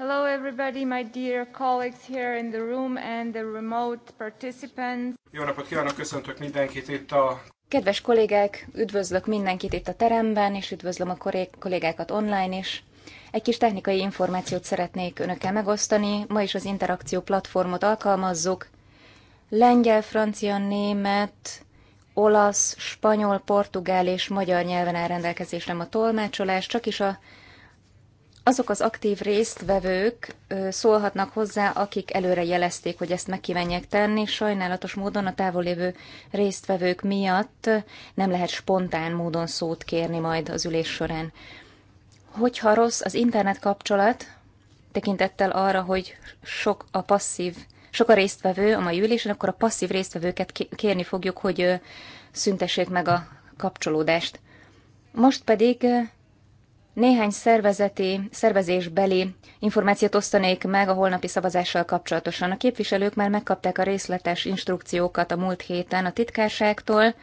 Hello everybody, my dear colleagues here in the room and the remote participants. Jó napot kívánok, köszöntök mindenkit itt a... Kedves kollégák, üdvözlök mindenkit itt a teremben, és üdvözlöm a kollégákat online is. Egy kis technikai információt szeretnék önökkel megosztani. Ma is az interakció platformot alkalmazzuk. Lengyel, francia, német, olasz, spanyol, portugál és magyar nyelven áll rendelkezésre a tolmácsolás, csak is a azok az aktív résztvevők szólhatnak hozzá, akik előre jelezték, hogy ezt meg kívánják tenni. Sajnálatos módon a távolévő résztvevők miatt nem lehet spontán módon szót kérni majd az ülés során. Hogyha rossz az internet kapcsolat, tekintettel arra, hogy sok a passzív, sok a résztvevő a mai ülésen, akkor a passzív résztvevőket kérni fogjuk, hogy szüntessék meg a kapcsolódást. Most pedig néhány szervezeti, szervezésbeli információt osztanék meg a holnapi szavazással kapcsolatosan. A képviselők már megkapták a részletes instrukciókat a múlt héten a titkárságtól,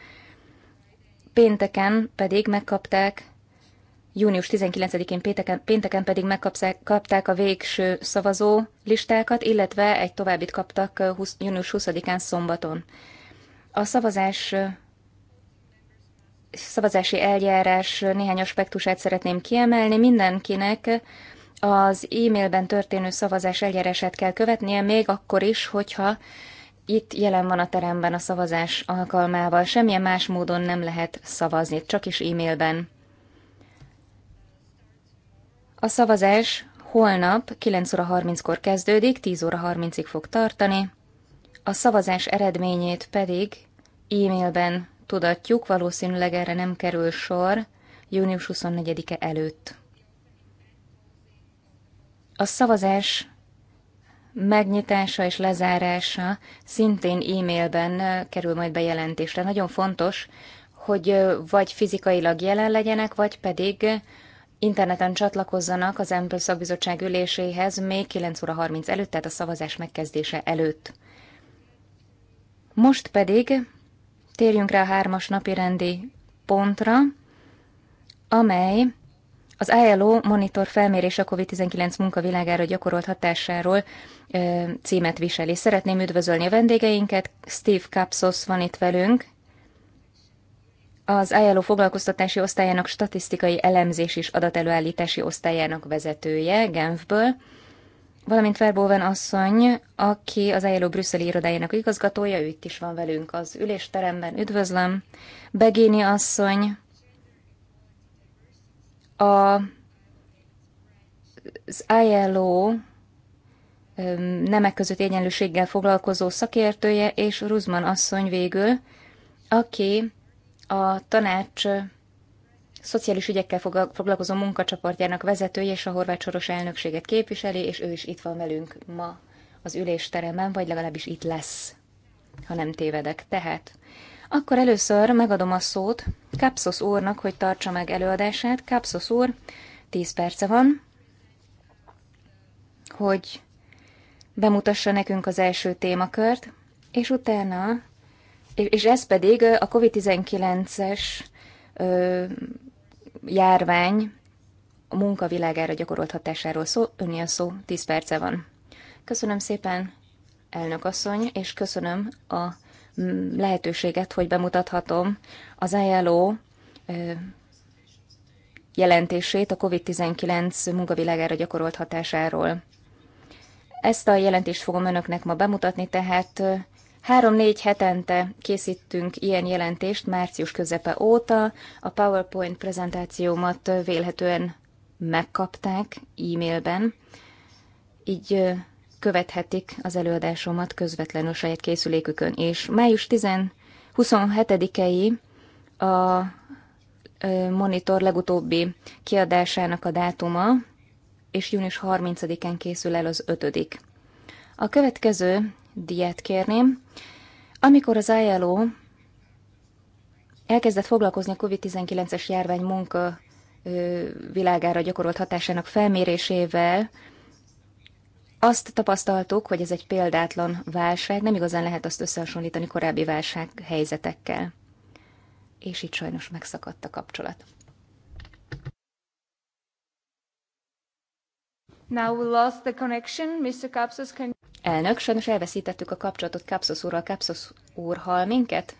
pénteken pedig megkapták, június 19-én pénteken, pénteken pedig megkapták a végső szavazó listákat, illetve egy továbbit kaptak 20, eh, június 20-án szombaton. A szavazás eh, szavazási eljárás néhány aspektusát szeretném kiemelni. Mindenkinek az e-mailben történő szavazás eljárását kell követnie, még akkor is, hogyha itt jelen van a teremben a szavazás alkalmával. Semmilyen más módon nem lehet szavazni, csak is e-mailben. A szavazás holnap 9 óra 30-kor kezdődik, 10 óra 30-ig fog tartani. A szavazás eredményét pedig e-mailben tudatjuk, valószínűleg erre nem kerül sor június 24-e előtt. A szavazás megnyitása és lezárása szintén e-mailben kerül majd bejelentésre. Nagyon fontos, hogy vagy fizikailag jelen legyenek, vagy pedig interneten csatlakozzanak az MPL szakbizottság üléséhez még 9 óra 30 előtt, tehát a szavazás megkezdése előtt. Most pedig térjünk rá a hármas napi rendi pontra, amely az ILO monitor felmérés a COVID-19 munkavilágára gyakorolt hatásáról ö, címet viseli. Szeretném üdvözölni a vendégeinket, Steve Kapsos van itt velünk, az ILO foglalkoztatási osztályának statisztikai elemzés és adatelőállítási osztályának vezetője Genfből, valamint Verbóven asszony, aki az ILO brüsszeli irodájának igazgatója, ő itt is van velünk az ülésteremben, üdvözlöm. Begéni asszony, a, az ILO nemek között egyenlőséggel foglalkozó szakértője, és Ruzman asszony végül, aki a tanács szociális ügyekkel foglalkozó munkacsoportjának vezetője és a horvát soros elnökséget képviseli, és ő is itt van velünk ma az ülésteremben, vagy legalábbis itt lesz, ha nem tévedek. Tehát akkor először megadom a szót Kapszosz úrnak, hogy tartsa meg előadását. Kapszosz úr, 10 perce van, hogy bemutassa nekünk az első témakört, és utána, és ez pedig a COVID-19-es járvány a munkavilágára gyakorolt hatásáról szó, önni a szó, 10 perce van. Köszönöm szépen, elnök asszony, és köszönöm a mm, lehetőséget, hogy bemutathatom az ILO jelentését a COVID-19 munkavilágára gyakorolt hatásáról. Ezt a jelentést fogom önöknek ma bemutatni, tehát Három-négy hetente készítünk ilyen jelentést március közepe óta. A PowerPoint prezentációmat vélhetően megkapták e-mailben, így követhetik az előadásomat közvetlenül saját készülékükön. És május 10 27-ei a monitor legutóbbi kiadásának a dátuma, és június 30-án készül el az ötödik. A következő diet kérném. Amikor az ILO elkezdett foglalkozni a COVID-19-es járvány munka világára gyakorolt hatásának felmérésével, azt tapasztaltuk, hogy ez egy példátlan válság, nem igazán lehet azt összehasonlítani korábbi válság helyzetekkel. És itt sajnos megszakadt a kapcsolat. Now we lost the connection. Mr. Kapsos, can Elnök, sajnos elveszítettük a kapcsolatot Kapszosz úrral. Kapszosz úr hall minket?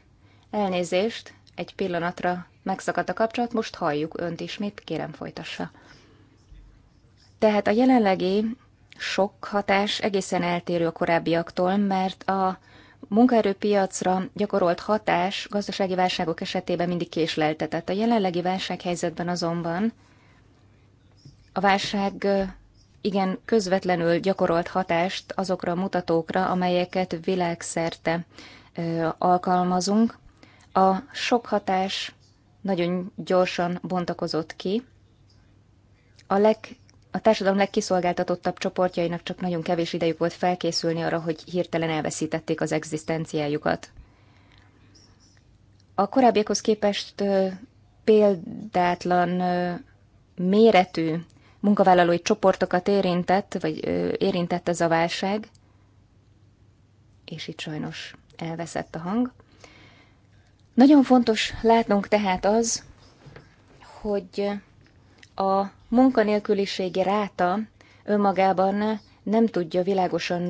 Elnézést, egy pillanatra megszakadt a kapcsolat, most halljuk önt ismét, kérem folytassa. Tehát a jelenlegi sok hatás egészen eltérő a korábbiaktól, mert a munkaerőpiacra gyakorolt hatás gazdasági válságok esetében mindig késleltetett. A jelenlegi válsághelyzetben azonban a válság igen közvetlenül gyakorolt hatást azokra a mutatókra, amelyeket világszerte alkalmazunk. A sok hatás nagyon gyorsan bontakozott ki. A, leg, a társadalom legkiszolgáltatottabb csoportjainak csak nagyon kevés idejük volt felkészülni arra, hogy hirtelen elveszítették az egzisztenciájukat. A korábbiakhoz képest példátlan méretű munkavállalói csoportokat érintett, vagy érintett ez a válság, és itt sajnos elveszett a hang. Nagyon fontos látnunk tehát az, hogy a munkanélküliségi ráta önmagában nem tudja világosan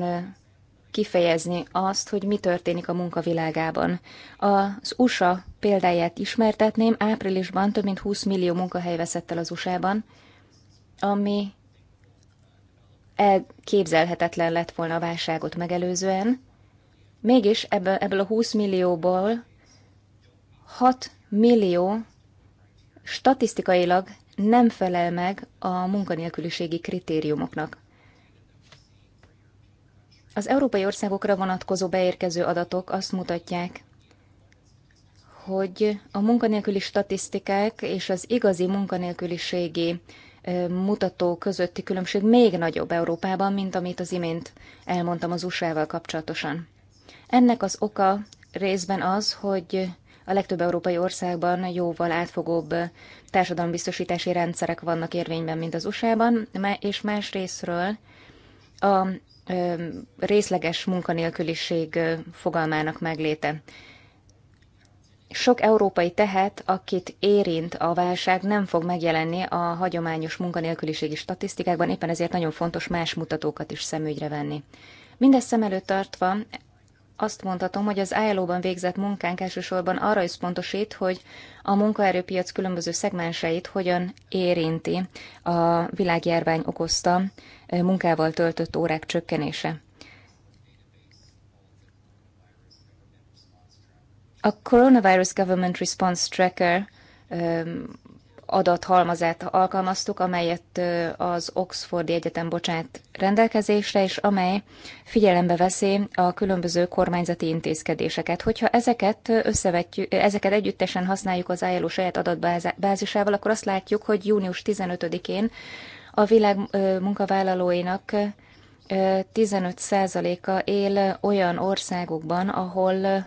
kifejezni azt, hogy mi történik a munkavilágában. Az USA példáját ismertetném, áprilisban több mint 20 millió munkahely veszett el az USA-ban, ami elképzelhetetlen lett volna a válságot megelőzően, mégis ebből, ebből a 20 millióból 6 millió statisztikailag nem felel meg a munkanélküliségi kritériumoknak. Az európai országokra vonatkozó beérkező adatok azt mutatják, hogy a munkanélküli statisztikák és az igazi munkanélküliségi mutató közötti különbség még nagyobb Európában, mint amit az imént elmondtam az USA-val kapcsolatosan. Ennek az oka részben az, hogy a legtöbb európai országban jóval átfogóbb társadalombiztosítási rendszerek vannak érvényben, mint az USA-ban, és más részről a részleges munkanélküliség fogalmának megléte. Sok európai tehet, akit érint a válság, nem fog megjelenni a hagyományos munkanélküliségi statisztikákban, éppen ezért nagyon fontos más mutatókat is szemügyre venni. Mindezt szem előtt tartva, azt mondhatom, hogy az ILO-ban végzett munkánk elsősorban arra is pontosít, hogy a munkaerőpiac különböző szegmenseit hogyan érinti a világjárvány okozta eh, munkával töltött órák csökkenése. A Coronavirus Government Response Tracker um, adathalmazát alkalmaztuk, amelyet az Oxfordi Egyetem bocsát rendelkezésre, és amely figyelembe veszi a különböző kormányzati intézkedéseket. Hogyha ezeket összevetjük, ezeket együttesen használjuk az ILO saját adatbázisával, akkor azt látjuk, hogy június 15-én a világ munkavállalóinak 15%-a él olyan országokban, ahol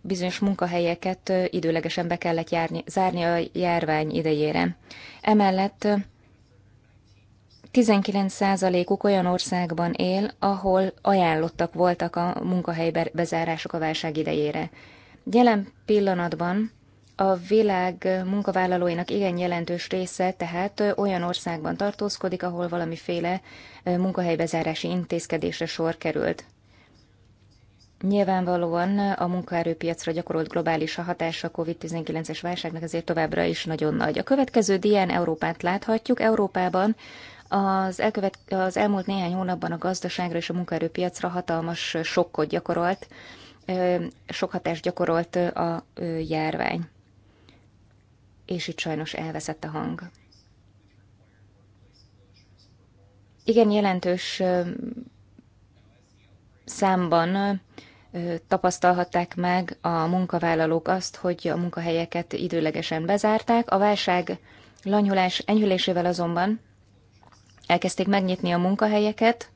bizonyos munkahelyeket időlegesen be kellett járni, zárni a járvány idejére. Emellett 19%-uk olyan országban él, ahol ajánlottak voltak a munkahely bezárások a válság idejére. Jelen pillanatban a világ munkavállalóinak igen jelentős része tehát olyan országban tartózkodik, ahol valamiféle munkahelybezárási intézkedésre sor került. Nyilvánvalóan a munkaerőpiacra gyakorolt globális a hatása a COVID-19-es válságnak ezért továbbra is nagyon nagy. A következő dián Európát láthatjuk. Európában az, elkövet, az elmúlt néhány hónapban a gazdaságra és a munkaerőpiacra hatalmas sokkot gyakorolt, sok hatást gyakorolt a járvány. És itt sajnos elveszett a hang. Igen, jelentős számban tapasztalhatták meg a munkavállalók azt, hogy a munkahelyeket időlegesen bezárták. A válság lanyulás enyhülésével azonban elkezdték megnyitni a munkahelyeket,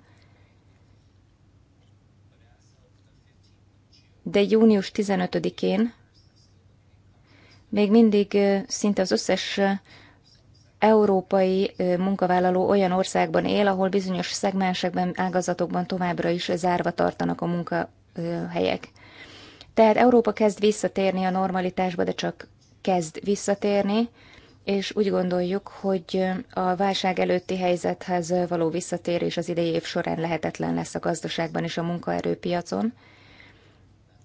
de június 15-én még mindig szinte az összes európai munkavállaló olyan országban él, ahol bizonyos szegmensekben, ágazatokban továbbra is zárva tartanak a munka helyek. Tehát Európa kezd visszatérni a normalitásba, de csak kezd visszatérni, és úgy gondoljuk, hogy a válság előtti helyzethez való visszatérés az idei év során lehetetlen lesz a gazdaságban és a munkaerőpiacon.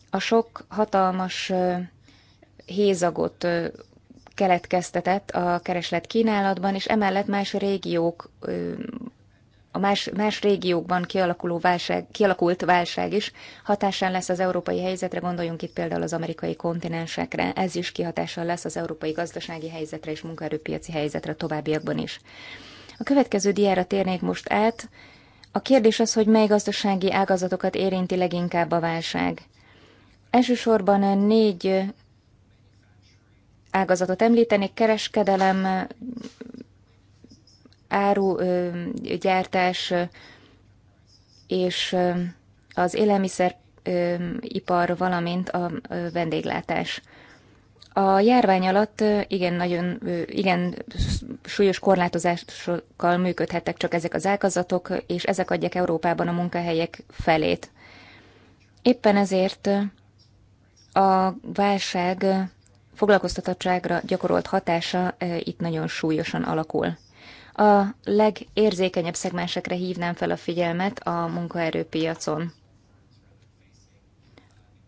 A sok hatalmas hézagot keletkeztetett a kereslet kínálatban, és emellett más régiók a más, más régiókban kialakuló válság, kialakult válság is hatásán lesz az európai helyzetre, gondoljunk itt például az amerikai kontinensekre, ez is kihatással lesz az európai gazdasági helyzetre és munkaerőpiaci helyzetre továbbiakban is. A következő diára térnék most át. A kérdés az, hogy mely gazdasági ágazatokat érinti leginkább a válság. Elsősorban négy ágazatot említenék, kereskedelem, árugyártás és az élelmiszeripar, valamint a vendéglátás. A járvány alatt igen, nagyon, igen súlyos korlátozásokkal működhettek csak ezek az ágazatok, és ezek adják Európában a munkahelyek felét. Éppen ezért a válság foglalkoztatottságra gyakorolt hatása itt nagyon súlyosan alakul a legérzékenyebb szegmensekre hívnám fel a figyelmet a munkaerőpiacon.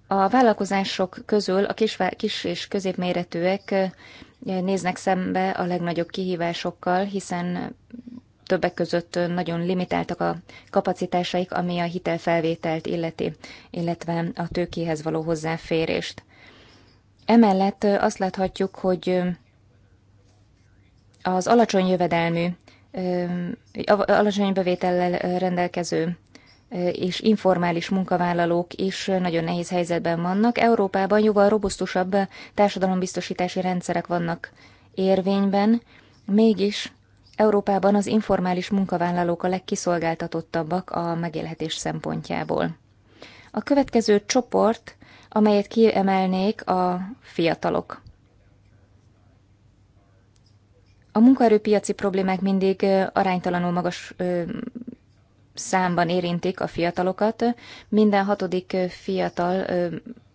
A vállalkozások közül a kis, kis és középméretűek eh, néznek szembe a legnagyobb kihívásokkal, hiszen többek között nagyon limitáltak a kapacitásaik, ami a hitelfelvételt illeti, illetve a tőkéhez való hozzáférést. Emellett eh, azt láthatjuk, hogy eh, az alacsony jövedelmű, alacsony bevétellel rendelkező és informális munkavállalók is nagyon nehéz helyzetben vannak. Európában jóval robusztusabb társadalombiztosítási rendszerek vannak érvényben, mégis Európában az informális munkavállalók a legkiszolgáltatottabbak a megélhetés szempontjából. A következő csoport, amelyet kiemelnék, a fiatalok. A munkaerőpiaci problémák mindig aránytalanul magas számban érintik a fiatalokat. Minden hatodik fiatal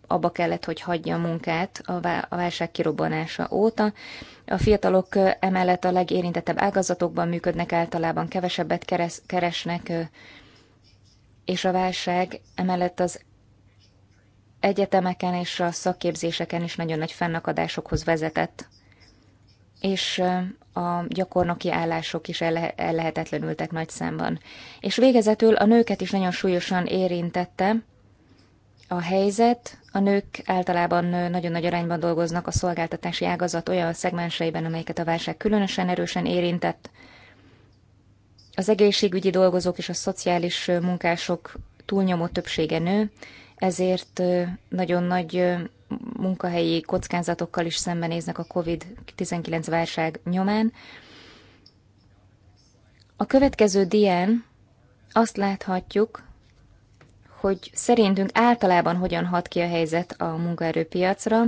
abba kellett, hogy hagyja a munkát a válság kirobbanása óta. A fiatalok emellett a legérintettebb ágazatokban működnek általában, kevesebbet keresnek, és a válság emellett az egyetemeken és a szakképzéseken is nagyon nagy fennakadásokhoz vezetett. És a gyakornoki állások is ellehetetlenültek nagy számban. És végezetül a nőket is nagyon súlyosan érintette a helyzet. A nők általában nagyon nagy arányban dolgoznak a szolgáltatási ágazat olyan szegmenseiben, amelyeket a válság különösen erősen érintett. Az egészségügyi dolgozók és a szociális munkások túlnyomó többsége nő, ezért nagyon nagy munkahelyi kockázatokkal is szembenéznek a COVID-19 válság nyomán. A következő dián azt láthatjuk, hogy szerintünk általában hogyan hat ki a helyzet a munkaerőpiacra.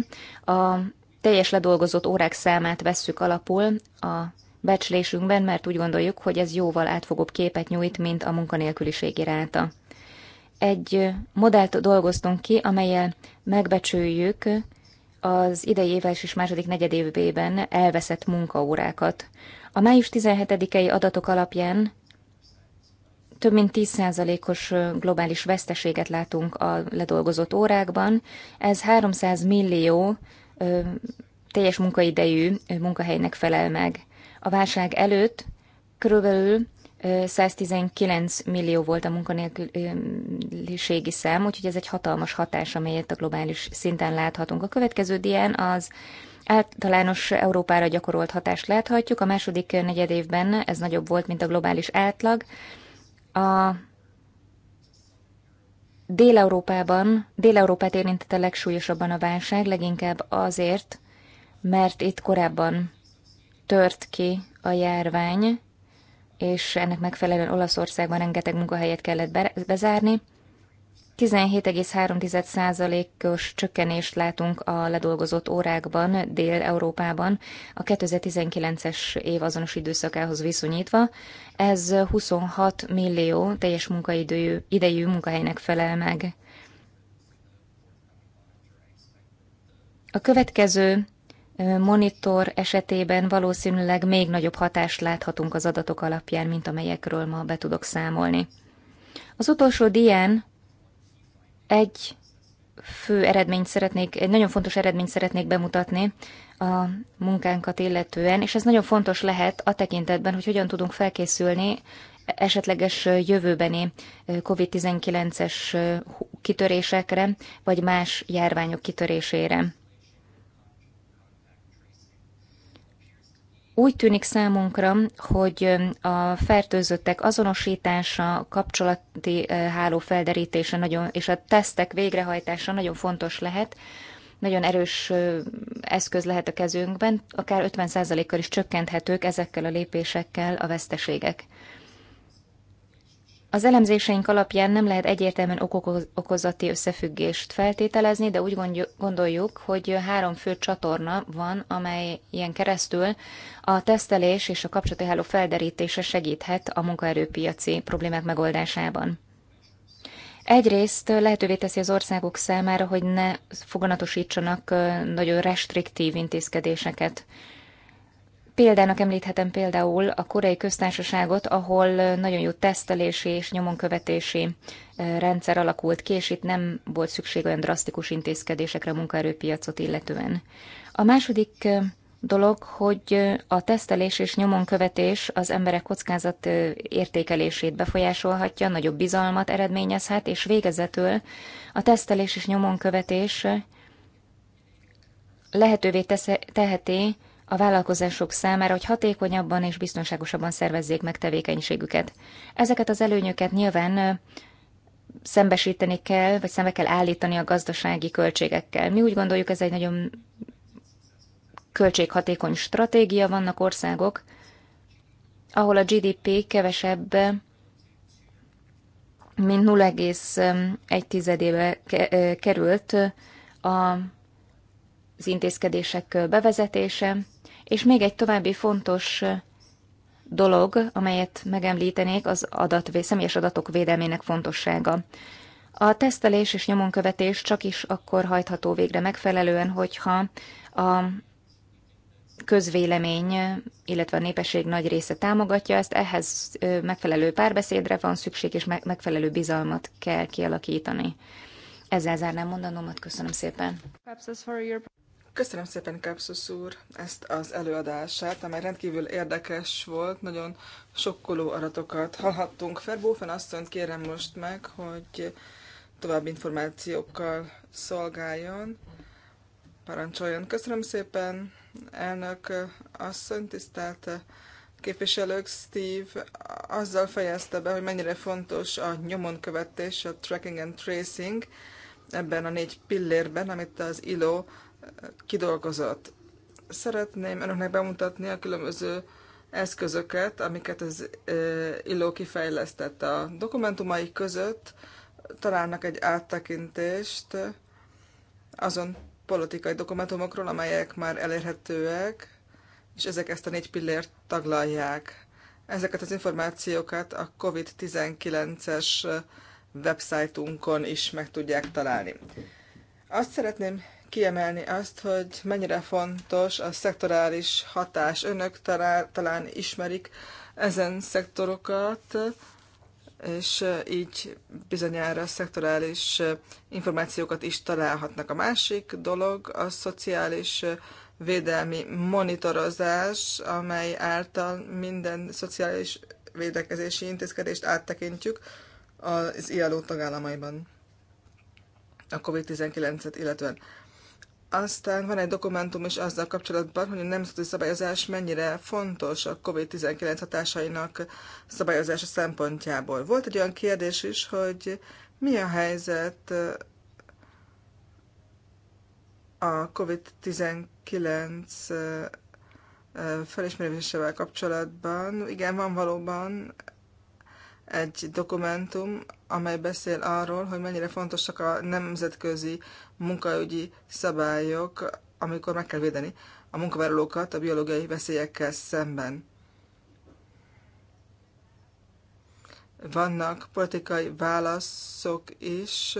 A teljes ledolgozott órák számát vesszük alapul a becslésünkben, mert úgy gondoljuk, hogy ez jóval átfogóbb képet nyújt, mint a munkanélküliség iránta. Egy modellt dolgoztunk ki, amelyel megbecsüljük az idei éves és második évben elveszett munkaórákat. A május 17-i adatok alapján több mint 10%-os globális veszteséget látunk a ledolgozott órákban. Ez 300 millió ö, teljes munkaidejű munkahelynek felel meg. A válság előtt körülbelül 119 millió volt a munkanélküliségi szám, úgyhogy ez egy hatalmas hatás, amelyet a globális szinten láthatunk. A következő dián az általános Európára gyakorolt hatást láthatjuk. A második negyed évben ez nagyobb volt, mint a globális átlag. A Dél-Európában, Dél-Európát érintette legsúlyosabban a válság, leginkább azért, mert itt korábban tört ki a járvány, és ennek megfelelően Olaszországban rengeteg munkahelyet kellett bezárni. 17,3%-os csökkenést látunk a ledolgozott órákban Dél-Európában a 2019-es év azonos időszakához viszonyítva. Ez 26 millió teljes munkaidejű idejű munkahelynek felel meg. A következő monitor esetében valószínűleg még nagyobb hatást láthatunk az adatok alapján, mint amelyekről ma be tudok számolni. Az utolsó dien egy fő eredményt szeretnék, egy nagyon fontos eredményt szeretnék bemutatni a munkánkat illetően, és ez nagyon fontos lehet a tekintetben, hogy hogyan tudunk felkészülni esetleges jövőbeni COVID-19-es kitörésekre, vagy más járványok kitörésére. Úgy tűnik számunkra, hogy um, a fertőzöttek azonosítása, kapcsolati uh, háló felderítése nagyon, és a tesztek végrehajtása nagyon fontos lehet, nagyon erős uh, eszköz lehet a kezünkben, akár 50%-kal is csökkenthetők ezekkel a lépésekkel a veszteségek. Az elemzéseink alapján nem lehet egyértelműen okozati összefüggést feltételezni, de úgy gondoljuk, hogy három fő csatorna van, amely ilyen keresztül a tesztelés és a kapcsolati háló felderítése segíthet a munkaerőpiaci problémák megoldásában. Egyrészt lehetővé teszi az országok számára, hogy ne foganatosítsanak nagyon restriktív intézkedéseket Példának említhetem például a koreai köztársaságot, ahol nagyon jó tesztelési és nyomonkövetési eh, rendszer alakult ki, és itt nem volt szükség olyan drasztikus intézkedésekre a munkaerőpiacot illetően. A második eh, dolog, hogy eh, a tesztelés és nyomonkövetés az emberek kockázat értékelését befolyásolhatja, nagyobb bizalmat eredményezhet, és végezetül a tesztelés és nyomonkövetés lehetővé teheti, a vállalkozások számára, hogy hatékonyabban és biztonságosabban szervezzék meg tevékenységüket. Ezeket az előnyöket nyilván szembesíteni kell, vagy szembe kell állítani a gazdasági költségekkel. Mi úgy gondoljuk, ez egy nagyon költséghatékony stratégia. Vannak országok, ahol a GDP kevesebb, mint 0,1 tizedébe került az intézkedések bevezetése, és még egy további fontos dolog, amelyet megemlítenék, az adat, személyes adatok védelmének fontossága. A tesztelés és nyomonkövetés csak is akkor hajtható végre megfelelően, hogyha a közvélemény, illetve a népesség nagy része támogatja ezt, ehhez megfelelő párbeszédre van szükség, és megfelelő bizalmat kell kialakítani. Ezzel zárnám mondanomat, köszönöm szépen. Köszönöm szépen Kapszusz úr ezt az előadását, amely rendkívül érdekes volt, nagyon sokkoló aratokat hallhattunk. Ferbófen asszonyt kérem most meg, hogy további információkkal szolgáljon, parancsoljon. Köszönöm szépen, elnök asszony, tisztelt képviselők, Steve azzal fejezte be, hogy mennyire fontos a nyomon követés, a tracking and tracing ebben a négy pillérben, amit az ILO kidolgozott. Szeretném önöknek bemutatni a különböző eszközöket, amiket az Illó kifejlesztett. A dokumentumai között találnak egy áttekintést azon politikai dokumentumokról, amelyek már elérhetőek, és ezek ezt a négy pillért taglalják. Ezeket az információkat a COVID-19-es websájtunkon is meg tudják találni. Azt szeretném kiemelni azt, hogy mennyire fontos a szektorális hatás. Önök talán, talán ismerik ezen szektorokat, és így bizonyára szektorális információkat is találhatnak. A másik dolog a szociális védelmi monitorozás, amely által minden szociális védekezési intézkedést áttekintjük az ILO tagállamaiban a COVID-19-et illetően. Aztán van egy dokumentum is azzal kapcsolatban, hogy a nemzeti szabályozás mennyire fontos a COVID-19 hatásainak szabályozása szempontjából. Volt egy olyan kérdés is, hogy mi a helyzet a COVID-19 felismerésével kapcsolatban. Igen, van valóban egy dokumentum, amely beszél arról, hogy mennyire fontosak a nemzetközi munkaügyi szabályok, amikor meg kell védeni a munkavállalókat a biológiai veszélyekkel szemben. Vannak politikai válaszok is,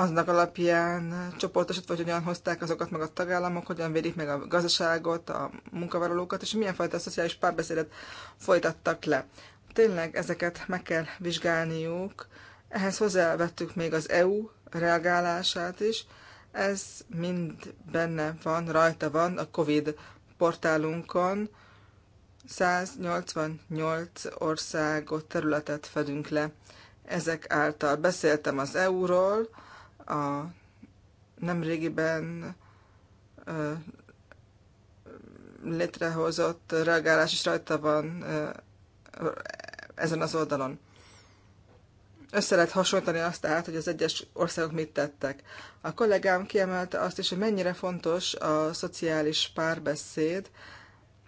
aznak alapján csoportosítva, hogy hogyan hozták azokat meg a tagállamok, hogyan védik meg a gazdaságot, a munkavállalókat, és milyen fajta szociális párbeszédet folytattak le. Tényleg ezeket meg kell vizsgálniuk. Ehhez hozzávettük még az EU reagálását is. Ez mind benne van, rajta van a COVID portálunkon. 188 országot, területet fedünk le ezek által. Beszéltem az EU-ról, a nemrégiben létrehozott reagálás is rajta van ezen az oldalon. Össze lehet hasonlítani azt tehát, hogy az egyes országok mit tettek. A kollégám kiemelte azt is, hogy mennyire fontos a szociális párbeszéd,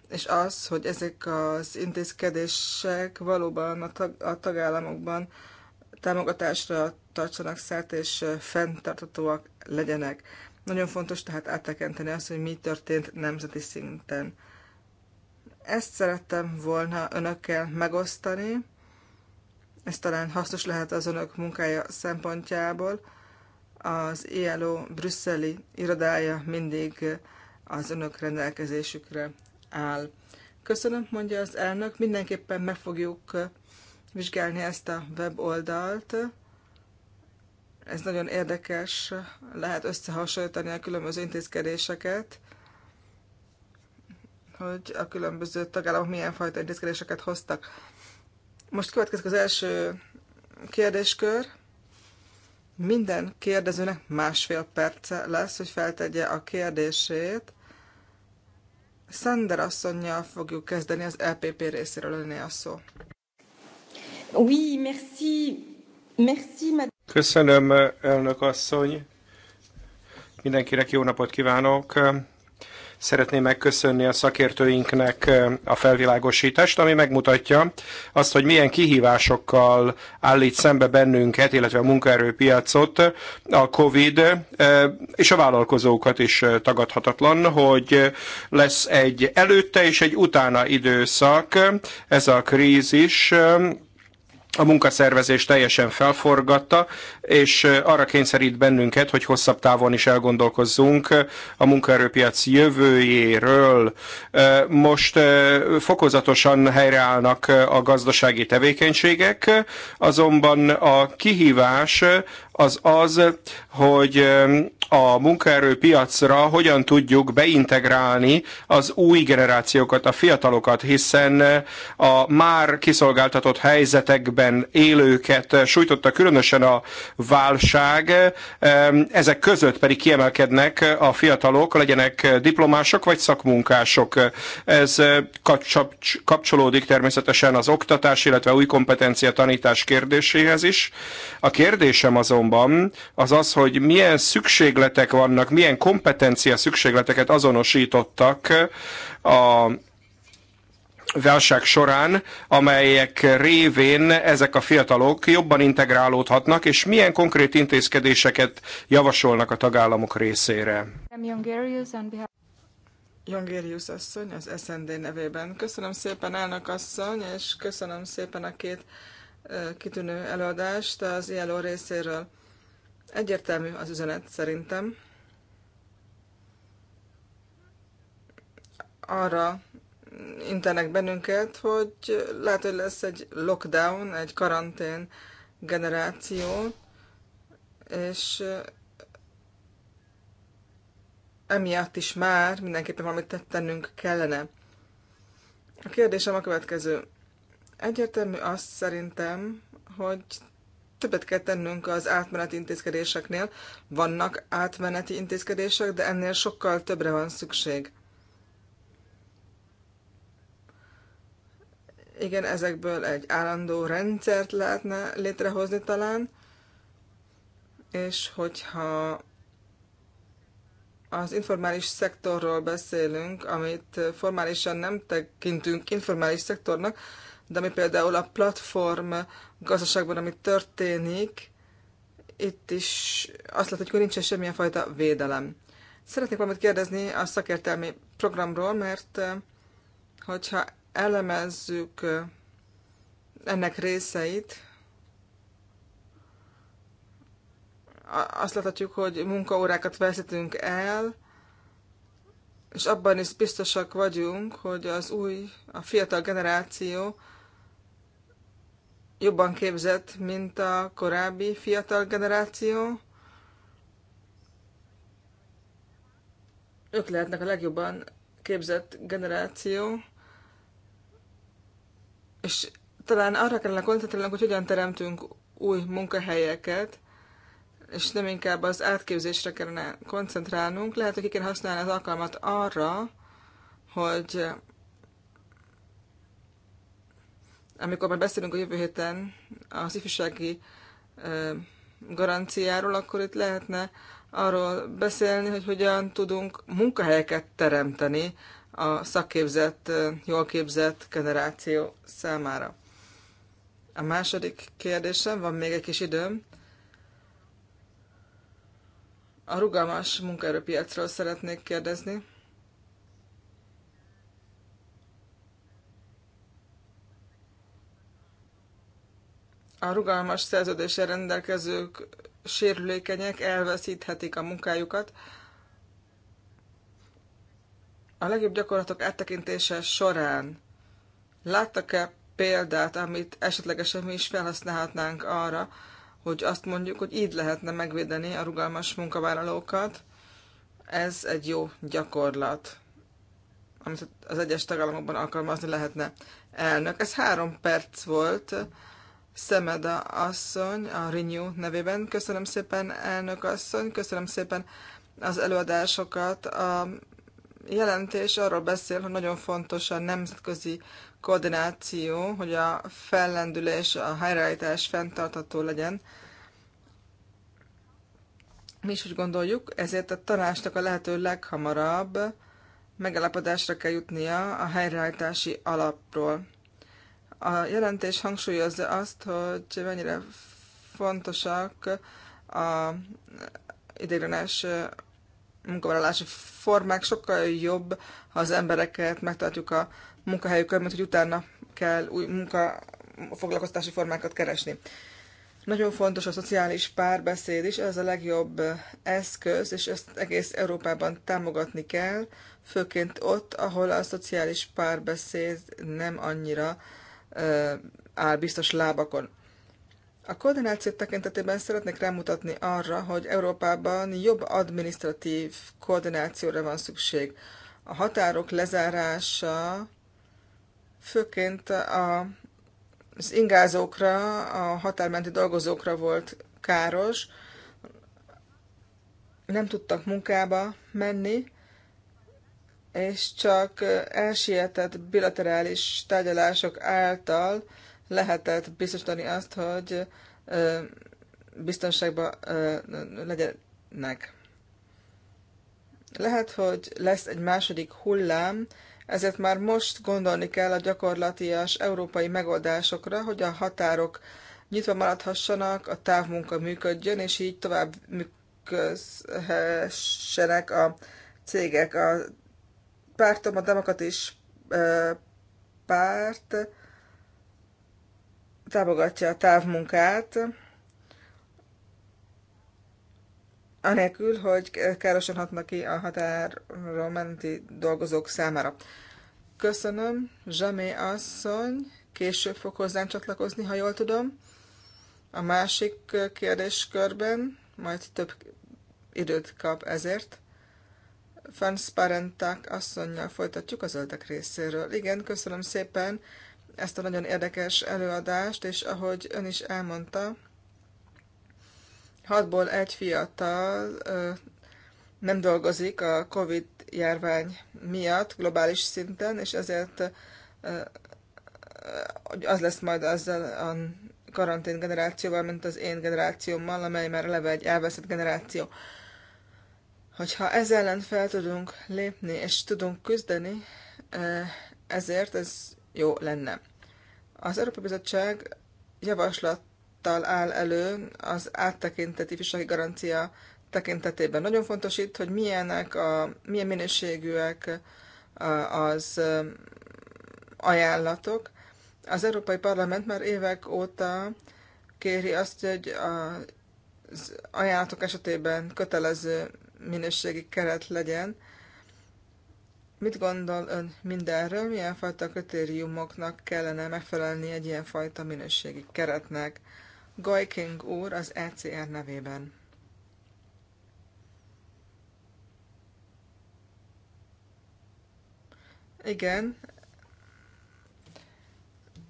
és az, hogy ezek az intézkedések valóban a, tag, a tagállamokban támogatásra tartsanak szert, és fenntartatóak legyenek. Nagyon fontos tehát áttekinteni azt, hogy mi történt nemzeti szinten. Ezt szerettem volna önökkel megosztani, ez talán hasznos lehet az önök munkája szempontjából. Az ILO brüsszeli irodája mindig az önök rendelkezésükre áll. Köszönöm, mondja az elnök, mindenképpen meg fogjuk vizsgálni ezt a weboldalt. Ez nagyon érdekes, lehet összehasonlítani a különböző intézkedéseket, hogy a különböző tagállamok milyen fajta intézkedéseket hoztak. Most következik az első kérdéskör. Minden kérdezőnek másfél perce lesz, hogy feltegye a kérdését. Szender asszonynal fogjuk kezdeni az LPP e részéről lenni a szó. Oui, merci. Merci, madame. Köszönöm, elnök asszony. Mindenkinek jó napot kívánok. Szeretném megköszönni a szakértőinknek a felvilágosítást, ami megmutatja azt, hogy milyen kihívásokkal állít szembe bennünket, illetve a munkaerőpiacot a COVID, és a vállalkozókat is tagadhatatlan, hogy lesz egy előtte és egy utána időszak. Ez a krízis a munkaszervezés teljesen felforgatta, és arra kényszerít bennünket, hogy hosszabb távon is elgondolkozzunk a munkaerőpiac jövőjéről. Most fokozatosan helyreállnak a gazdasági tevékenységek, azonban a kihívás az az, hogy a munkaerőpiacra hogyan tudjuk beintegrálni az új generációkat, a fiatalokat, hiszen eh, a már kiszolgáltatott helyzetekben élőket eh, sújtotta különösen a válság, ezek között pedig kiemelkednek eh, a fiatalok, legyenek diplomások vagy szakmunkások. Ez kapcsolódik természetesen az oktatás, illetve új kompetencia tanítás kérdéséhez is. A kérdésem azon azonban az az, hogy milyen szükségletek vannak, milyen kompetencia szükségleteket azonosítottak a válság során, amelyek révén ezek a fiatalok jobban integrálódhatnak, és milyen konkrét intézkedéseket javasolnak a tagállamok részére. Jongérius asszony az SND nevében. Köszönöm szépen, elnök asszony, és köszönöm szépen a két kitűnő előadást az ILO részéről. Egyértelmű az üzenet szerintem. Arra intenek bennünket, hogy lehet, hogy lesz egy lockdown, egy karantén generáció, és emiatt is már mindenképpen valamit tennünk kellene. A kérdésem a következő. Egyértelmű azt szerintem, hogy többet kell tennünk az átmeneti intézkedéseknél. Vannak átmeneti intézkedések, de ennél sokkal többre van szükség. Igen, ezekből egy állandó rendszert lehetne létrehozni talán, és hogyha az informális szektorról beszélünk, amit formálisan nem tekintünk informális szektornak, de ami például a platform gazdaságban, ami történik, itt is azt látjuk, hogy nincsen semmilyen fajta védelem. Szeretnék valamit kérdezni a szakértelmi programról, mert eh, hogyha elemezzük eh, ennek részeit, azt láthatjuk, hogy munkaórákat veszítünk el, és abban is biztosak vagyunk, hogy az új, a fiatal generáció jobban képzett, mint a korábbi fiatal generáció. Ők lehetnek a legjobban képzett generáció, és talán arra kellene koncentrálnunk, hogy hogyan teremtünk új munkahelyeket, és nem inkább az átképzésre kellene koncentrálnunk. Lehet, hogy ki kell használni az alkalmat arra, hogy amikor már beszélünk a jövő héten az ifjúsági garanciáról, akkor itt lehetne arról beszélni, hogy hogyan tudunk munkahelyeket teremteni a szakképzett, jól képzett generáció számára. A második kérdésem, van még egy kis időm. A rugalmas munkaerőpiacról szeretnék kérdezni. a rugalmas szerződéssel rendelkezők sérülékenyek elveszíthetik a munkájukat. A legjobb gyakorlatok áttekintése során láttak-e példát, amit esetlegesen mi is felhasználhatnánk arra, hogy azt mondjuk, hogy így lehetne megvédeni a rugalmas munkavállalókat. Ez egy jó gyakorlat, amit az egyes tagállamokban alkalmazni lehetne. Elnök, ez három perc volt Szemeda asszony a Renew nevében. Köszönöm szépen, elnök asszony, köszönöm szépen az előadásokat. A jelentés arról beszél, hogy nagyon fontos a nemzetközi koordináció, hogy a fellendülés, a helyreállítás fenntartható legyen. Mi is úgy gondoljuk, ezért a tanácsnak a lehető leghamarabb megállapodásra kell jutnia a helyreállítási alapról. A jelentés hangsúlyozza azt, hogy mennyire fontosak a ideiglenes munkavállalási formák, sokkal jobb, ha az embereket megtartjuk a munkahelyükön, mint hogy utána kell új munka foglalkoztási formákat keresni. Nagyon fontos a szociális párbeszéd is, ez a legjobb eszköz, és ezt egész Európában támogatni kell, főként ott, ahol a szociális párbeszéd nem annyira áll biztos lábakon. A koordináció tekintetében szeretnék rámutatni arra, hogy Európában jobb administratív koordinációra van szükség. A határok lezárása főként a, az ingázókra, a határmenti dolgozókra volt káros, nem tudtak munkába menni, és csak elsietett bilaterális tárgyalások által lehetett biztosítani azt, hogy biztonságban legyenek. Lehet, hogy lesz egy második hullám, ezért már most gondolni kell a gyakorlatias európai megoldásokra, hogy a határok nyitva maradhassanak, a távmunka működjön, és így tovább működhessenek a cégek. A pártom, a demokratis párt támogatja a távmunkát, anélkül, hogy károsan hatnak ki a határról menti dolgozók számára. Köszönöm, Zsamé asszony, később fog hozzánk csatlakozni, ha jól tudom. A másik kérdéskörben majd több időt kap ezért. Fansparentak asszonynal folytatjuk a zöldek részéről. Igen, köszönöm szépen ezt a nagyon érdekes előadást, és ahogy ön is elmondta, hatból egy fiatal ö, nem dolgozik a COVID járvány miatt globális szinten, és ezért ö, az lesz majd azzal a karantén generációval, mint az én generációmmal, amely már eleve egy elveszett generáció. Ö, Hogyha ez ellen fel tudunk lépni, és tudunk küzdeni, eh, ezért ez jó lenne. Az Európai Bizottság javaslattal áll elő az áttekintett ifjúsági garancia tekintetében. Nagyon fontos itt, hogy milyenek a, milyen minőségűek eh, az eh, ajánlatok. Az Európai Parlament már évek óta kéri azt, hogy az ajánlatok esetében kötelező minőségi keret legyen. Mit gondol ön mindenről, milyen fajta kritériumoknak kellene megfelelni egy ilyen fajta minőségi keretnek? Gajking úr az ECR nevében. Igen,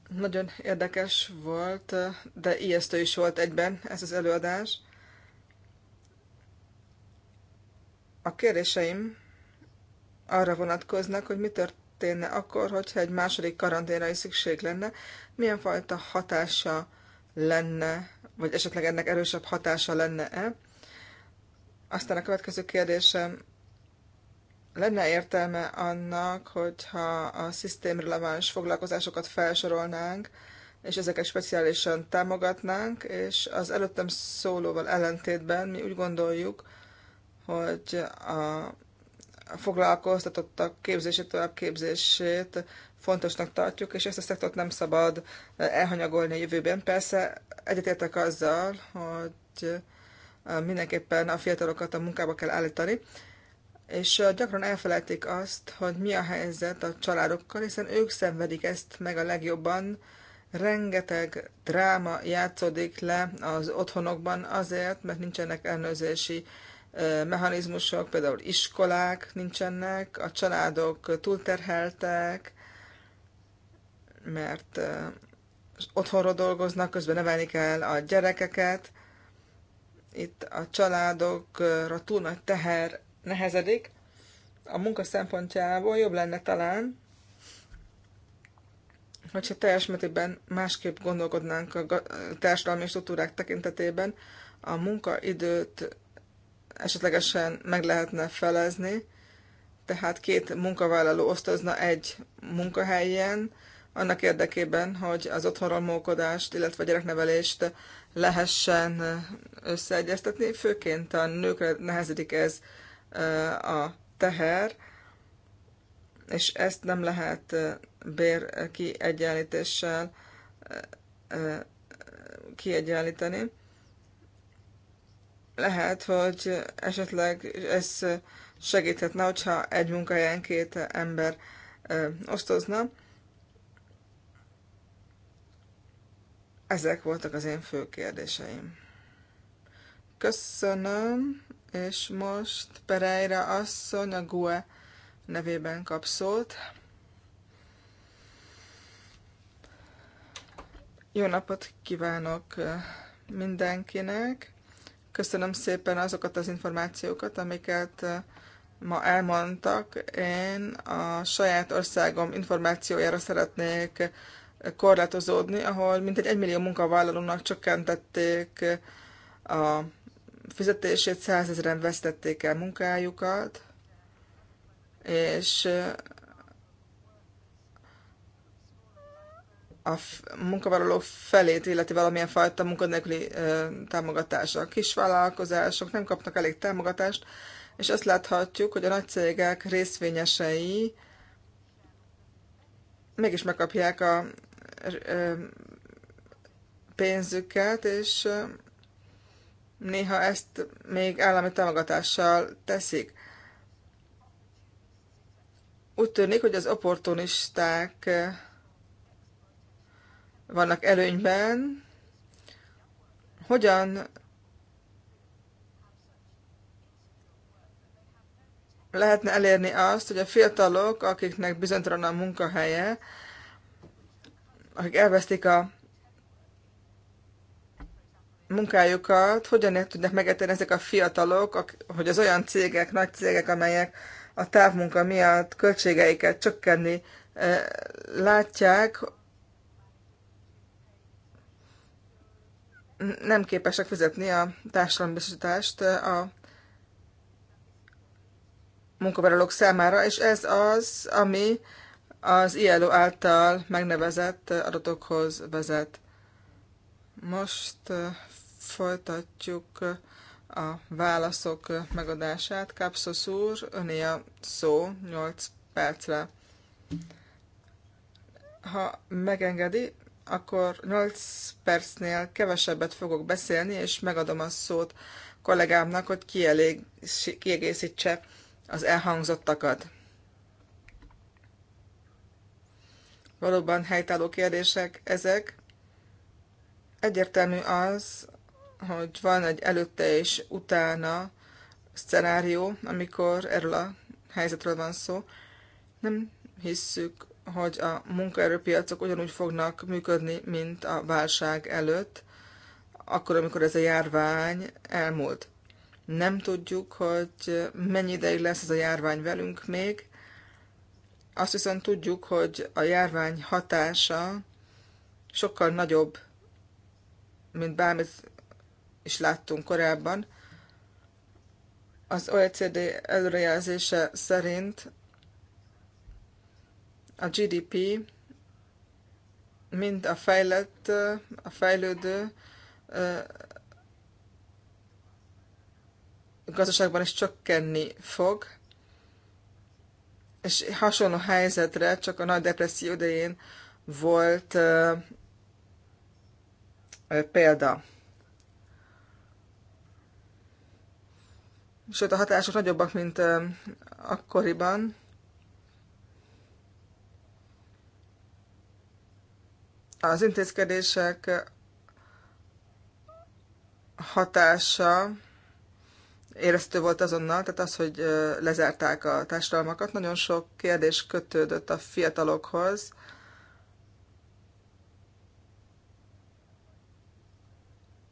nagyon érdekes volt, de ijesztő is volt egyben ez az előadás. A kérdéseim arra vonatkoznak, hogy mi történne akkor, hogyha egy második karanténra is szükség lenne, milyen fajta hatása lenne, vagy esetleg ennek erősebb hatása lenne-e. Aztán a következő kérdésem, lenne értelme annak, hogyha a szisztémreleváns foglalkozásokat felsorolnánk, és ezeket speciálisan támogatnánk, és az előttem szólóval ellentétben mi úgy gondoljuk, hogy a foglalkoztatottak képzését, tovább képzését fontosnak tartjuk, és ezt a szektort nem szabad elhanyagolni a jövőben. Persze egyetértek azzal, hogy mindenképpen a fiatalokat a munkába kell állítani, és gyakran elfelejtik azt, hogy mi a helyzet a családokkal, hiszen ők szenvedik ezt meg a legjobban. Rengeteg dráma játszódik le az otthonokban azért, mert nincsenek elnőzési mechanizmusok, például iskolák nincsenek, a családok túlterheltek, mert otthonról dolgoznak, közben nevelni kell a gyerekeket. Itt a családokra túl nagy teher nehezedik. A munka szempontjából jobb lenne talán, hogyha teljes mértékben másképp gondolkodnánk a társadalmi struktúrák tekintetében, a munkaidőt esetlegesen meg lehetne felezni, tehát két munkavállaló osztozna egy munkahelyen, annak érdekében, hogy az otthonról mókodást, illetve a gyereknevelést lehessen összeegyeztetni. Főként a nőkre nehezedik ez a teher, és ezt nem lehet bér kiegyenlítéssel kiegyenlíteni. Lehet, hogy esetleg ez segíthetne, hogyha egy munkahelyen két ember osztozna. Ezek voltak az én fő kérdéseim. Köszönöm, és most Pereira asszony a GUE nevében kap szót. Jó napot kívánok mindenkinek! Köszönöm szépen azokat az információkat, amiket eh, ma elmondtak. Én a saját országom információjára szeretnék eh, korlátozódni, ahol mintegy egymillió millió munkavállalónak csökkentették eh, a fizetését, százezeren vesztették el munkájukat, és a munkavállaló felét illeti valamilyen fajta munkanélküli támogatása. A kisvállalkozások nem kapnak elég támogatást, és azt láthatjuk, hogy a nagy cégek részvényesei mégis megkapják a pénzüket, és néha ezt még állami támogatással teszik. Úgy tűnik, hogy az opportunisták vannak előnyben, hogyan lehetne elérni azt, hogy a fiatalok, akiknek bizonytalan a munkahelye, akik elvesztik a munkájukat, hogyan tudnak megetenni ezek a fiatalok, hogy az olyan cégek, nagy cégek, amelyek a távmunka miatt költségeiket csökkenni eh, látják, nem képesek fizetni a biztosítást a munkavállalók számára, és ez az, ami az ILO által megnevezett adatokhoz vezet. Most folytatjuk a válaszok megadását. Kapszosz úr, öné a szó 8 percre. Ha megengedi, akkor 8 percnél kevesebbet fogok beszélni, és megadom a szót kollégámnak, hogy kielég, kiegészítse az elhangzottakat. Valóban helytálló kérdések ezek. Egyértelmű az, hogy van egy előtte és utána szcenárió, amikor erről a helyzetről van szó. Nem hisszük hogy a munkaerőpiacok ugyanúgy fognak működni, mint a válság előtt, akkor, amikor ez a járvány elmúlt. Nem tudjuk, hogy mennyi ideig lesz ez a járvány velünk még. Azt viszont tudjuk, hogy a járvány hatása sokkal nagyobb, mint bármit is láttunk korábban. Az OECD előrejelzése szerint a GDP mint a fejlett, a fejlődő gazdaságban is csökkenni fog, és hasonló helyzetre csak a nagy depresszió idején volt példa. Sőt, a hatások nagyobbak, mint akkoriban. az intézkedések hatása éreztő volt azonnal, tehát az, hogy lezárták a társadalmakat. Nagyon sok kérdés kötődött a fiatalokhoz.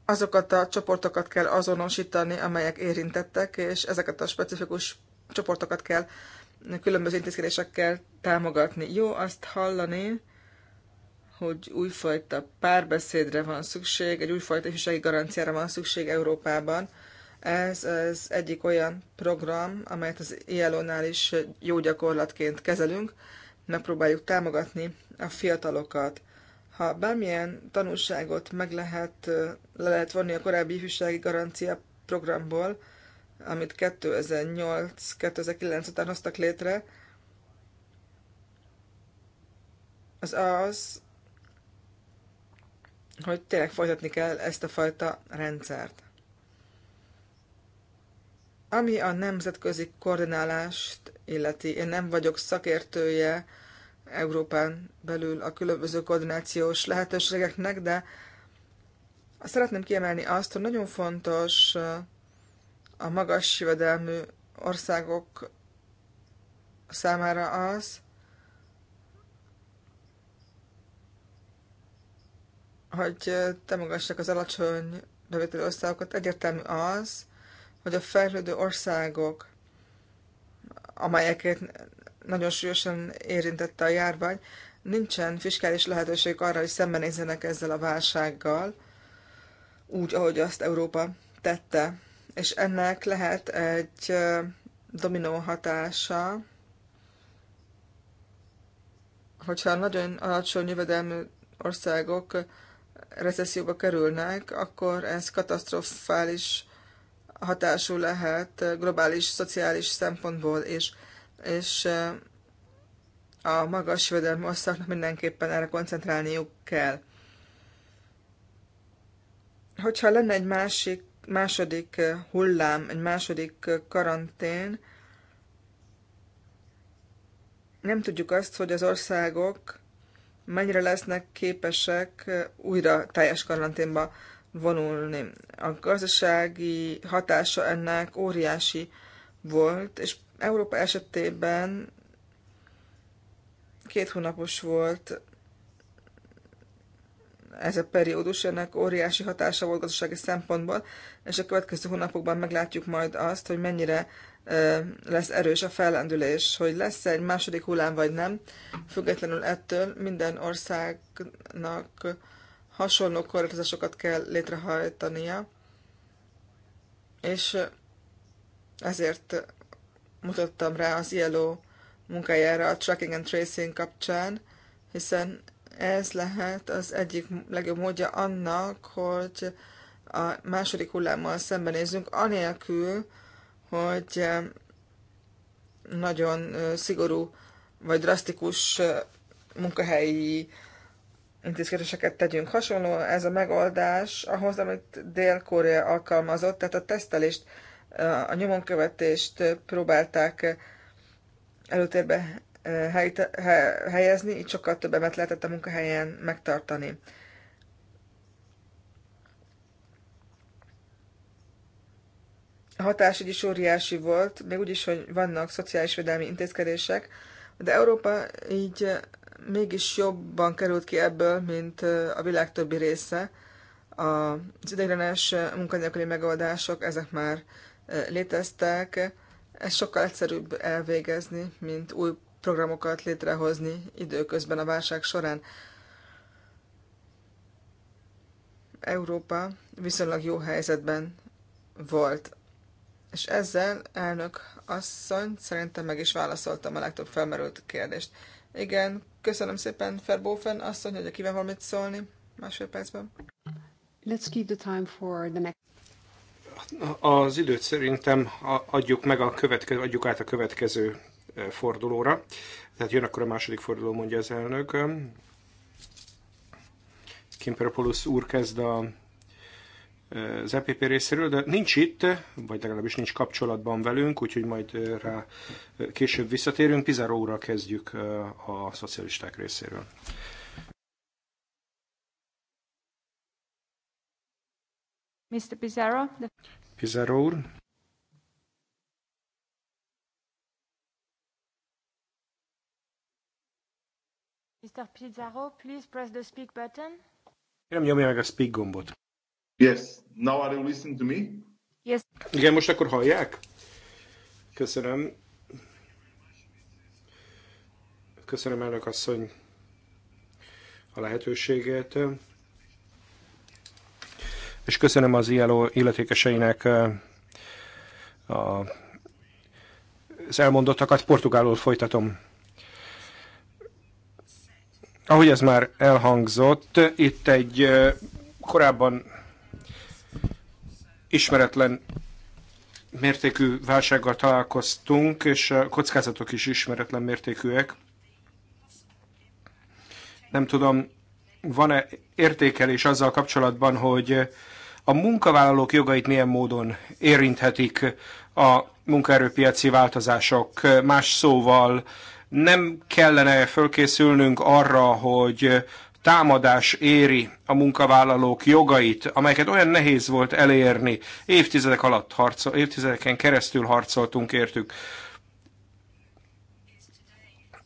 Azokat a csoportokat kell azonosítani, amelyek érintettek, és ezeket a specifikus csoportokat kell különböző intézkedésekkel támogatni. Jó azt hallani, hogy újfajta párbeszédre van szükség, egy újfajta ifjúsági garanciára van szükség Európában. Ez az egyik olyan program, amelyet az ILO-nál is jó gyakorlatként kezelünk, megpróbáljuk támogatni a fiatalokat. Ha bármilyen tanulságot meg lehet, le lehet vonni a korábbi ifjúsági garancia programból, amit 2008-2009 után hoztak létre, az az, hogy tényleg folytatni kell ezt a fajta rendszert. Ami a nemzetközi koordinálást illeti, én nem vagyok szakértője Európán belül a különböző koordinációs lehetőségeknek, de azt szeretném kiemelni azt, hogy nagyon fontos uh, a magas jövedelmű országok számára az, hogy támogassák az alacsony bevételű országokat, egyértelmű az, hogy a fejlődő országok, amelyeket nagyon súlyosan érintette a járvány, nincsen fiskális lehetőség arra, hogy szembenézzenek ezzel a válsággal, úgy, ahogy azt Európa tette. És ennek lehet egy dominó hatása, hogyha nagyon alacsony jövedelmű országok recesszióba kerülnek, akkor ez katasztrofális hatású lehet globális, szociális szempontból és És eh, a magas jövedelmi osztályoknak mindenképpen erre koncentrálniuk kell. Hogyha lenne egy másik, második eh, hullám, egy második eh, karantén, nem tudjuk azt, hogy az országok mennyire lesznek képesek újra teljes karanténba vonulni. A gazdasági hatása ennek óriási volt, és Európa esetében két hónapos volt ez a periódus, ennek óriási hatása volt gazdasági szempontból, és a következő hónapokban meglátjuk majd azt, hogy mennyire lesz erős a fellendülés, hogy lesz egy második hullám vagy nem, függetlenül ettől minden országnak hasonló korlátozásokat kell létrehajtania, és ezért mutattam rá az ILO munkájára a tracking and tracing kapcsán, hiszen ez lehet az egyik legjobb módja annak, hogy a második hullámmal szembenézzünk, anélkül, hogy eh, nagyon eh, szigorú vagy drasztikus eh, munkahelyi intézkedéseket tegyünk. Hasonló ez a megoldás ahhoz, amit Dél-Korea alkalmazott, tehát a tesztelést, a nyomonkövetést próbálták előtérbe helyezni, így sokkal többet lehetett a munkahelyen megtartani. hatás így is óriási volt, még úgy is, hogy vannak szociális védelmi intézkedések, de Európa így mégis jobban került ki ebből, mint a világ többi része. Az ideiglenes munkanélküli megoldások, ezek már léteztek, ez sokkal egyszerűbb elvégezni, mint új programokat létrehozni időközben a válság során. Európa viszonylag jó helyzetben volt. És ezzel, elnök asszony, szerintem meg is válaszoltam a legtöbb felmerült kérdést. Igen, köszönöm szépen Ferbófen asszony, hogy kíván valamit szólni másodpercben. Let's keep the time for the next... Az időt szerintem adjuk, meg a következő, adjuk át a következő e, fordulóra. Tehát jön akkor a második forduló, mondja az elnök. Kimperopoulos úr kezd a az EPP részéről, de nincs itt, vagy legalábbis nincs kapcsolatban velünk, úgyhogy majd rá később visszatérünk. Pizarro úrral kezdjük a szocialisták részéről. Mr. Pizarro? The... Pizarro úr? Mr. Pizarro, please press the speak button. Kérem, nyomja meg a speak gombot. Yes. Now are you listening to me? Yes. Igen, most akkor hallják? Köszönöm. Köszönöm, elnök asszony, a lehetőséget. És köszönöm az ILO illetékeseinek a, az elmondottakat. Portugálul folytatom. Ahogy ez már elhangzott, itt egy korábban ismeretlen mértékű válsággal találkoztunk, és a kockázatok is ismeretlen mértékűek. Nem tudom, van-e értékelés azzal kapcsolatban, hogy a munkavállalók jogait milyen módon érinthetik a munkaerőpiaci változások. Más szóval nem kellene fölkészülnünk arra, hogy támadás éri a munkavállalók jogait, amelyeket olyan nehéz volt elérni. Évtizedek alatt harcol, évtizedeken keresztül harcoltunk értük.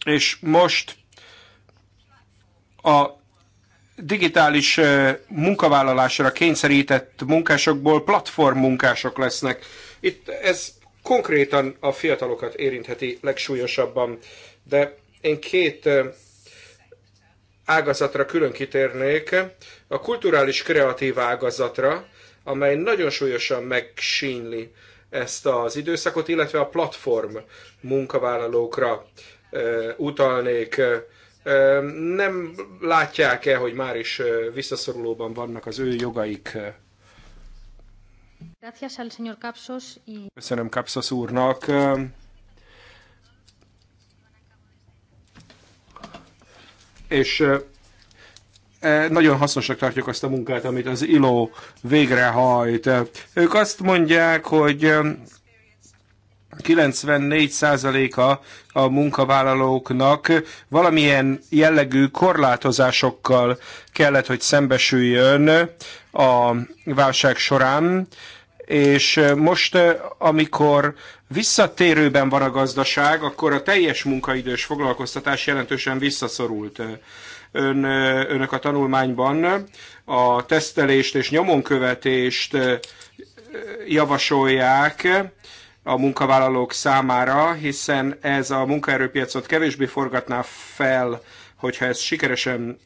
És most a digitális munkavállalásra kényszerített munkásokból platform munkások lesznek. Itt ez konkrétan a fiatalokat érintheti legsúlyosabban, de én két ágazatra külön kitérnék, a kulturális kreatív ágazatra, amely nagyon súlyosan megsínli ezt az időszakot, illetve a platform munkavállalókra utalnék. Nem látják-e, hogy már is visszaszorulóban vannak az ő jogaik? Köszönöm Kapszos úrnak. és nagyon hasznosak tartjuk azt a munkát, amit az ILO végrehajt. Ők azt mondják, hogy 94%-a a munkavállalóknak valamilyen jellegű korlátozásokkal kellett, hogy szembesüljön a válság során, és most, amikor visszatérőben van a gazdaság, akkor a teljes munkaidős foglalkoztatás jelentősen visszaszorult. Ön, önök a tanulmányban a tesztelést és nyomonkövetést javasolják a munkavállalók számára, hiszen ez a munkaerőpiacot kevésbé forgatná fel, hogyha ez sikeresen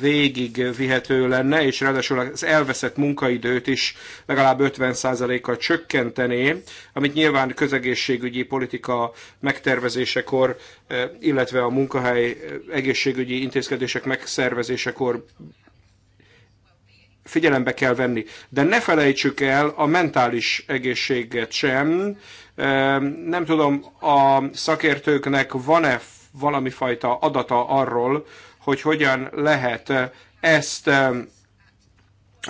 végig vihető lenne, és ráadásul az elveszett munkaidőt is legalább 50%-kal csökkentené, amit nyilván közegészségügyi politika megtervezésekor, eh, illetve a munkahely eh, egészségügyi intézkedések megszervezésekor figyelembe kell venni. De ne felejtsük el a mentális egészséget sem. Eh, nem tudom, a szakértőknek van-e valami fajta adata arról, hogy hogyan lehet ezt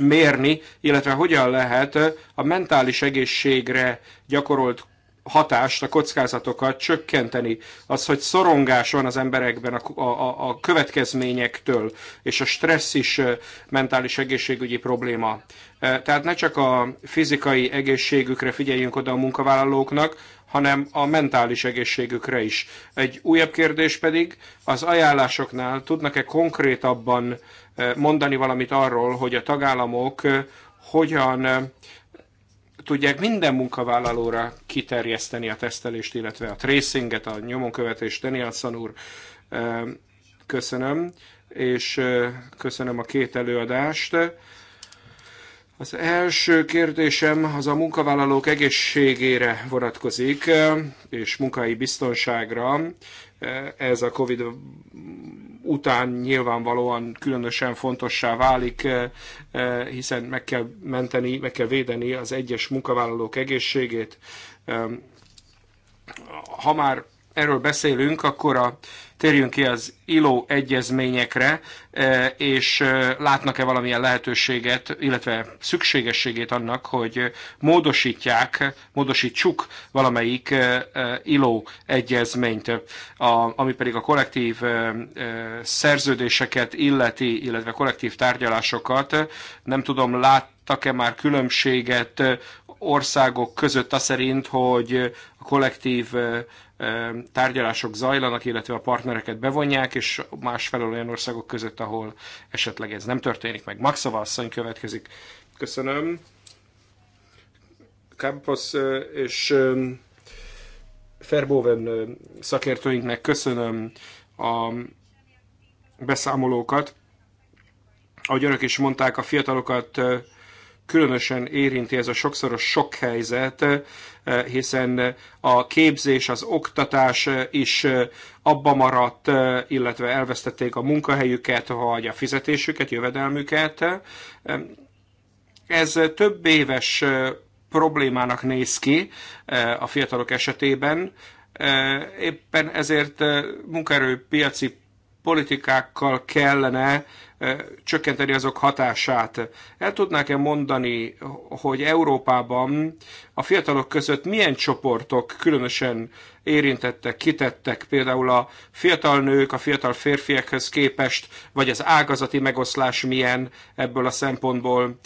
mérni, illetve hogyan lehet a mentális egészségre gyakorolt hatást, a kockázatokat csökkenteni. Az, hogy szorongás van az emberekben a, a, a következményektől, és a stressz is mentális egészségügyi probléma. Tehát ne csak a fizikai egészségükre figyeljünk oda a munkavállalóknak, hanem a mentális egészségükre is. Egy újabb kérdés pedig, az ajánlásoknál tudnak-e konkrétabban eh, mondani valamit arról, hogy a tagállamok eh, hogyan eh, tudják minden munkavállalóra kiterjeszteni a tesztelést, illetve a tracinget, a nyomonkövetést. Danielson úr, köszönöm, és köszönöm a két előadást. Az első kérdésem az a munkavállalók egészségére vonatkozik, és munkai biztonságra. Ez a Covid után nyilvánvalóan különösen fontossá válik, hiszen meg kell menteni, meg kell védeni az egyes munkavállalók egészségét. Ha már erről beszélünk, akkor a térjünk ki az ILO egyezményekre, e, és e, látnak-e valamilyen lehetőséget, illetve szükségességét annak, hogy módosítják, módosítsuk valamelyik e, ILO egyezményt, ami pedig a kollektív szerződéseket illeti, illetve kollektív tárgyalásokat. Nem tudom, láttak-e már különbséget országok között, a szerint, hogy a kollektív tárgyalások zajlanak, illetve a partnereket bevonják, és másfelől olyan országok között, ahol esetleg ez nem történik meg. Maxova asszony következik. Köszönöm. Campos és Ferboven szakértőinknek köszönöm a beszámolókat. Ahogy önök is mondták, a fiatalokat különösen érinti ez a sokszoros sok helyzet, eh, hiszen a képzés, az oktatás eh, is eh, abba maradt, illetve elvesztették a munkahelyüket, vagy a fizetésüket, jövedelmüket. Ez több éves problémának néz ki a fiatalok esetében. Éppen ezért munkaerőpiaci politikákkal kellene csökkenteni azok hatását. El tudnák-e mondani, hogy Európában a fiatalok között milyen csoportok különösen érintettek, kitettek, például a fiatal nők, a fiatal férfiakhoz képest, vagy az ágazati megoszlás milyen ebből a szempontból,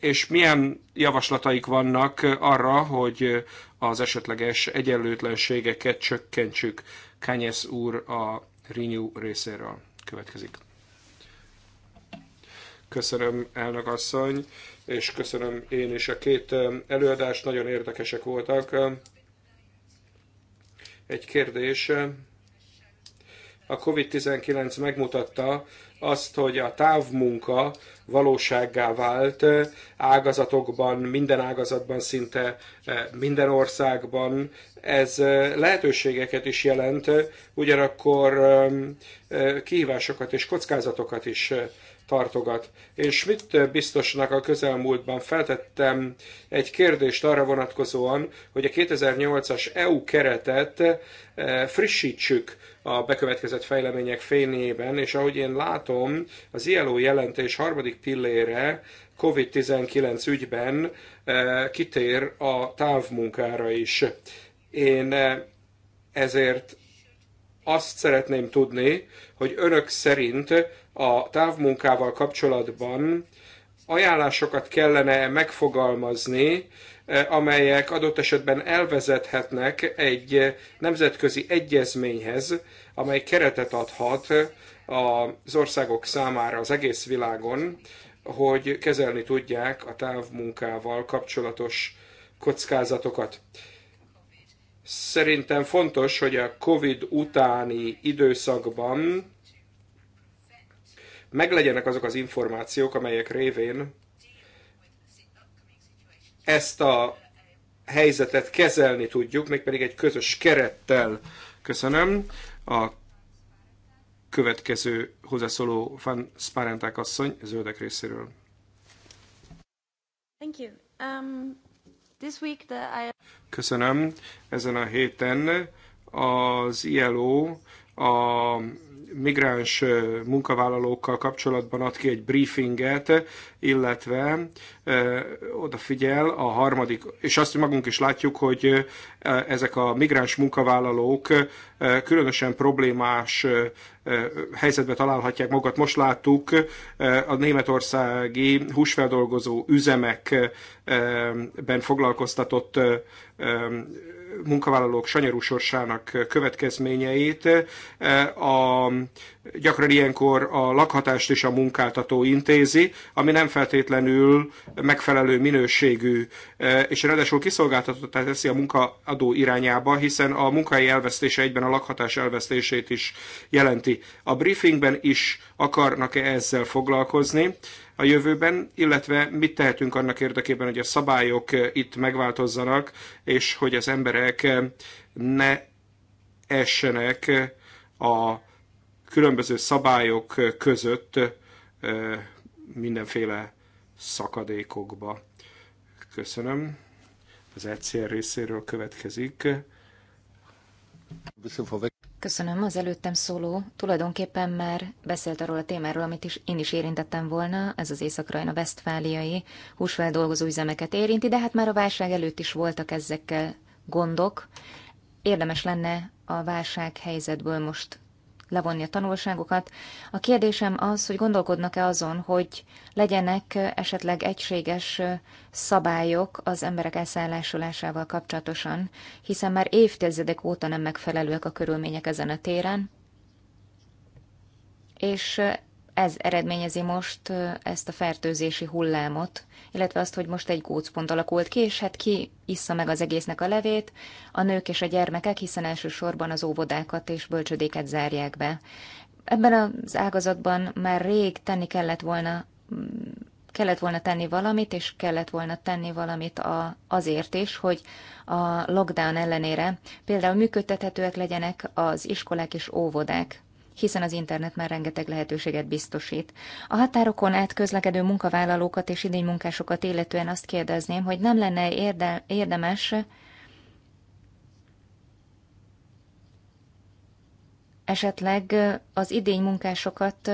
és milyen javaslataik vannak arra, hogy az esetleges egyenlőtlenségeket csökkentsük. Kányesz úr a Renew részéről következik. Köszönöm, elnök asszony, és köszönöm én is a két előadást, nagyon érdekesek voltak. Egy kérdés. A COVID-19 megmutatta azt, hogy a távmunka valósággá vált ágazatokban, minden ágazatban, szinte minden országban. Ez lehetőségeket is jelent, ugyanakkor kihívásokat és kockázatokat is tartogat. Én Schmidt eh, biztosnak a közelmúltban feltettem egy kérdést arra vonatkozóan, hogy a 2008-as EU keretet eh, frissítsük a bekövetkezett fejlemények fényében, és ahogy én látom, az ILO jelentés harmadik pillére COVID-19 ügyben eh, kitér a távmunkára is. Én ezért azt szeretném tudni, hogy önök szerint a távmunkával kapcsolatban ajánlásokat kellene megfogalmazni, eh, amelyek adott esetben elvezethetnek egy nemzetközi egyezményhez, amely keretet adhat az országok számára az egész világon, hogy kezelni tudják a távmunkával kapcsolatos kockázatokat. Szerintem fontos, hogy a COVID utáni időszakban meglegyenek azok az információk, amelyek révén ezt a helyzetet kezelni tudjuk, mégpedig egy közös kerettel. Köszönöm. A következő hozzászóló Fan Sparenták asszony, zöldek részéről. Thank you. Um, this week the I... Köszönöm. Ezen a héten az ILO a migráns munkavállalókkal kapcsolatban ad ki egy briefinget, illetve odafigyel a harmadik, és azt magunk is látjuk, hogy ezek a migráns munkavállalók különösen problémás helyzetbe találhatják magukat. Most láttuk a németországi húsfeldolgozó üzemekben foglalkoztatott munkavállalók sanyarú sorsának következményeit. A, gyakran ilyenkor a lakhatást is a munkáltató intézi, ami nem feltétlenül megfelelő minőségű és ráadásul kiszolgáltatottá teszi a munkaadó irányába, hiszen a munkai elvesztése egyben a lakhatás elvesztését is jelenti. A briefingben is akarnak-e ezzel foglalkozni a jövőben, illetve mit tehetünk annak érdekében, hogy a szabályok itt megváltozzanak, és hogy az emberek ne essenek a különböző szabályok között mindenféle szakadékokba. Köszönöm. Az ECR részéről következik. Köszönöm, az előttem szóló tulajdonképpen már beszélt arról a témáról, amit is én is érintettem volna, ez az Észak-Rajna Vesztfáliai húsfeldolgozó üzemeket érinti, de hát már a válság előtt is voltak ezekkel gondok. Érdemes lenne a válság helyzetből most levonni a tanulságokat. A kérdésem az, hogy gondolkodnak-e azon, hogy legyenek esetleg egységes szabályok az emberek elszállásolásával kapcsolatosan, hiszen már évtizedek óta nem megfelelőek a körülmények ezen a téren, és ez eredményezi most ezt a fertőzési hullámot, illetve azt, hogy most egy gócpont alakult ki, és hát ki issza meg az egésznek a levét, a nők és a gyermekek, hiszen elsősorban az óvodákat és bölcsödéket zárják be. Ebben az ágazatban már rég tenni kellett volna mm, kellett volna tenni valamit, és kellett volna tenni valamit a, azért is, hogy a lockdown ellenére például működtethetőek legyenek az iskolák és óvodák hiszen az internet már rengeteg lehetőséget biztosít. A határokon át közlekedő munkavállalókat és idénymunkásokat illetően azt kérdezném, hogy nem lenne érde, érdemes esetleg az idénymunkásokat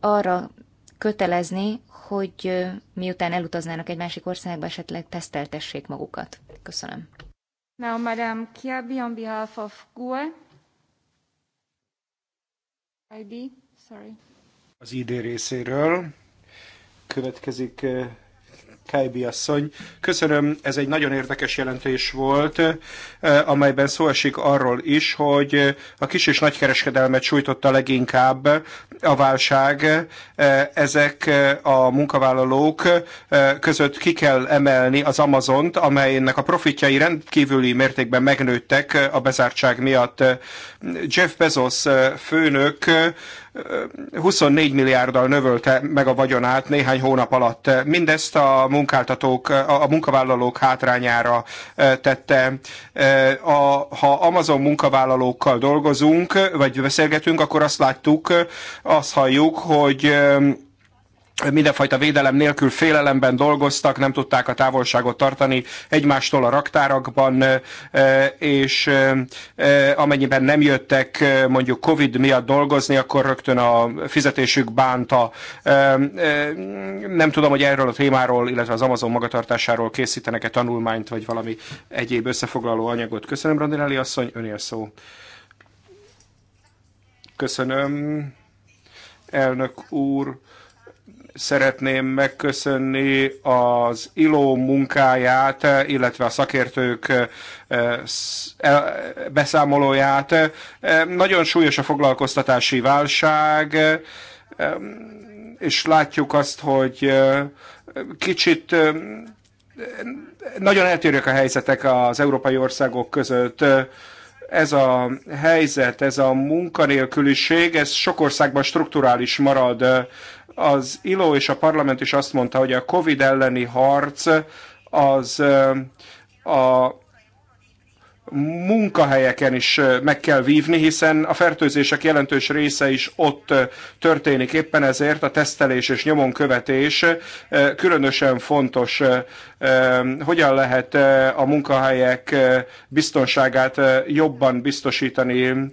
arra kötelezni, hogy miután elutaznának egy másik országba, esetleg teszteltessék magukat. Köszönöm. Now, Madame Kiabi on behalf of GUE. IB, sorry. Az ID részéről következik eh, Kájbi asszony. Köszönöm, ez egy nagyon érdekes jelentés volt, eh, amelyben szó esik arról is, hogy eh, a kis és nagykereskedelmet sújtotta leginkább a válság, e, ezek e, a munkavállalók e, között ki kell emelni az Amazont, amelynek a profitjai rendkívüli mértékben megnőttek a bezártság miatt. Jeff Bezos főnök 24 milliárddal növölte meg a vagyonát néhány hónap alatt. Mindezt a munkáltatók, a munkavállalók hátrányára e, tette. E, a, ha Amazon munkavállalókkal dolgozunk, vagy beszélgetünk, akkor azt láttuk, e, azt halljuk, hogy mindenfajta védelem nélkül félelemben dolgoztak, nem tudták a távolságot tartani egymástól a raktárakban, és amennyiben nem jöttek mondjuk Covid miatt dolgozni, akkor rögtön a fizetésük bánta. Nem tudom, hogy erről a témáról, illetve az Amazon magatartásáról készítenek-e tanulmányt, vagy valami egyéb összefoglaló anyagot. Köszönöm, Randinelli asszony, öné a szó. Köszönöm, elnök úr szeretném megköszönni az ILO munkáját, illetve a szakértők eh, eh, beszámolóját. Eh, nagyon súlyos a foglalkoztatási válság, és látjuk azt, hogy kicsit nagyon eltérőek a helyzetek az európai országok között ez a helyzet, ez a munkanélküliség, ez sok országban strukturális marad. Az ILO és a parlament is azt mondta, hogy a COVID elleni harc az a munkahelyeken is meg kell vívni, hiszen a fertőzések jelentős része is ott történik. Éppen ezért a tesztelés és nyomon követés különösen fontos. Hogyan lehet a munkahelyek biztonságát jobban biztosítani?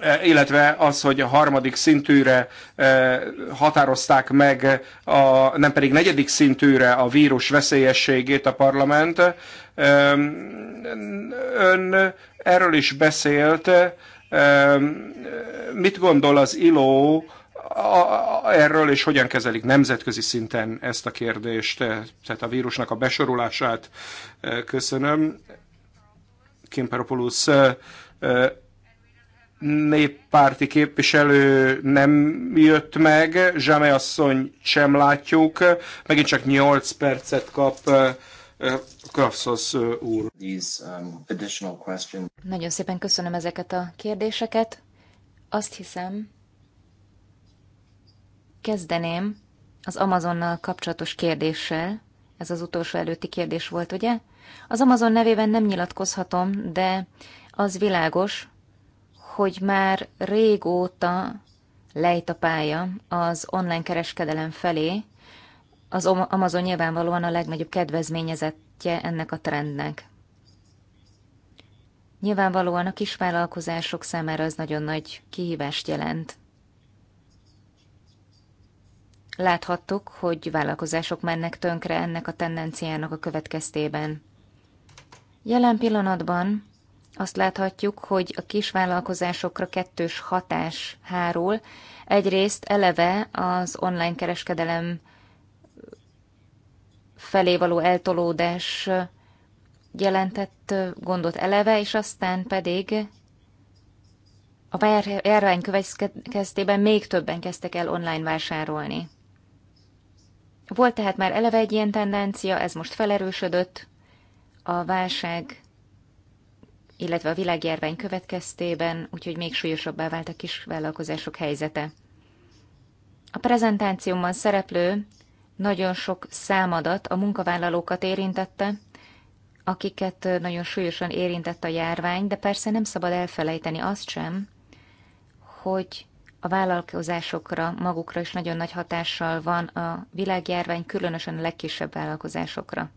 E, illetve az, hogy a harmadik szintűre e, határozták meg, a, nem pedig negyedik szintűre a vírus veszélyességét a parlament. E, ön erről is beszélt. Mit gondol az ILO erről, és hogyan kezelik nemzetközi szinten ezt a kérdést, tehát a vírusnak a besorolását? Köszönöm. Kimperopoulos néppárti képviselő nem jött meg, Zsame asszony sem látjuk, megint csak 8 percet kap Krafszosz úr. Um, Nagyon szépen köszönöm ezeket a kérdéseket. Azt hiszem, kezdeném az Amazonnal kapcsolatos kérdéssel. Ez az utolsó előtti kérdés volt, ugye? Az Amazon nevében nem nyilatkozhatom, de az világos, hogy már régóta lejt a pálya az online kereskedelem felé. Az Amazon nyilvánvalóan a legnagyobb kedvezményezettje ennek a trendnek. Nyilvánvalóan a kisvállalkozások számára az nagyon nagy kihívást jelent. Láthattuk, hogy vállalkozások mennek tönkre ennek a tendenciának a következtében. Jelen pillanatban azt láthatjuk, hogy a kisvállalkozásokra kettős hatás hárul. Egyrészt eleve az online kereskedelem felé való eltolódás jelentett gondot eleve, és aztán pedig a járvány következtében még többen kezdtek el online vásárolni. Volt tehát már eleve egy ilyen tendencia, ez most felerősödött, a válság illetve a világjárvány következtében, úgyhogy még súlyosabbá vált a kisvállalkozások helyzete. A prezentációmban szereplő nagyon sok számadat a munkavállalókat érintette, akiket nagyon súlyosan érintett a járvány, de persze nem szabad elfelejteni azt sem, hogy a vállalkozásokra magukra is nagyon nagy hatással van a világjárvány, különösen a legkisebb vállalkozásokra.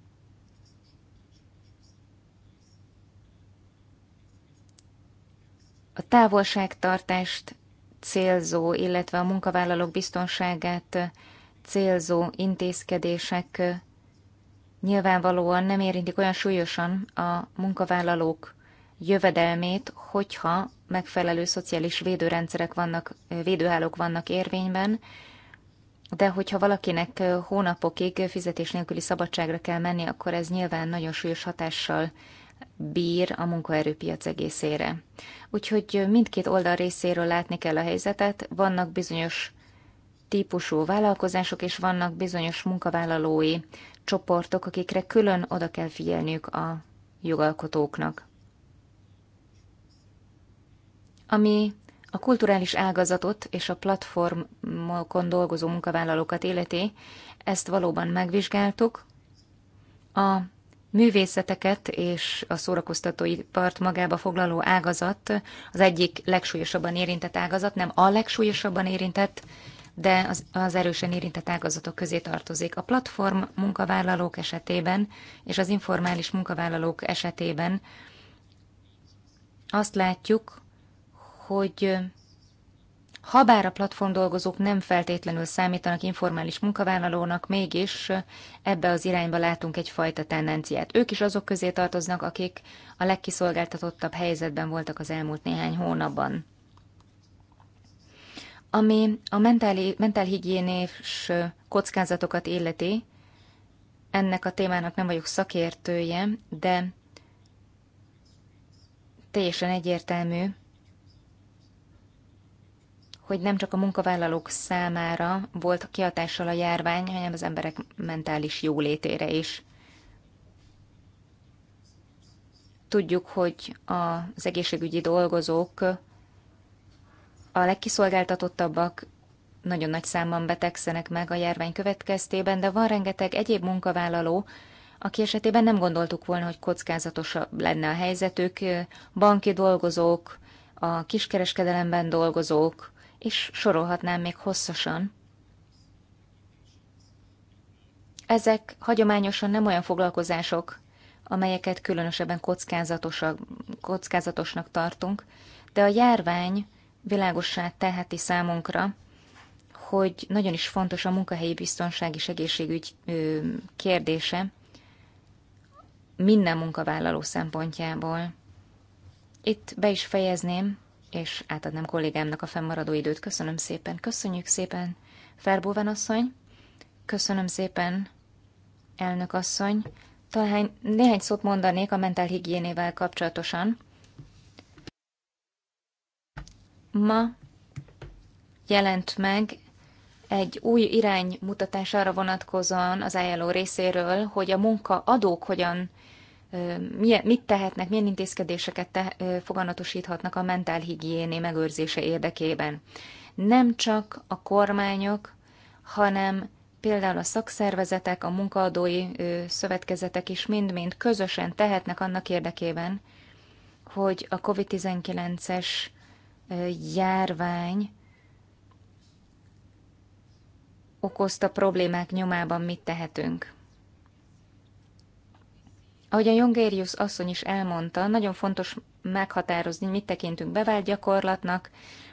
a távolságtartást célzó, illetve a munkavállalók biztonságát célzó intézkedések nyilvánvalóan nem érintik olyan súlyosan a munkavállalók jövedelmét, hogyha megfelelő szociális védőrendszerek vannak, védőhálók vannak érvényben, de hogyha valakinek hónapokig fizetés nélküli szabadságra kell menni, akkor ez nyilván nagyon súlyos hatással bír a munkaerőpiac egészére. Úgyhogy mindkét oldal részéről látni kell a helyzetet, vannak bizonyos típusú vállalkozások, és vannak bizonyos munkavállalói csoportok, akikre külön oda kell figyelniük a jogalkotóknak. Ami a kulturális ágazatot és a platformokon dolgozó munkavállalókat életé, ezt valóban megvizsgáltuk. A művészeteket és a szórakoztatóipart magába foglaló ágazat az egyik legsúlyosabban érintett ágazat, nem a legsúlyosabban érintett, de az, az erősen érintett ágazatok közé tartozik. A platform munkavállalók esetében és az informális munkavállalók esetében azt látjuk, hogy Habár a platform dolgozók nem feltétlenül számítanak informális munkavállalónak, mégis ebbe az irányba látunk egyfajta tendenciát. Ők is azok közé tartoznak, akik a legkiszolgáltatottabb helyzetben voltak az elmúlt néhány hónapban. Ami a mentáli, mentálhigiénés kockázatokat illeti, ennek a témának nem vagyok szakértője, de teljesen egyértelmű, hogy nem csak a munkavállalók számára volt kiatással a járvány, hanem az emberek mentális jólétére is. Tudjuk, hogy az egészségügyi dolgozók a legkiszolgáltatottabbak nagyon nagy számban betegszenek meg a járvány következtében, de van rengeteg egyéb munkavállaló, aki esetében nem gondoltuk volna, hogy kockázatosabb lenne a helyzetük, banki dolgozók, a kiskereskedelemben dolgozók, és sorolhatnám még hosszasan. Ezek hagyományosan nem olyan foglalkozások, amelyeket különösebben kockázatosak, kockázatosnak tartunk, de a járvány világossá teheti számunkra, hogy nagyon is fontos a munkahelyi biztonság és egészségügy kérdése minden munkavállaló szempontjából. Itt be is fejezném, és átadnám kollégámnak a fennmaradó időt. Köszönöm szépen. Köszönjük szépen, Ferbóven asszony. Köszönöm szépen, elnök asszony. Talán néhány szót mondanék a mentálhigiénével kapcsolatosan. Ma jelent meg egy új iránymutatás arra vonatkozóan az ILO részéről, hogy a munkaadók hogyan milyen, mit tehetnek, milyen intézkedéseket te, foganatosíthatnak a mentálhigiéné megőrzése érdekében. Nem csak a kormányok, hanem például a szakszervezetek, a munkaadói szövetkezetek is mind-mind közösen tehetnek annak érdekében, hogy a COVID-19-es járvány okozta problémák nyomában mit tehetünk. Ahogy a Jongérius asszony is elmondta, nagyon fontos meghatározni, mit tekintünk bevált gyakorlatnak,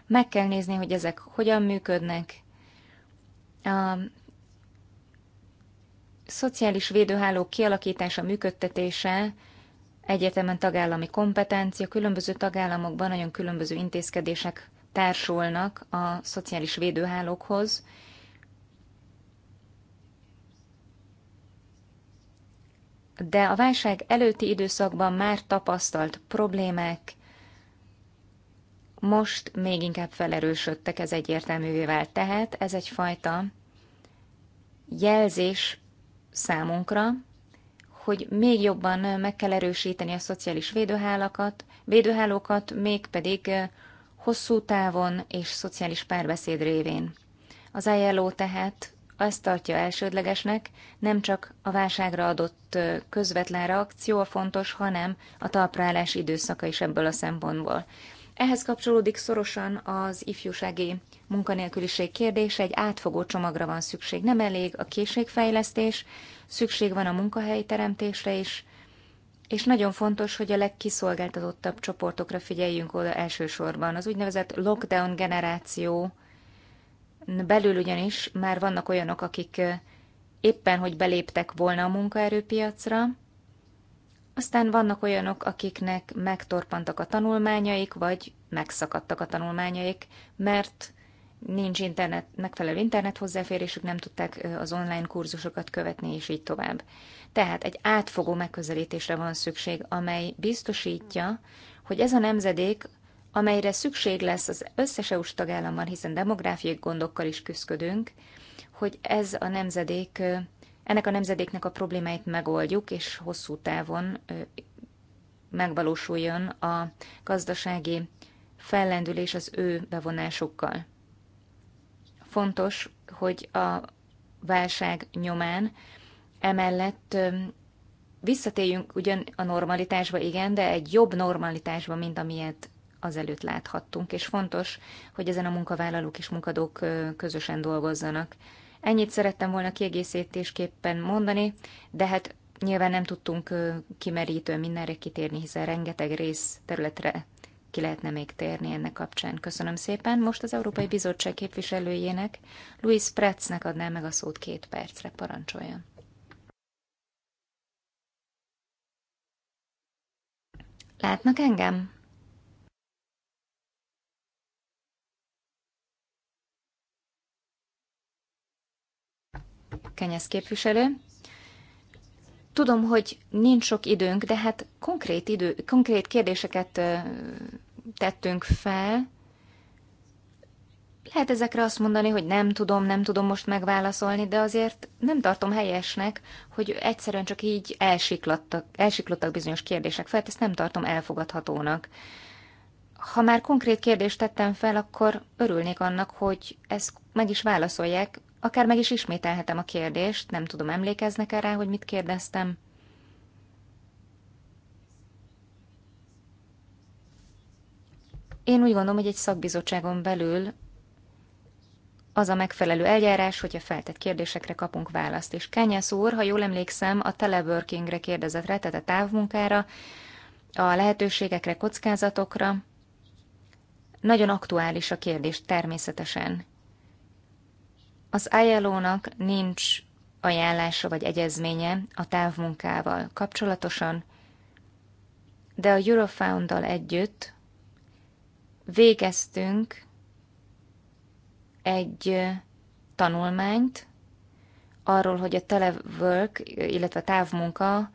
meg kell nézni, hogy ezek hogyan működnek. A szociális védőháló kialakítása, működtetése egyetemen tagállami kompetencia, különböző tagállamokban nagyon különböző intézkedések társulnak a szociális védőhálókhoz, de a válság előtti időszakban már tapasztalt problémák most még inkább felerősödtek, ez egyértelművé vált. Tehát ez egyfajta jelzés számunkra, hogy még jobban meg kell erősíteni a szociális védőhálókat, védőhálókat mégpedig hosszú távon és szociális párbeszéd révén. Az ILO tehát azt tartja elsődlegesnek, nem csak a válságra adott közvetlen reakció a fontos, hanem a talprálás időszaka is ebből a szempontból. Ehhez kapcsolódik szorosan az ifjúsági munkanélküliség kérdése, egy átfogó csomagra van szükség. Nem elég a készségfejlesztés, szükség van a munkahelyi teremtésre is, és nagyon fontos, hogy a legkiszolgáltatottabb csoportokra figyeljünk oda elsősorban. Az úgynevezett lockdown generáció belül ugyanis már vannak olyanok, akik éppen, hogy beléptek volna a munkaerőpiacra, aztán vannak olyanok, akiknek megtorpantak a tanulmányaik, vagy megszakadtak a tanulmányaik, mert nincs internet, megfelelő internet hozzáférésük, nem tudták az online kurzusokat követni, és így tovább. Tehát egy átfogó megközelítésre van szükség, amely biztosítja, hogy ez a nemzedék amelyre szükség lesz az összes EU-s tagállamban, hiszen demográfiai gondokkal is küzdködünk, hogy ez a nemzedék, ennek a nemzedéknek a problémáit megoldjuk, és hosszú távon megvalósuljon a gazdasági fellendülés az ő bevonásukkal. Fontos, hogy a válság nyomán emellett visszatérjünk ugyan a normalitásba, igen, de egy jobb normalitásba, mint amilyet azelőtt láthattunk, és fontos, hogy ezen a munkavállalók és munkadók közösen dolgozzanak. Ennyit szerettem volna kiegészítésképpen mondani, de hát nyilván nem tudtunk kimerítően mindenre kitérni, hiszen rengeteg rész területre ki lehetne még térni ennek kapcsán. Köszönöm szépen. Most az Európai Bizottság képviselőjének, Louis Pretznek adnám meg a szót két percre. Parancsoljon. Látnak engem? Kenyesz képviselő. Tudom, hogy nincs sok időnk, de hát konkrét, idő, konkrét kérdéseket tettünk fel. Lehet ezekre azt mondani, hogy nem tudom, nem tudom most megválaszolni, de azért nem tartom helyesnek, hogy egyszerűen csak így elsiklottak, elsiklottak bizonyos kérdések fel, ezt nem tartom elfogadhatónak. Ha már konkrét kérdést tettem fel, akkor örülnék annak, hogy ezt meg is válaszolják, Akár meg is ismételhetem a kérdést, nem tudom, emlékeznek erre, hogy mit kérdeztem. Én úgy gondolom, hogy egy szakbizottságon belül az a megfelelő eljárás, hogyha feltett kérdésekre kapunk választ. És Kányász úr, ha jól emlékszem, a teleworkingre kérdezett rá, tehát a távmunkára, a lehetőségekre, kockázatokra. Nagyon aktuális a kérdés természetesen, az ilo nincs ajánlása vagy egyezménye a távmunkával kapcsolatosan, de a Eurofound-dal együtt végeztünk egy tanulmányt arról, hogy a telework, illetve a távmunka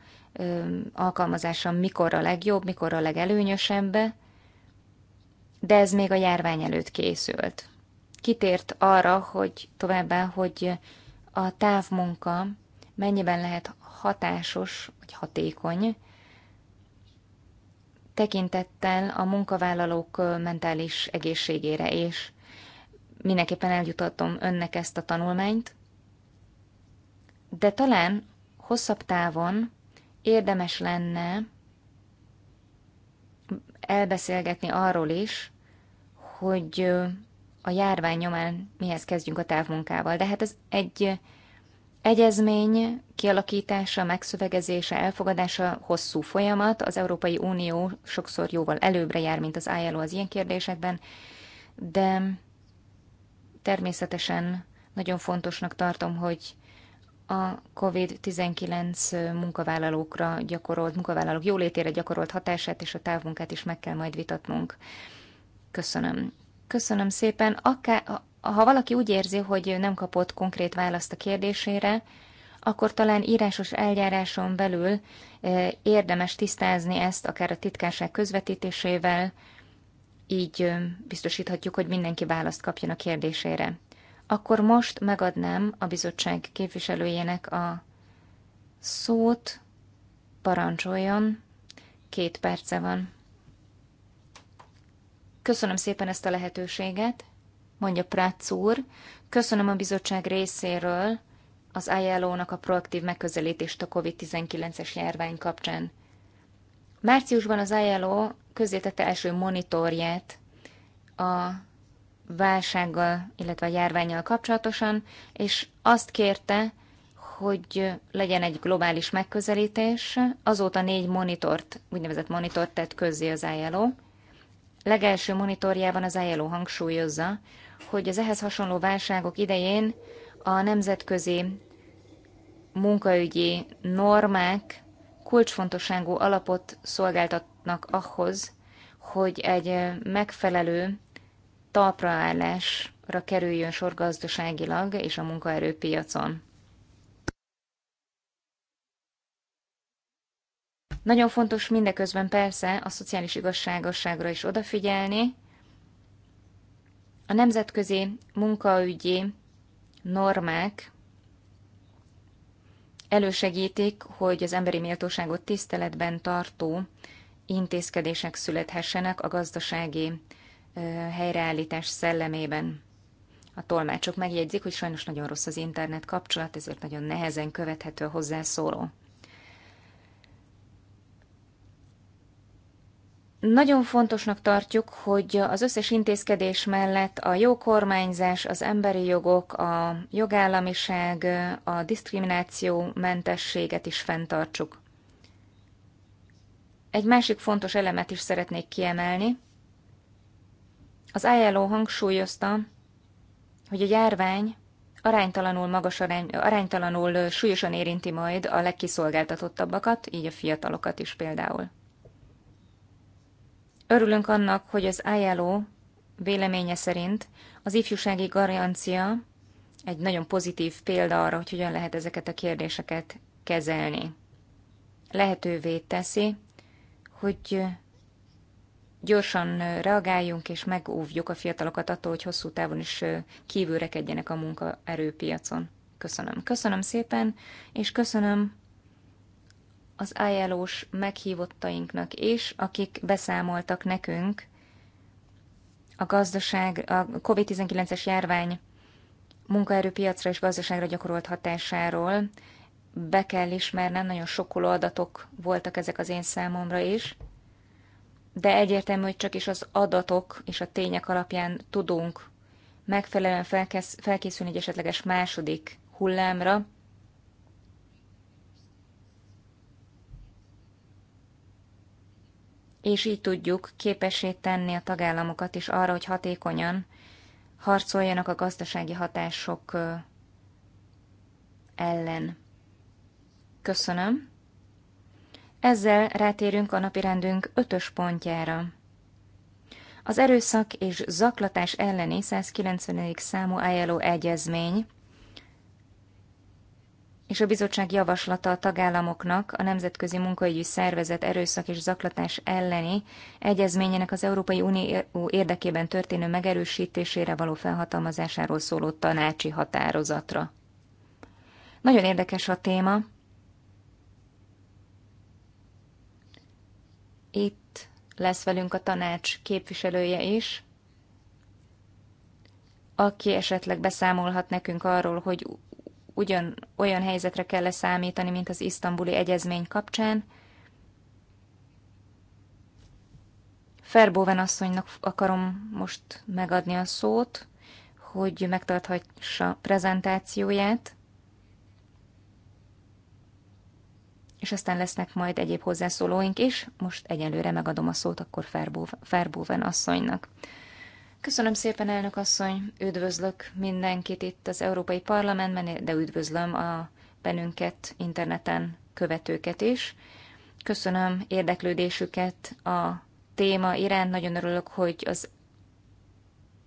alkalmazása mikor a legjobb, mikor a legelőnyösebb, de ez még a járvány előtt készült kitért arra, hogy továbbá, hogy a távmunka mennyiben lehet hatásos vagy hatékony, tekintettel a munkavállalók mentális egészségére, és mindenképpen eljutatom önnek ezt a tanulmányt, de talán hosszabb távon érdemes lenne elbeszélgetni arról is, hogy a járvány nyomán mihez kezdjünk a távmunkával. De hát ez egy egyezmény kialakítása, megszövegezése, elfogadása hosszú folyamat. Az Európai Unió sokszor jóval előbbre jár, mint az ILO az ilyen kérdésekben, de természetesen nagyon fontosnak tartom, hogy a COVID-19 munkavállalókra gyakorolt, munkavállalók jólétére gyakorolt hatását és a távmunkát is meg kell majd vitatnunk. Köszönöm. Köszönöm szépen. Akár, ha valaki úgy érzi, hogy nem kapott konkrét választ a kérdésére, akkor talán írásos eljáráson belül eh, érdemes tisztázni ezt akár a titkárság közvetítésével, így eh, biztosíthatjuk, hogy mindenki választ kapjon a kérdésére. Akkor most megadnám a bizottság képviselőjének a szót, parancsoljon, két perce van. Köszönöm szépen ezt a lehetőséget, mondja Prácz úr. Köszönöm a bizottság részéről az ILO-nak a proaktív megközelítést a COVID-19-es járvány kapcsán. Márciusban az ILO közzétette első monitorját a válsággal, illetve a járványjal kapcsolatosan, és azt kérte, hogy legyen egy globális megközelítés. Azóta négy monitort, úgynevezett monitort tett közzé az ILO, legelső monitorjában az ILO hangsúlyozza, hogy az ehhez hasonló válságok idején a nemzetközi munkaügyi normák kulcsfontosságú alapot szolgáltatnak ahhoz, hogy egy megfelelő talpraállásra kerüljön sor gazdaságilag és a munkaerőpiacon. Nagyon fontos mindeközben persze a szociális igazságosságra is odafigyelni. A nemzetközi munkaügyi normák elősegítik, hogy az emberi méltóságot tiszteletben tartó intézkedések születhessenek a gazdasági helyreállítás szellemében. A tolmácsok megjegyzik, hogy sajnos nagyon rossz az internet kapcsolat, ezért nagyon nehezen követhető a hozzászóló. Nagyon fontosnak tartjuk, hogy az összes intézkedés mellett a jó kormányzás, az emberi jogok, a jogállamiság, a diszkrimináció mentességet is fenntartsuk. Egy másik fontos elemet is szeretnék kiemelni. Az ILO hangsúlyozta, hogy a járvány aránytalanul, magas arány, aránytalanul súlyosan érinti majd a legkiszolgáltatottabbakat, így a fiatalokat is például. Örülünk annak, hogy az ILO véleménye szerint az ifjúsági garancia egy nagyon pozitív példa arra, hogy hogyan lehet ezeket a kérdéseket kezelni. Lehetővé teszi, hogy gyorsan reagáljunk és megóvjuk a fiatalokat attól, hogy hosszú távon is kívülrekedjenek a munkaerőpiacon. Köszönöm. Köszönöm szépen, és köszönöm az ilo meghívottainknak is, akik beszámoltak nekünk a gazdaság, a COVID-19-es járvány munkaerőpiacra és gazdaságra gyakorolt hatásáról. Be kell ismernem, nagyon sokkoló adatok voltak ezek az én számomra is, de egyértelmű, hogy csak is az adatok és a tények alapján tudunk megfelelően felkészülni egy esetleges második hullámra, és így tudjuk képessé tenni a tagállamokat is arra, hogy hatékonyan harcoljanak a gazdasági hatások ellen. Köszönöm. Ezzel rátérünk a napirendünk ötös pontjára. Az erőszak és zaklatás elleni 190. számú ILO egyezmény – és a bizottság javaslata a tagállamoknak a Nemzetközi Munkaügyi Szervezet erőszak és zaklatás elleni egyezményének az Európai Unió érdekében történő megerősítésére való felhatalmazásáról szóló tanácsi határozatra. Nagyon érdekes a téma. Itt lesz velünk a tanács képviselője is, aki esetleg beszámolhat nekünk arról, hogy ugyan olyan helyzetre kell -e számítani, mint az isztambuli egyezmény kapcsán. Ferbóven asszonynak akarom most megadni a szót, hogy megtarthassa prezentációját, és aztán lesznek majd egyéb hozzászólóink is. Most egyelőre megadom a szót akkor Ferbóven asszonynak. Köszönöm szépen, elnök asszony, üdvözlök mindenkit itt az Európai Parlamentben, de üdvözlöm a bennünket interneten követőket is. Köszönöm érdeklődésüket a téma iránt, nagyon örülök, hogy az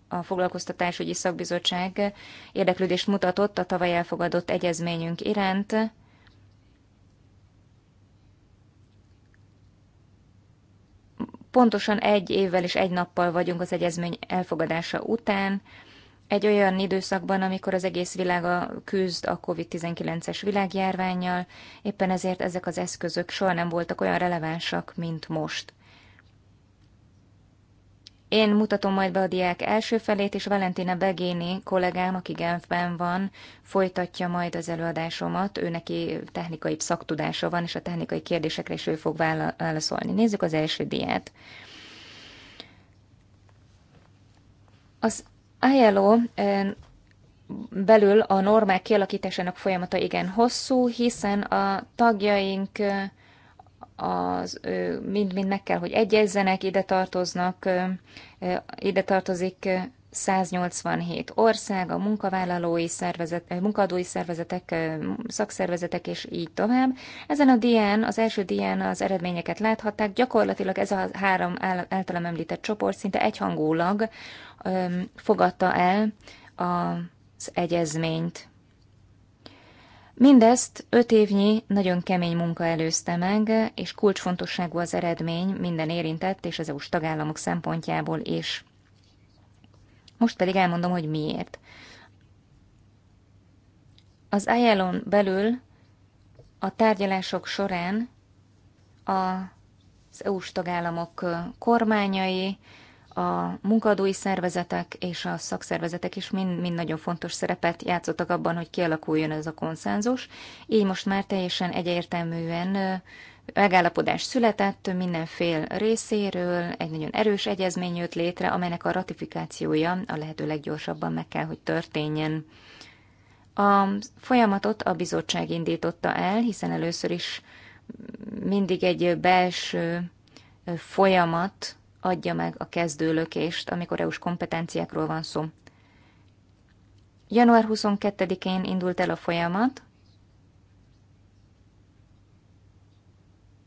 a foglalkoztatásügyi szakbizottság érdeklődést mutatott a tavaly elfogadott egyezményünk iránt. Pontosan egy évvel és egy nappal vagyunk az egyezmény elfogadása után, egy olyan időszakban, amikor az egész világ küzd a COVID-19-es világjárványjal, éppen ezért ezek az eszközök soha nem voltak olyan relevánsak, mint most. Én mutatom majd be a diák első felét, és Valentina Begéni kollégám, aki Genfben van, folytatja majd az előadásomat. Ő neki technikai szaktudása van, és a technikai kérdésekre is ő fog válaszolni. Nézzük az első diát. Az ILO belül a normák kialakításának folyamata igen hosszú, hiszen a tagjaink az mind-mind meg kell, hogy egyezzenek, ide tartoznak, ide tartozik 187 ország, a munkavállalói szervezet, munkadói szervezetek, szakszervezetek és így tovább. Ezen a dián, az első dián az eredményeket láthatták, gyakorlatilag ez a három általam említett csoport szinte egyhangulag fogadta el az egyezményt. Mindezt öt évnyi, nagyon kemény munka előzte meg, és kulcsfontosságú az eredmény minden érintett és az EU-s tagállamok szempontjából is. Most pedig elmondom, hogy miért. Az ilo belül a tárgyalások során az EU-s tagállamok kormányai, a munkadói szervezetek és a szakszervezetek is mind, mind nagyon fontos szerepet játszottak abban, hogy kialakuljon ez a konszenzus. Így most már teljesen egyértelműen megállapodás született minden fél részéről, egy nagyon erős egyezmény jött létre, amelynek a ratifikációja a lehető leggyorsabban meg kell, hogy történjen. A folyamatot a bizottság indította el, hiszen először is mindig egy belső folyamat adja meg a kezdőlökést, amikor EU-s kompetenciákról van szó. Január 22-én indult el a folyamat,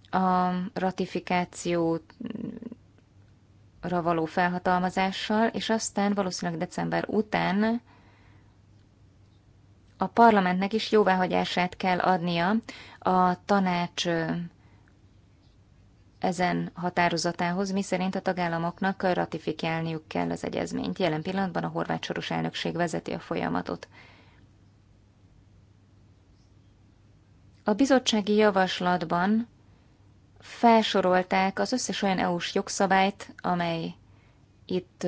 a ratifikációra való felhatalmazással, és aztán valószínűleg december után a parlamentnek is jóváhagyását kell adnia a tanács ezen határozatához, miszerint a tagállamoknak ratifikálniuk kell az egyezményt. Jelen pillanatban a horvát soros elnökség vezeti a folyamatot. A bizottsági javaslatban felsorolták az összes olyan EU-s jogszabályt, amely itt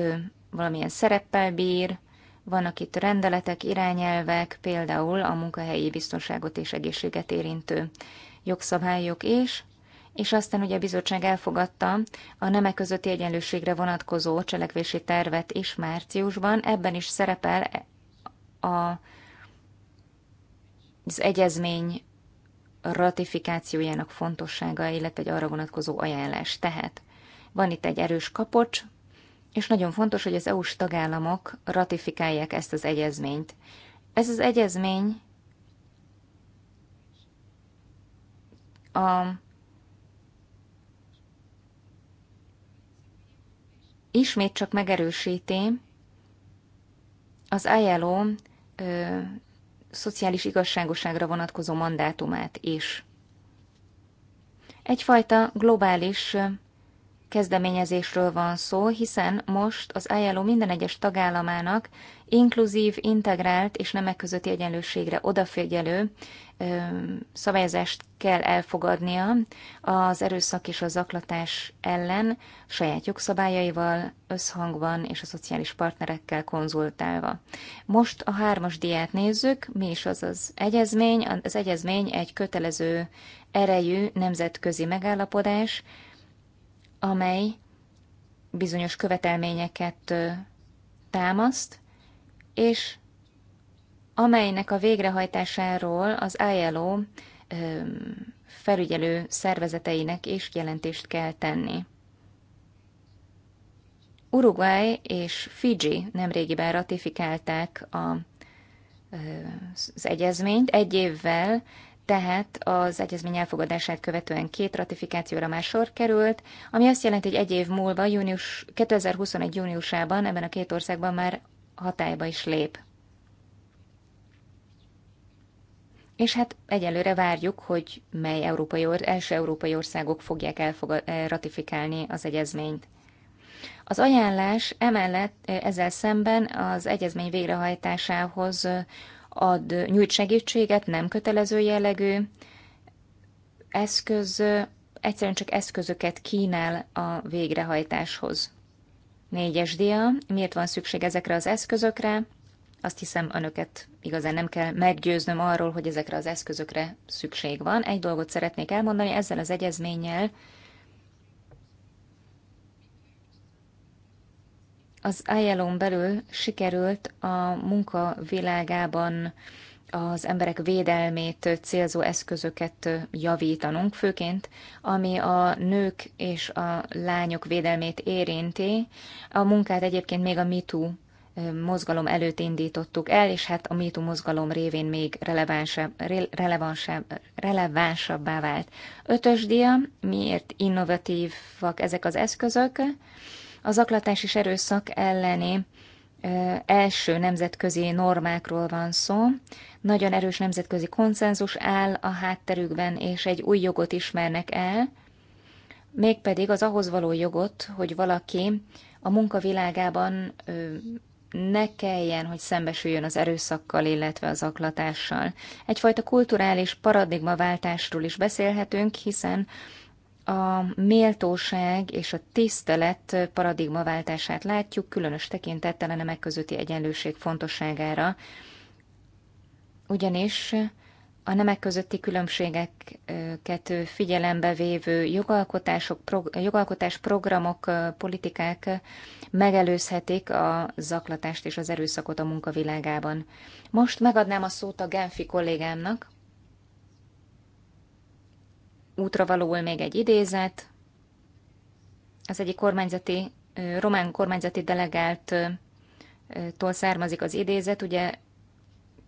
valamilyen szereppel bír, vannak itt rendeletek, irányelvek, például a munkahelyi biztonságot és egészséget érintő jogszabályok, és és aztán ugye a bizottság elfogadta a nemek közötti egyenlőségre vonatkozó cselekvési tervet is márciusban. Ebben is szerepel a, az egyezmény ratifikációjának fontossága, illetve egy arra vonatkozó ajánlás. Tehát van itt egy erős kapocs, és nagyon fontos, hogy az EU-s tagállamok ratifikálják ezt az egyezményt. Ez az egyezmény a ismét csak megerősíti az ILO ö, szociális igazságoságra vonatkozó mandátumát is. Egyfajta globális kezdeményezésről van szó, hiszen most az ILO minden egyes tagállamának inkluzív, integrált és nemek közötti egyenlőségre odafigyelő ö, szabályozást kell elfogadnia az erőszak és a zaklatás ellen saját jogszabályaival, összhangban és a szociális partnerekkel konzultálva. Most a hármas diát nézzük, mi is az az egyezmény. Az egyezmény egy kötelező erejű nemzetközi megállapodás, amely bizonyos követelményeket támaszt, és amelynek a végrehajtásáról az ILO felügyelő szervezeteinek is jelentést kell tenni. Uruguay és Fiji nemrégiben ratifikálták a, az egyezményt, egy évvel tehát az egyezmény elfogadását követően két ratifikációra már sor került, ami azt jelenti, hogy egy év múlva, június, 2021. júniusában ebben a két országban már hatályba is lép. És hát egyelőre várjuk, hogy mely európai, első európai országok fogják elfogad, eh, ratifikálni az egyezményt. Az ajánlás emellett eh, ezzel szemben az egyezmény végrehajtásához ad, nyújt segítséget, nem kötelező jellegű eszköz, egyszerűen csak eszközöket kínál a végrehajtáshoz. Négyes dia, miért van szükség ezekre az eszközökre? Azt hiszem, önöket igazán nem kell meggyőznöm arról, hogy ezekre az eszközökre szükség van. Egy dolgot szeretnék elmondani, ezzel az egyezménnyel az ilo belül sikerült a munka világában az emberek védelmét célzó eszközöket javítanunk, főként ami a nők és a lányok védelmét érinti. A munkát egyébként még a MeToo mozgalom előtt indítottuk el, és hát a MeToo mozgalom révén még relevánsabb, relevánsabb, relevánsabbá vált. Ötös dia, miért innovatívak ezek az eszközök? Az aklatás és erőszak elleni első nemzetközi normákról van szó. Nagyon erős nemzetközi konszenzus áll a hátterükben, és egy új jogot ismernek el, mégpedig az ahhoz való jogot, hogy valaki a munkavilágában ne kelljen, hogy szembesüljön az erőszakkal, illetve az aklatással. Egyfajta kulturális paradigmaváltásról is beszélhetünk, hiszen a méltóság és a tisztelet paradigmaváltását látjuk, különös tekintettel a nemek közötti egyenlőség fontosságára, ugyanis a nemek közötti különbségeket figyelembe vévő jogalkotások, prog, jogalkotás programok, politikák megelőzhetik a zaklatást és az erőszakot a munkavilágában. Most megadnám a szót a Genfi kollégámnak, útra valóul még egy idézet. Az egyik kormányzati, román kormányzati delegáltól származik az idézet. Ugye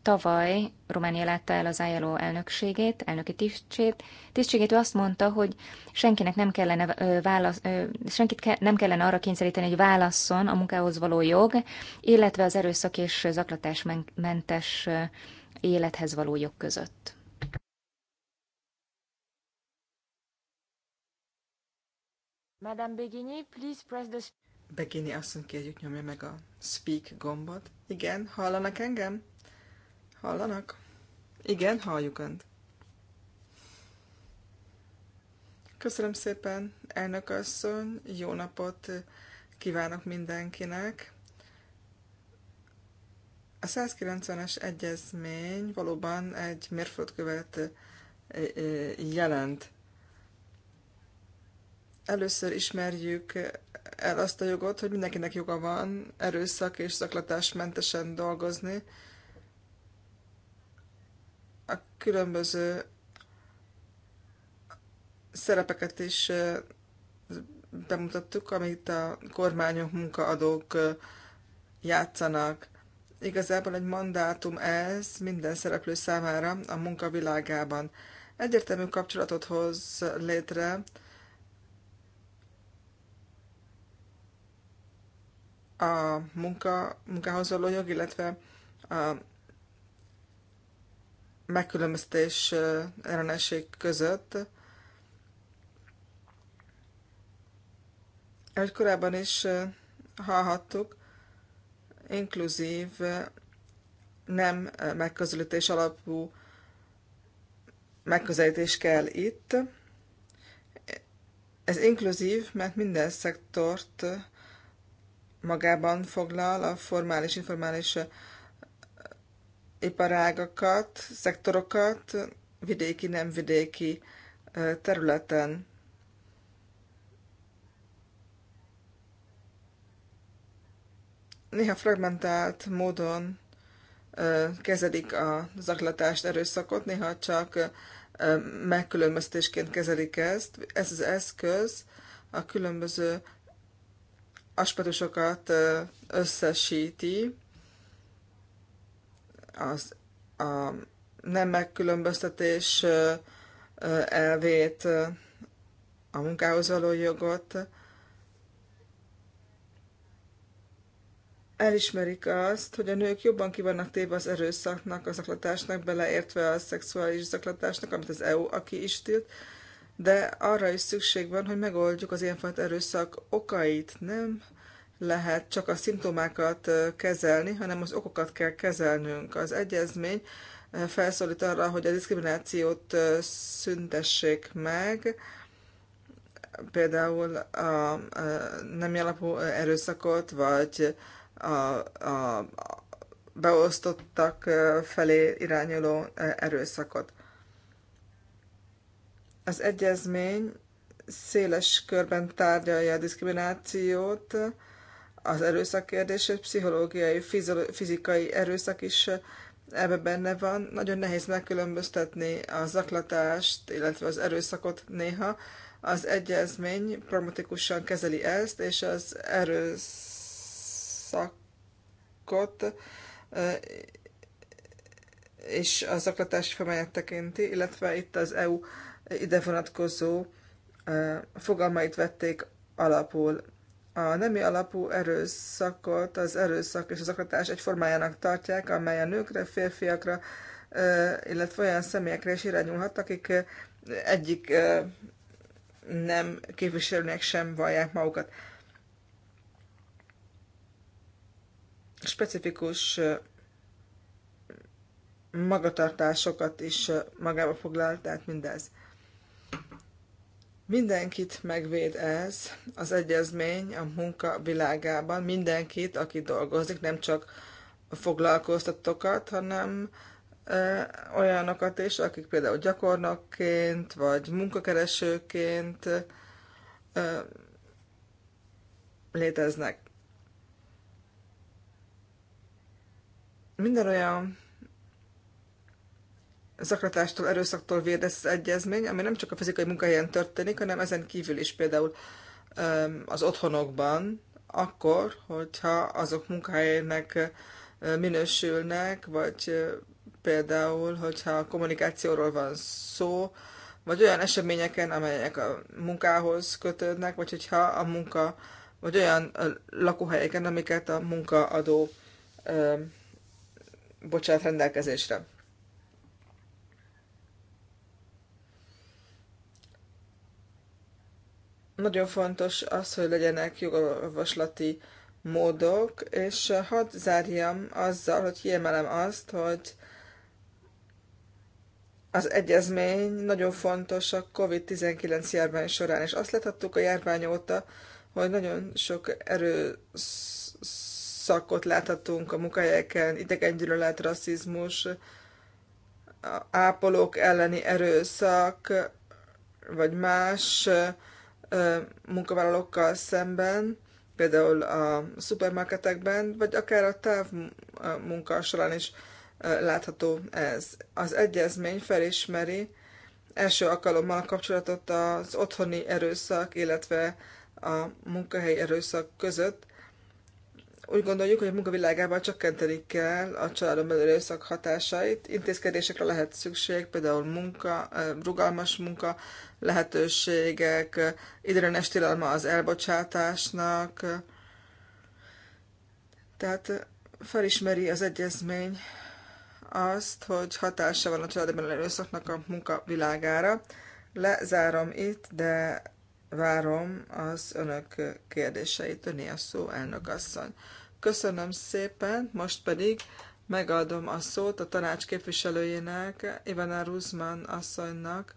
tavaly Románia látta el az ILO elnökségét, elnöki tisztségét. Tisztségét ő azt mondta, hogy senkinek nem kellene, válasz, senkit nem kellene arra kényszeríteni, hogy válasszon a munkához való jog, illetve az erőszak és zaklatásmentes élethez való jog között. Madame Begini, please press the... Begini asszony kérjük nyomja meg a speak gombot. Igen, hallanak engem? Hallanak? Igen, halljuk önt. Köszönöm szépen, elnök asszony, jó napot kívánok mindenkinek. A 190-es egyezmény valóban egy mérföldkövet jelent Először ismerjük el azt a jogot, hogy mindenkinek joga van erőszak és zaklatás mentesen dolgozni. A különböző szerepeket is bemutattuk, amit a kormányok, munkaadók játszanak. Igazából egy mandátum ez minden szereplő számára a munkavilágában. Egyértelmű kapcsolatot hoz létre a munka, munkához való jog, illetve a megkülönböztetés ellenesség között. Ahogy korábban is hallhattuk, inkluzív, nem megközelítés alapú megközelítés kell itt. Ez inkluzív, mert minden szektort magában foglal a formális, informális iparágakat, szektorokat, vidéki, nem vidéki területen. Néha fragmentált módon kezelik a zaklatást, erőszakot, néha csak megkülönböztésként kezelik ezt. Ez az eszköz a különböző aspektusokat összesíti, az a nem megkülönböztetés elvét, a munkához való jogot, elismerik azt, hogy a nők jobban kivannak téve az erőszaknak, az zaklatásnak, beleértve a szexuális zaklatásnak, amit az EU aki is tilt, de arra is szükség van, hogy megoldjuk az ilyenfajta erőszak okait. Nem lehet csak a szimptomákat kezelni, hanem az okokat kell kezelnünk. Az egyezmény felszólít arra, hogy a diszkriminációt szüntessék meg, például a nem alapú erőszakot, vagy a, a beosztottak felé irányuló erőszakot. Az egyezmény széles körben tárgyalja a diszkriminációt, az erőszak kérdését, pszichológiai, fizikai erőszak is ebbe benne van. Nagyon nehéz megkülönböztetni a zaklatást, illetve az erőszakot néha. Az egyezmény pragmatikusan kezeli ezt, és az erőszakot eh, és a zaklatási formáját tekinti, illetve itt az EU ide vonatkozó fogalmait vették alapul. A nemi alapú erőszakot az erőszak és az akatás egy formájának tartják, amely a nőkre, férfiakra, illetve olyan személyekre is irányulhat, akik egyik nem képviselőnek sem vallják magukat. Specifikus magatartásokat is magába foglal, tehát mindez. Mindenkit megvéd ez, az egyezmény a munka világában, mindenkit, aki dolgozik, nem csak a foglalkoztatókat, hanem e, olyanokat is, akik például gyakornokként, vagy munkakeresőként e, léteznek. Minden olyan zaklatástól, erőszaktól véd ez az egyezmény, ami nem csak a fizikai munkahelyen történik, hanem ezen kívül is például az otthonokban, akkor, hogyha azok munkahelyének minősülnek, vagy például, hogyha kommunikációról van szó, vagy olyan eseményeken, amelyek a munkához kötődnek, vagy hogyha a munka, vagy olyan lakóhelyeken, amiket a munkaadó bocsát rendelkezésre. Nagyon fontos az, hogy legyenek jogolvaslati módok, és hadd zárjam azzal, hogy kiemelem azt, hogy az egyezmény nagyon fontos a COVID-19 járvány során, és azt láthattuk a járvány óta, hogy nagyon sok erőszakot láthatunk a munkahelyeken, idegengyűlölet, rasszizmus, ápolók elleni erőszak, vagy más munkavállalókkal szemben, például a szupermarketekben, vagy akár a távmunka során is látható ez. Az egyezmény felismeri első alkalommal a kapcsolatot az otthoni erőszak, illetve a munkahelyi erőszak között. Úgy gondoljuk, hogy a munkavilágában csökkenteni kell a családon belül erőszak hatásait. Intézkedésekre lehet szükség, például munka, rugalmas munka lehetőségek, időrenes tilalma az elbocsátásnak. Tehát felismeri az egyezmény azt, hogy hatása van a családban erőszaknak a munkavilágára. Lezárom itt, de várom az önök kérdéseit. Öné a szó, elnök asszony. Köszönöm szépen, most pedig megadom a szót a tanács képviselőjének, Ivana Ruzman asszonynak,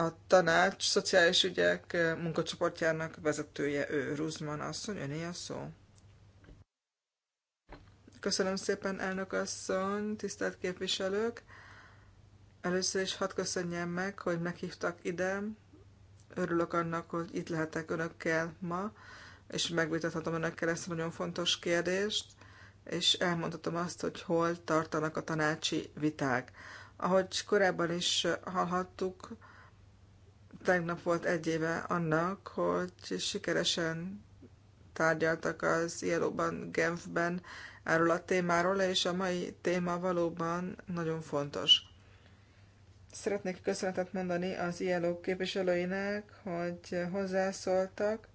a tanács szociális ügyek eh, munkacsoportjának vezetője ő, Ruzman asszony, öné a szó. Köszönöm szépen, elnök asszony, tisztelt képviselők! Először is hadd köszönjem meg, hogy meghívtak ide. Örülök annak, hogy itt lehetek önökkel ma, és megvitathatom önökkel ezt a nagyon fontos kérdést, és elmondhatom azt, hogy hol tartanak a tanácsi viták. Ahogy korábban is hallhattuk, tegnap volt egy éve annak, hogy sikeresen tárgyaltak az ILO-ban, Genfben erről a témáról, és a mai téma valóban nagyon fontos. Szeretnék köszönetet mondani az ILO képviselőinek, hogy hozzászóltak,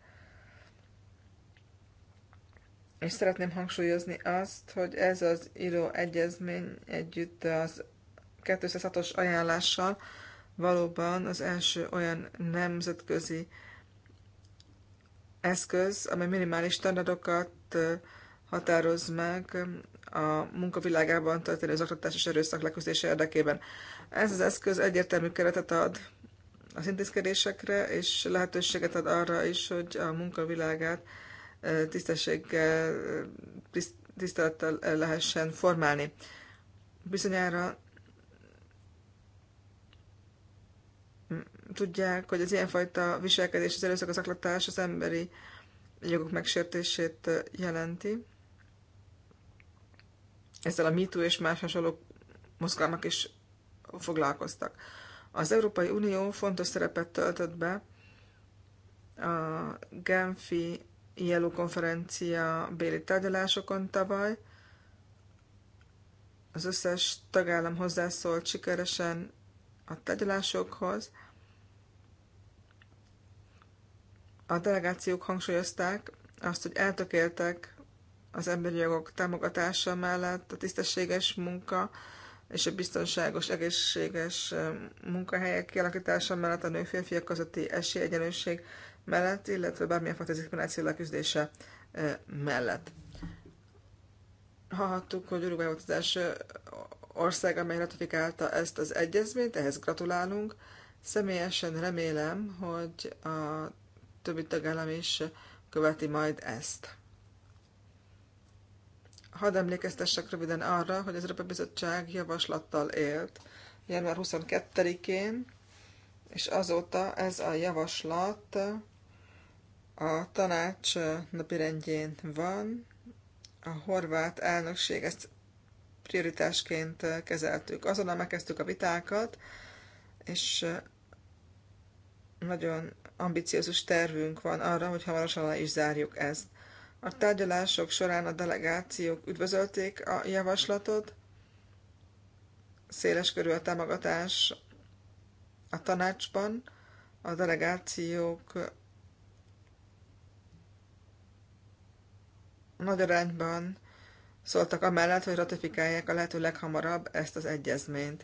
és szeretném hangsúlyozni azt, hogy ez az ILO egyezmény együtt az 206-os ajánlással valóban az első olyan nemzetközi eszköz, amely minimális standardokat határoz meg a munkavilágában történő zaklatás és erőszak leküzdése érdekében. Ez az eszköz egyértelmű keretet ad az intézkedésekre, és lehetőséget ad arra is, hogy a munkavilágát tisztességgel, tisztelettel lehessen formálni. Bizonyára tudják, hogy az ilyenfajta viselkedés, az erőszak, az aklatás az emberi jogok megsértését jelenti. Ezzel a MeToo és más hasonló mozgalmak is foglalkoztak. Az Európai Unió fontos szerepet töltött be a Genfi ILO konferencia béli tárgyalásokon tavaly. Az összes tagállam hozzászólt sikeresen a tárgyalásokhoz, A delegációk hangsúlyozták azt, hogy eltökéltek az emberi jogok támogatása mellett, a tisztességes munka és a biztonságos, egészséges munkahelyek kialakítása mellett, a nő-férfiak közötti esélyegyenlőség mellett, illetve bármilyen fajta diszkrimináció leküzdése mellett. Hallhattuk, hogy Uruguay volt az első ország, amely ratifikálta ezt az egyezményt, ehhez gratulálunk. Személyesen remélem, hogy a többi tagállam is követi majd ezt. Hadd emlékeztessek röviden arra, hogy az Európai Bizottság javaslattal élt január 22-én, és azóta ez a javaslat a tanács napirendjén van. A horvát elnökség ezt prioritásként kezeltük. Azonnal megkezdtük a vitákat, és nagyon ambiciózus tervünk van arra, hogy hamarosan le is zárjuk ezt. A tárgyalások során a delegációk üdvözölték a javaslatot, széles körű a támogatás a tanácsban, a delegációk nagy arányban szóltak amellett, hogy ratifikálják a lehető leghamarabb ezt az egyezményt.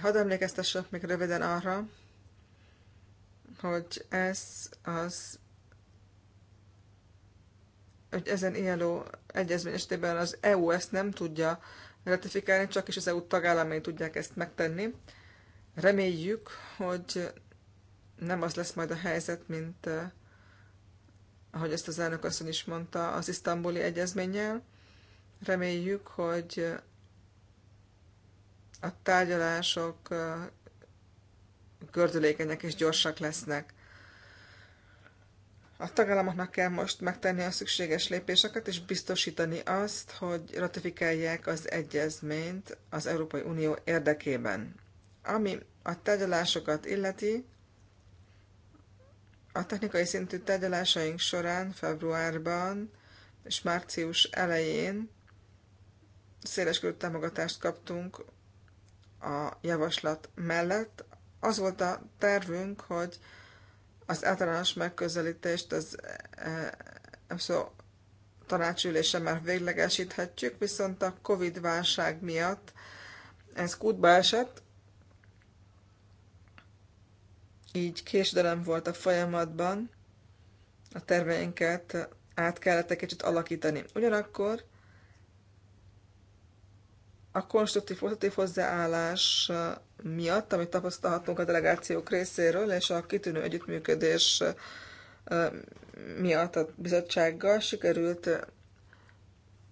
Hadd emlékeztessek még röviden arra, hogy ez az hogy ezen ILO egyezmény esetében az EU ezt nem tudja ratifikálni, csak is az EU tagállamai tudják ezt megtenni. Reméljük, hogy nem az lesz majd a helyzet, mint eh, ahogy ezt az elnök asszony is mondta, az isztambuli egyezménnyel. Reméljük, hogy a tárgyalások eh, gördülékenyek és gyorsak lesznek. A tagállamoknak kell most megtenni a szükséges lépéseket, és biztosítani azt, hogy ratifikálják az egyezményt az Európai Unió érdekében. Ami a tárgyalásokat illeti, a technikai szintű tárgyalásaink során februárban és március elején széleskörű támogatást kaptunk a javaslat mellett, az volt a tervünk, hogy az általános megközelítést az e, e, szó, tanácsülése már véglegesíthetjük, viszont a Covid válság miatt ez kútba esett, így késdelem volt a folyamatban, a terveinket át kellett egy kicsit alakítani. Ugyanakkor a konstruktív, pozitív hozzáállás miatt, amit tapasztalhatunk a delegációk részéről, és a kitűnő együttműködés miatt a bizottsággal sikerült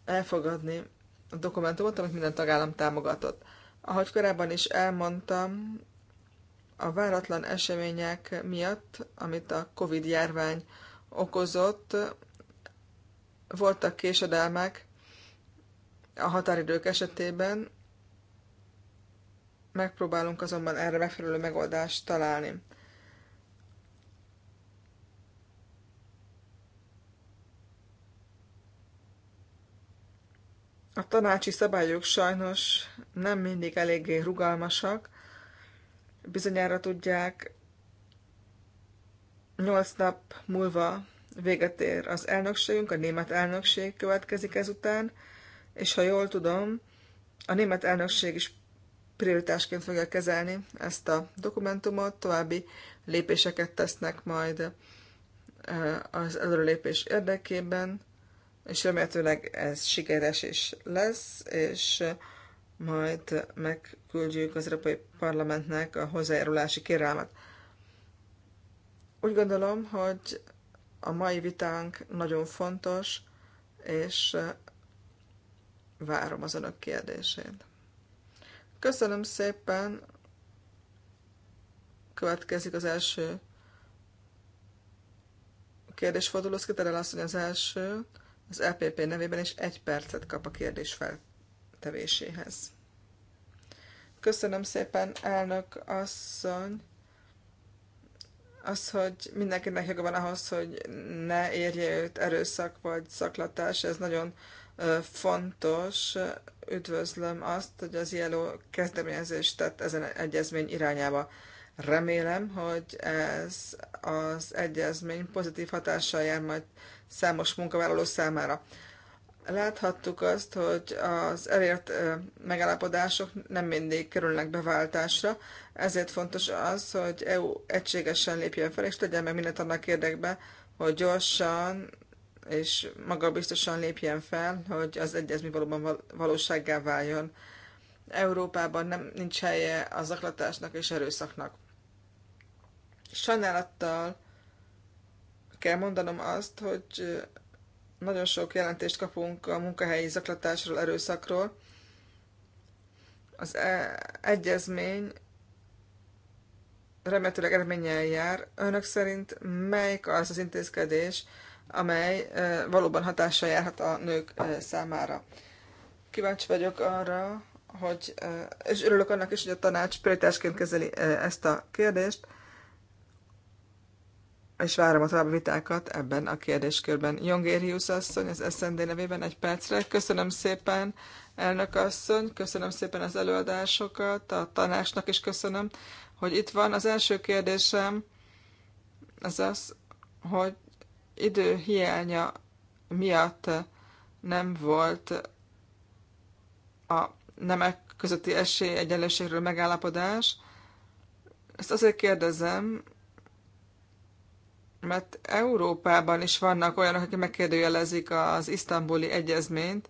elfogadni a dokumentumot, amit minden tagállam támogatott. Ahogy korábban is elmondtam, a váratlan események miatt, amit a COVID járvány okozott, voltak késedelmek a határidők esetében. Megpróbálunk azonban erre megfelelő megoldást találni. A tanácsi szabályok sajnos nem mindig eléggé rugalmasak. Bizonyára tudják, 8 nap múlva véget ér az elnökségünk, a német elnökség következik ezután, és ha jól tudom, a német elnökség is prioritásként fogja kezelni ezt a dokumentumot, további lépéseket tesznek majd e, az előrelépés érdekében, és remélhetőleg ez sikeres is lesz, és majd megküldjük az Európai Parlamentnek a hozzájárulási kérelmet. Úgy gondolom, hogy a mai vitánk nagyon fontos, és várom az önök kérdését. Köszönöm szépen! Következik az első kérdésforduló. Szkiterel asszony az első, az LPP e nevében, is egy percet kap a kérdés feltevéséhez. Köszönöm szépen, elnök asszony! az, hogy mindenkinek joga van ahhoz, hogy ne érje őt erőszak vagy szaklatás, ez nagyon fontos, üdvözlöm azt, hogy az ILO kezdeményezést tett ezen egyezmény irányába. Remélem, hogy ez az egyezmény pozitív hatással jár majd számos munkavállaló számára. Láthattuk azt, hogy az elért megállapodások nem mindig kerülnek beváltásra, ezért fontos az, hogy EU egységesen lépjen fel, és tegyen meg mindent annak érdekben, hogy gyorsan és maga biztosan lépjen fel, hogy az egyezmény valóban valósággá váljon. Európában nem nincs helye az zaklatásnak és erőszaknak. Sajnálattal kell mondanom azt, hogy nagyon sok jelentést kapunk a munkahelyi zaklatásról, erőszakról. Az e- egyezmény remetőleg eredménnyel jár. Önök szerint melyik az az intézkedés, amely valóban hatással járhat a nők számára. Kíváncsi vagyok arra, hogy, és örülök annak is, hogy a tanács prioritásként kezeli ezt a kérdést, és várom a további vitákat ebben a kérdéskörben. Jongérius asszony, az SND nevében egy percre. Köszönöm szépen, elnök asszony, köszönöm szépen az előadásokat, a tanácsnak is köszönöm, hogy itt van. Az első kérdésem az az, hogy idő hiánya miatt nem volt a nemek közötti esély egyenlőségről megállapodás. Ezt azért kérdezem, mert Európában is vannak olyanok, akik megkérdőjelezik az isztambuli egyezményt,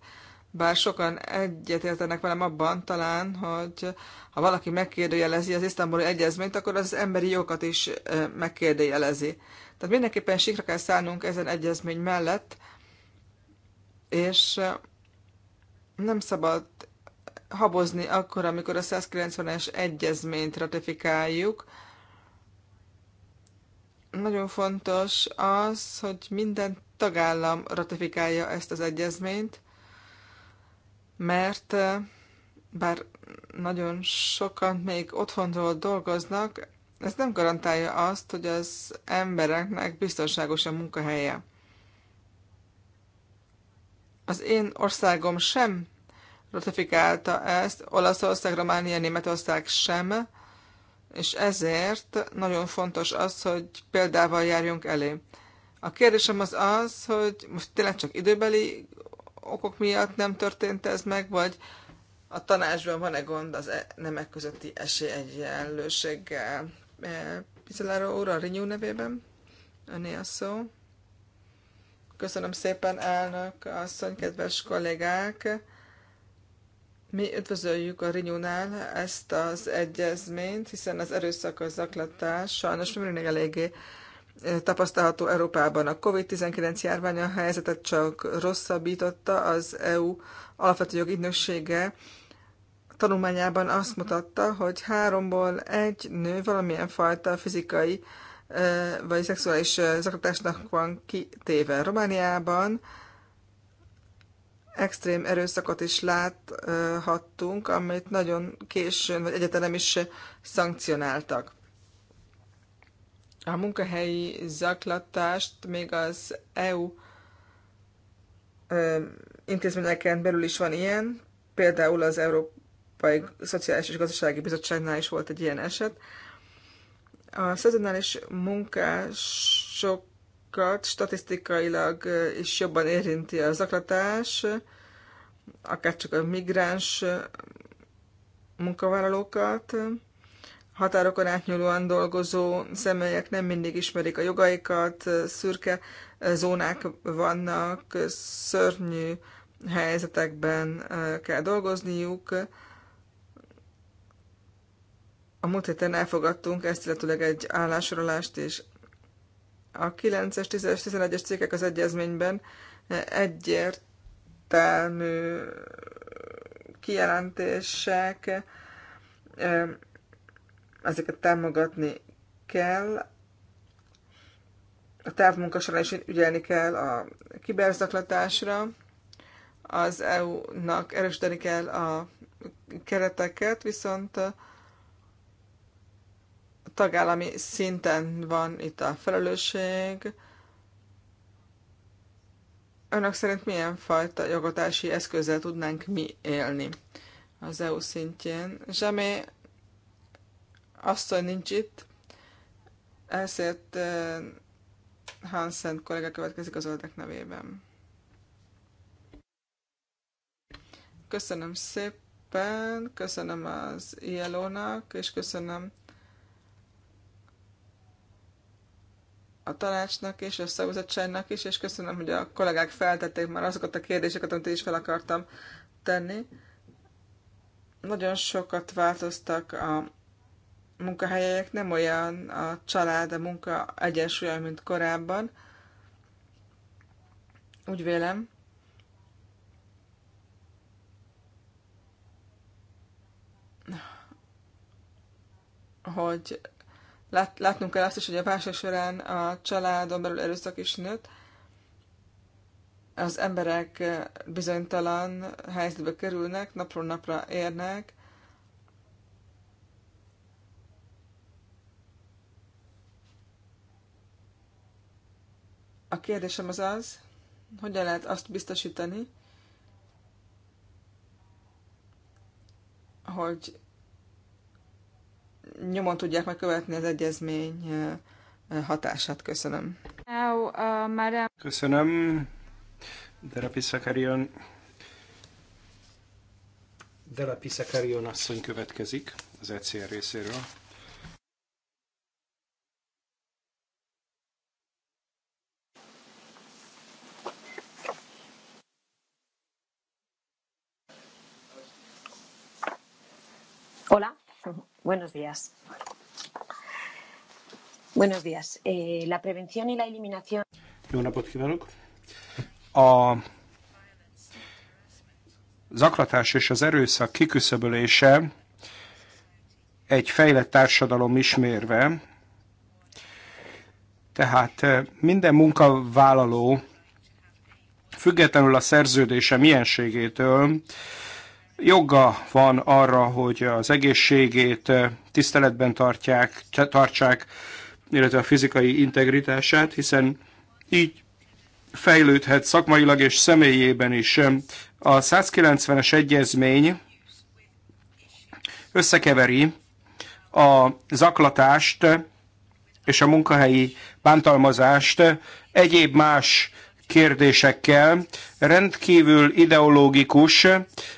bár sokan egyetértenek velem abban talán, hogy ha valaki megkérdőjelezi az isztambuli egyezményt, akkor az emberi jogokat is megkérdőjelezi. Tehát mindenképpen sikra kell szállnunk ezen egyezmény mellett, és nem szabad habozni akkor, amikor a 190-es egyezményt ratifikáljuk. Nagyon fontos az, hogy minden tagállam ratifikálja ezt az egyezményt, mert bár nagyon sokan még otthonról dolgoznak, ez nem garantálja azt, hogy az embereknek biztonságos a munkahelye. Az én országom sem ratifikálta ezt, Olaszország, Románia, Németország sem, és ezért nagyon fontos az, hogy példával járjunk elé. A kérdésem az az, hogy most tényleg csak időbeli okok miatt nem történt ez meg, vagy a tanácsban van-e gond az e nemek közötti esélyegyenlőséggel? Pizzolaro úr a Renew nevében. Öné a szó. Köszönöm szépen, elnök asszony, kedves kollégák! Mi üdvözöljük a Rinyúnál ezt az egyezményt, hiszen az erőszak, a zaklatás sajnos mindig eléggé eh, tapasztalható Európában. A COVID-19 járvány a helyzetet csak rosszabbította, az EU alapvető jogügynöksége tanulmányában azt mutatta, hogy háromból egy nő valamilyen fajta fizikai vagy szexuális zaklatásnak van kitéve. Romániában extrém erőszakot is láthattunk, amit nagyon későn, vagy egyetem is szankcionáltak. A munkahelyi zaklatást még az EU intézményeken belül is van ilyen, például az Euró- Európai Szociális és Gazdasági Bizottságnál is volt egy ilyen eset. A szezonális munkásokat statisztikailag is jobban érinti a zaklatás, akár csak a migráns munkavállalókat, határokon átnyúlóan dolgozó személyek nem mindig ismerik a jogaikat, szürke zónák vannak, szörnyű helyzetekben kell dolgozniuk, a múlt héten elfogadtunk ezt, illetőleg egy állásorolást és A 9-es, 10-es, 11-es cikkek az egyezményben egyértelmű kijelentések, eh, ezeket támogatni kell. A távmunka során is ügyelni kell a kiberzaklatásra. Az EU-nak erősíteni kell a kereteket, viszont a tagállami szinten van itt a felelősség. Önök szerint milyen fajta jogotási eszközzel tudnánk mi élni az EU szintjén? Zsemé asszony nincs itt, ezért eh, Hansen kollega következik az oldek nevében. Köszönöm szépen, köszönöm az ilo és köszönöm a tanácsnak is, a szakbizottságnak is, és köszönöm, hogy a kollégák feltették már azokat a kérdéseket, amit én is fel akartam tenni. Nagyon sokat változtak a munkahelyek, nem olyan a család, a munka egyensúlya, mint korábban. Úgy vélem. hogy Lát, látnunk kell azt is, hogy a válság során a családon belül erőszak is nőtt. Az emberek bizonytalan helyzetbe kerülnek, napról napra érnek, A kérdésem az az, hogyan lehet azt biztosítani, hogy nyomon tudják megkövetni az egyezmény hatását. Köszönöm. Uh, Köszönöm. Derapiszakarion. Derapiszakarion asszony következik az ECR részéről. Buenos días. Buenos días. Eh, la prevención y la eliminación... Jó napot kívánok! A zaklatás és az erőszak kiküszöbölése egy fejlett társadalom ismérve, tehát eh, minden munkavállaló függetlenül a szerződése mienségétől joga van arra, hogy az egészségét eh, tiszteletben tartják, tartsák, illetve a fizikai integritását, hiszen így fejlődhet szakmailag és személyében is. A 190-es egyezmény összekeveri a zaklatást és a munkahelyi bántalmazást egyéb más kérdésekkel. Rendkívül ideológikus,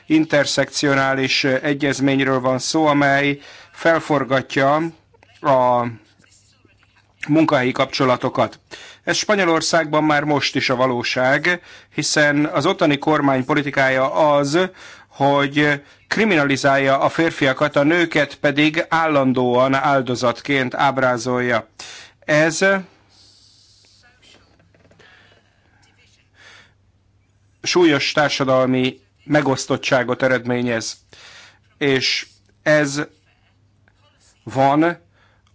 interszekcionális egyezményről van szó, amely felforgatja a munkahelyi kapcsolatokat. Ez Spanyolországban már most is a valóság, hiszen az ottani kormány politikája az, hogy kriminalizálja a férfiakat, a nőket pedig állandóan áldozatként ábrázolja. Ez súlyos társadalmi megosztottságot eredményez. És ez van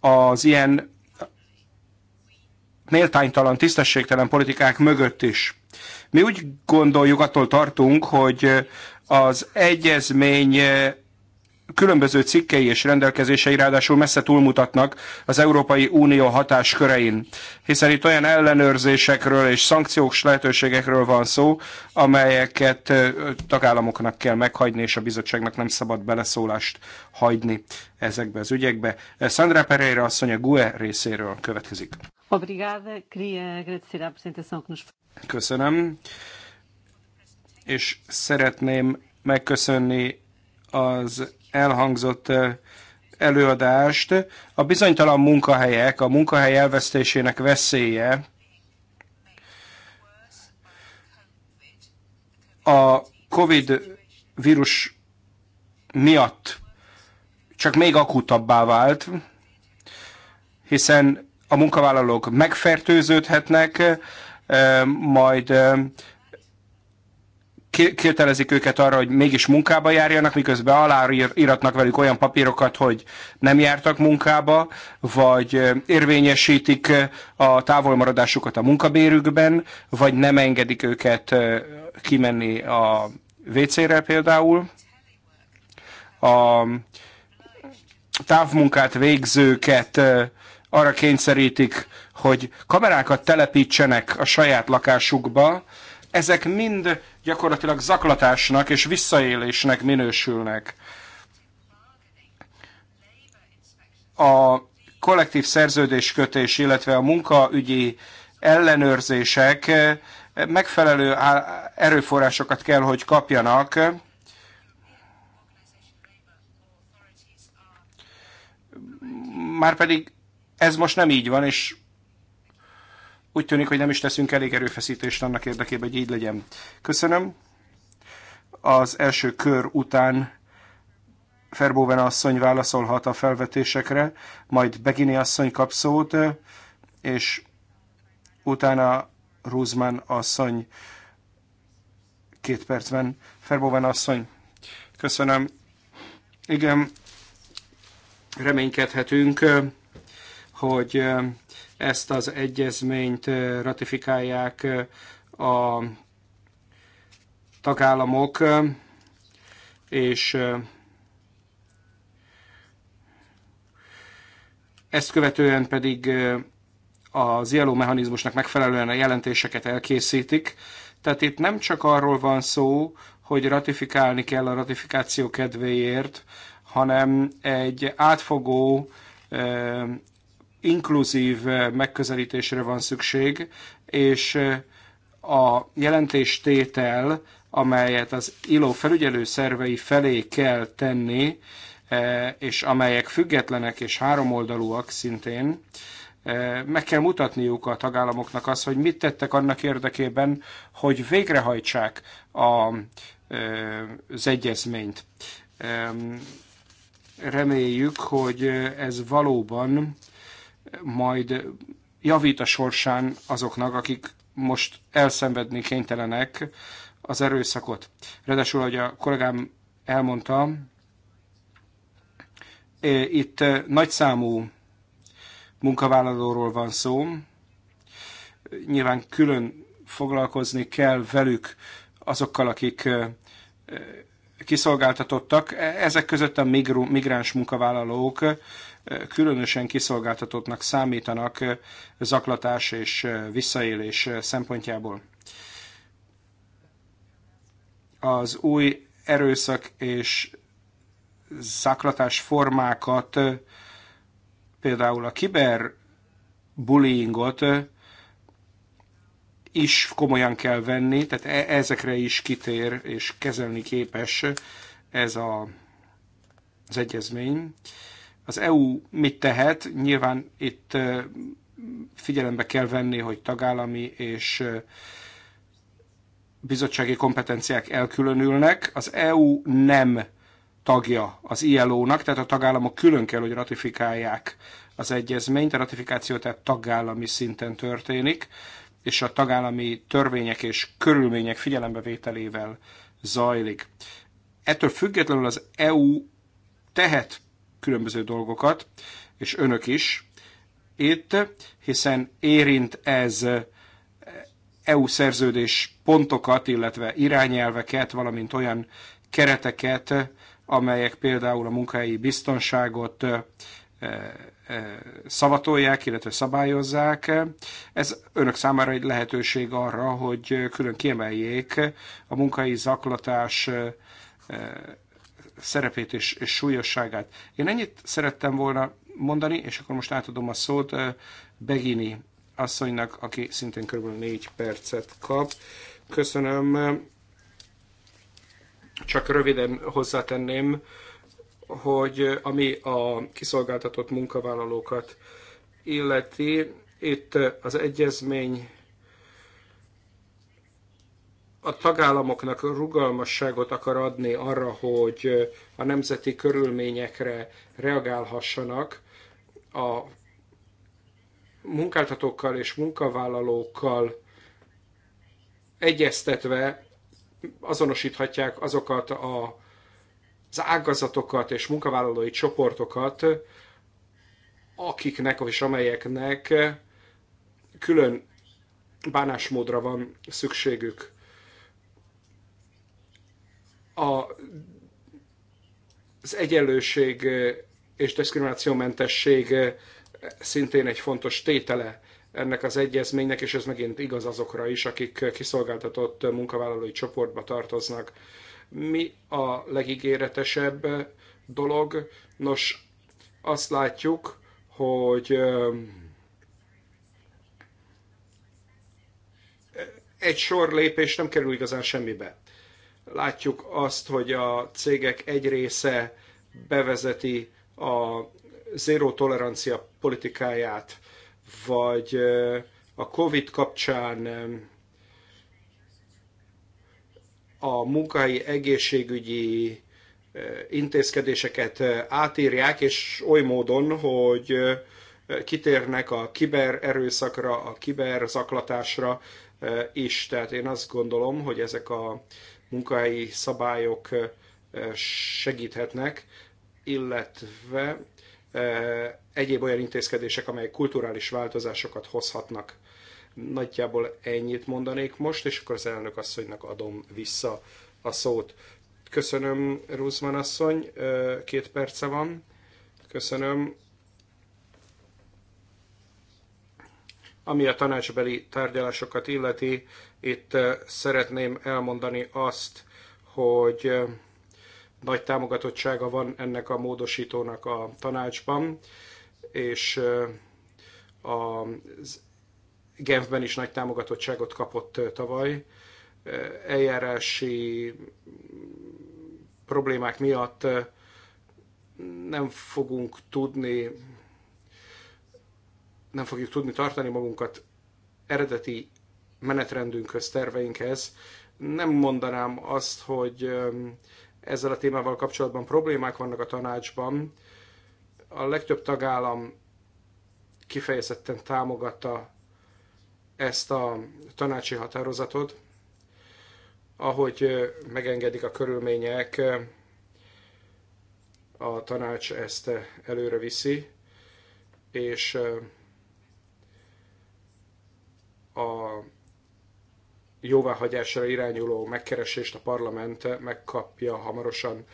az ilyen méltánytalan, tisztességtelen politikák mögött is. Mi úgy gondoljuk, attól tartunk, hogy az egyezmény különböző cikkei és rendelkezései ráadásul messze túlmutatnak az Európai Unió hatáskörein, hiszen itt olyan ellenőrzésekről és szankciós lehetőségekről van szó, amelyeket tagállamoknak kell meghagyni, és a bizottságnak nem szabad beleszólást hagyni ezekbe az ügyekbe. Sandra Pereira asszony a GUE részéről következik. Köszönöm, és szeretném megköszönni az elhangzott előadást. A bizonytalan munkahelyek, a munkahely elvesztésének veszélye a COVID vírus miatt csak még akutabbá vált, hiszen a munkavállalók megfertőződhetnek, majd kötelezik őket arra, hogy mégis munkába járjanak, miközben aláíratnak velük olyan papírokat, hogy nem jártak munkába, vagy érvényesítik a távolmaradásukat a munkabérükben, vagy nem engedik őket kimenni a WC-re például. A távmunkát végzőket arra kényszerítik, hogy kamerákat telepítsenek a saját lakásukba, ezek mind gyakorlatilag zaklatásnak és visszaélésnek minősülnek. A kollektív szerződéskötés, illetve a munkaügyi ellenőrzések megfelelő erőforrásokat kell, hogy kapjanak, márpedig ez most nem így van, és úgy tűnik, hogy nem is teszünk elég erőfeszítést annak érdekében, hogy így legyen. Köszönöm. Az első kör után Ferbóven asszony válaszolhat a felvetésekre, majd Begini asszony kap szót, és utána Ruzman asszony két percben. Ferbóven asszony, köszönöm. Igen, reménykedhetünk, hogy ezt az egyezményt ratifikálják a tagállamok, és ezt követően pedig az ILO mechanizmusnak megfelelően a jelentéseket elkészítik. Tehát itt nem csak arról van szó, hogy ratifikálni kell a ratifikáció kedvéért, hanem egy átfogó inkluzív eh, megközelítésre van szükség, és eh, a jelentéstétel, amelyet az ILO felügyelő szervei felé kell tenni, eh, és amelyek függetlenek és háromoldalúak szintén, meg kell mutatniuk a tagállamoknak azt, hogy mit tettek annak érdekében, hogy végrehajtsák a, az egyezményt. Reméljük, hogy ez valóban majd javít a sorsán azoknak, akik most elszenvedni kénytelenek az erőszakot. Ráadásul, ahogy a kollégám elmondta, e, itt nagyszámú munkavállalóról van szó. Nyilván külön foglalkozni kell velük azokkal, akik e, kiszolgáltatottak. E, ezek között a migráns munkavállalók, különösen kiszolgáltatottnak számítanak zaklatás és visszaélés szempontjából. Az új erőszak és zaklatás formákat, például a kiberbullyingot is komolyan kell venni, tehát e- ezekre is kitér és kezelni képes ez a, az egyezmény. Az EU mit tehet? Nyilván itt figyelembe kell venni, hogy tagállami és bizottsági kompetenciák elkülönülnek. Az EU nem tagja az ILO-nak, tehát a tagállamok külön kell, hogy ratifikálják az egyezményt. A ratifikáció tehát tagállami szinten történik, és a tagállami törvények és körülmények figyelembevételével zajlik. Ettől függetlenül az EU tehet különböző dolgokat, és önök is itt, hiszen érint ez EU szerződés pontokat, illetve irányelveket, valamint olyan kereteket, amelyek például a munkahelyi biztonságot eh, eh, szavatolják, illetve szabályozzák. Ez önök számára egy lehetőség arra, hogy külön kiemeljék a munkai zaklatás eh, szerepét és, és súlyosságát. Én ennyit szerettem volna mondani, és akkor most átadom a szót Begini asszonynak, aki szintén kb. 4 percet kap. Köszönöm. Csak röviden hozzátenném, hogy ami a kiszolgáltatott munkavállalókat illeti, itt az egyezmény a tagállamoknak rugalmasságot akar adni arra, hogy a nemzeti körülményekre reagálhassanak a munkáltatókkal és munkavállalókkal egyeztetve azonosíthatják azokat a, az ágazatokat és munkavállalói csoportokat, akiknek és amelyeknek külön bánásmódra van szükségük a, az egyenlőség és diszkriminációmentesség szintén egy fontos tétele ennek az egyezménynek, és ez megint igaz azokra is, akik kiszolgáltatott munkavállalói csoportba tartoznak. Mi a legígéretesebb dolog? Nos, azt látjuk, hogy egy sor lépés nem kerül igazán semmibe. Látjuk azt, hogy a cégek egy része bevezeti a zéró tolerancia politikáját, vagy a Covid kapcsán a munkai egészségügyi intézkedéseket átírják, és oly módon, hogy kitérnek a kibererőszakra, a kiberzaklatásra is. Tehát én azt gondolom, hogy ezek a munkahelyi szabályok segíthetnek, illetve egyéb olyan intézkedések, amelyek kulturális változásokat hozhatnak. Nagyjából ennyit mondanék most, és akkor az elnök asszonynak adom vissza a szót. Köszönöm, Ruzman asszony, két perce van. Köszönöm. Ami a tanácsbeli tárgyalásokat illeti, itt szeretném elmondani azt, hogy nagy támogatottsága van ennek a módosítónak a tanácsban, és a Genfben is nagy támogatottságot kapott tavaly. Eljárási problémák miatt nem fogunk tudni nem fogjuk tudni tartani magunkat eredeti menetrendünkhöz, terveinkhez. Nem mondanám azt, hogy ezzel a témával kapcsolatban problémák vannak a tanácsban. A legtöbb tagállam kifejezetten támogatta ezt a tanácsi határozatot, ahogy megengedik a körülmények, a tanács ezt előre viszi, és a jóváhagyásra irányuló megkeresést a parlament megkapja hamarosan.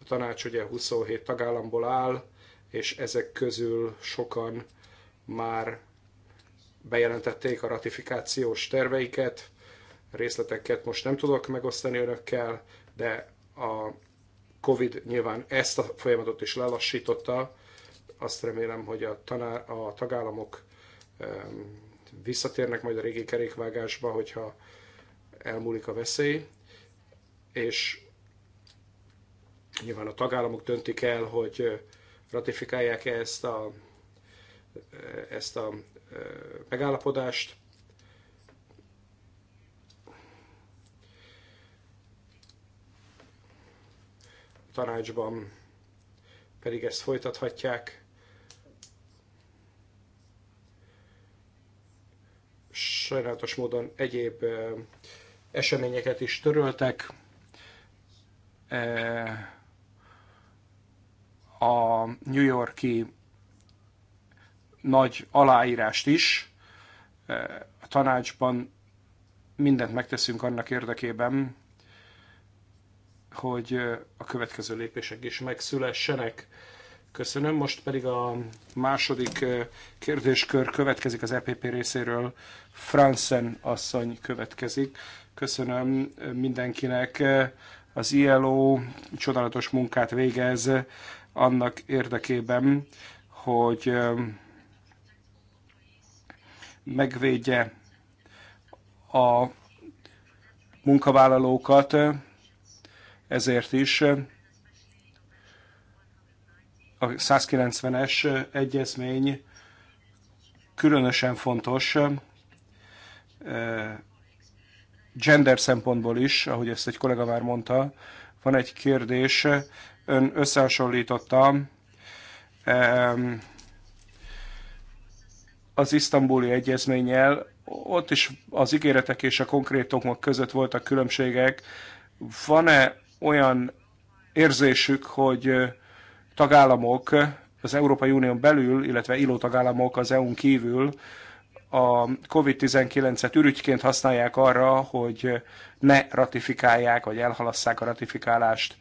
A tanács ugye 27 tagállamból áll, és ezek közül sokan már bejelentették a ratifikációs terveiket. Részleteket most nem tudok megosztani önökkel, de a Covid nyilván ezt a folyamatot is lelassította. Azt remélem, hogy a, tanár, a tagállamok visszatérnek majd a régi kerékvágásba, hogyha elmúlik a veszély, és nyilván a tagállamok döntik el, hogy ratifikálják-e ezt a, ezt a megállapodást. A tanácsban pedig ezt folytathatják. Sajnálatos módon egyéb eseményeket is töröltek. E, a New Yorki nagy aláírást is e, a tanácsban mindent megteszünk annak érdekében, hogy a következő lépések is megszülessenek. Köszönöm. Most pedig a második e, kérdéskör következik az EPP részéről. Franzen asszony következik. Köszönöm mindenkinek. Az ILO csodálatos munkát végez annak érdekében, hogy um, megvédje a munkavállalókat, ezért is a 190-es egyezmény különösen fontos gender szempontból is, ahogy ezt egy kollega már mondta, van egy kérdés. Ön összehasonlította az isztambuli egyezménnyel, ott is az ígéretek és a konkrétumok között voltak különbségek. Van-e olyan érzésük, hogy tagállamok az Európai Unión belül, illetve illó tagállamok az EU-n kívül a COVID-19-et ürügyként használják arra, hogy ne ratifikálják, vagy elhalasszák a ratifikálást.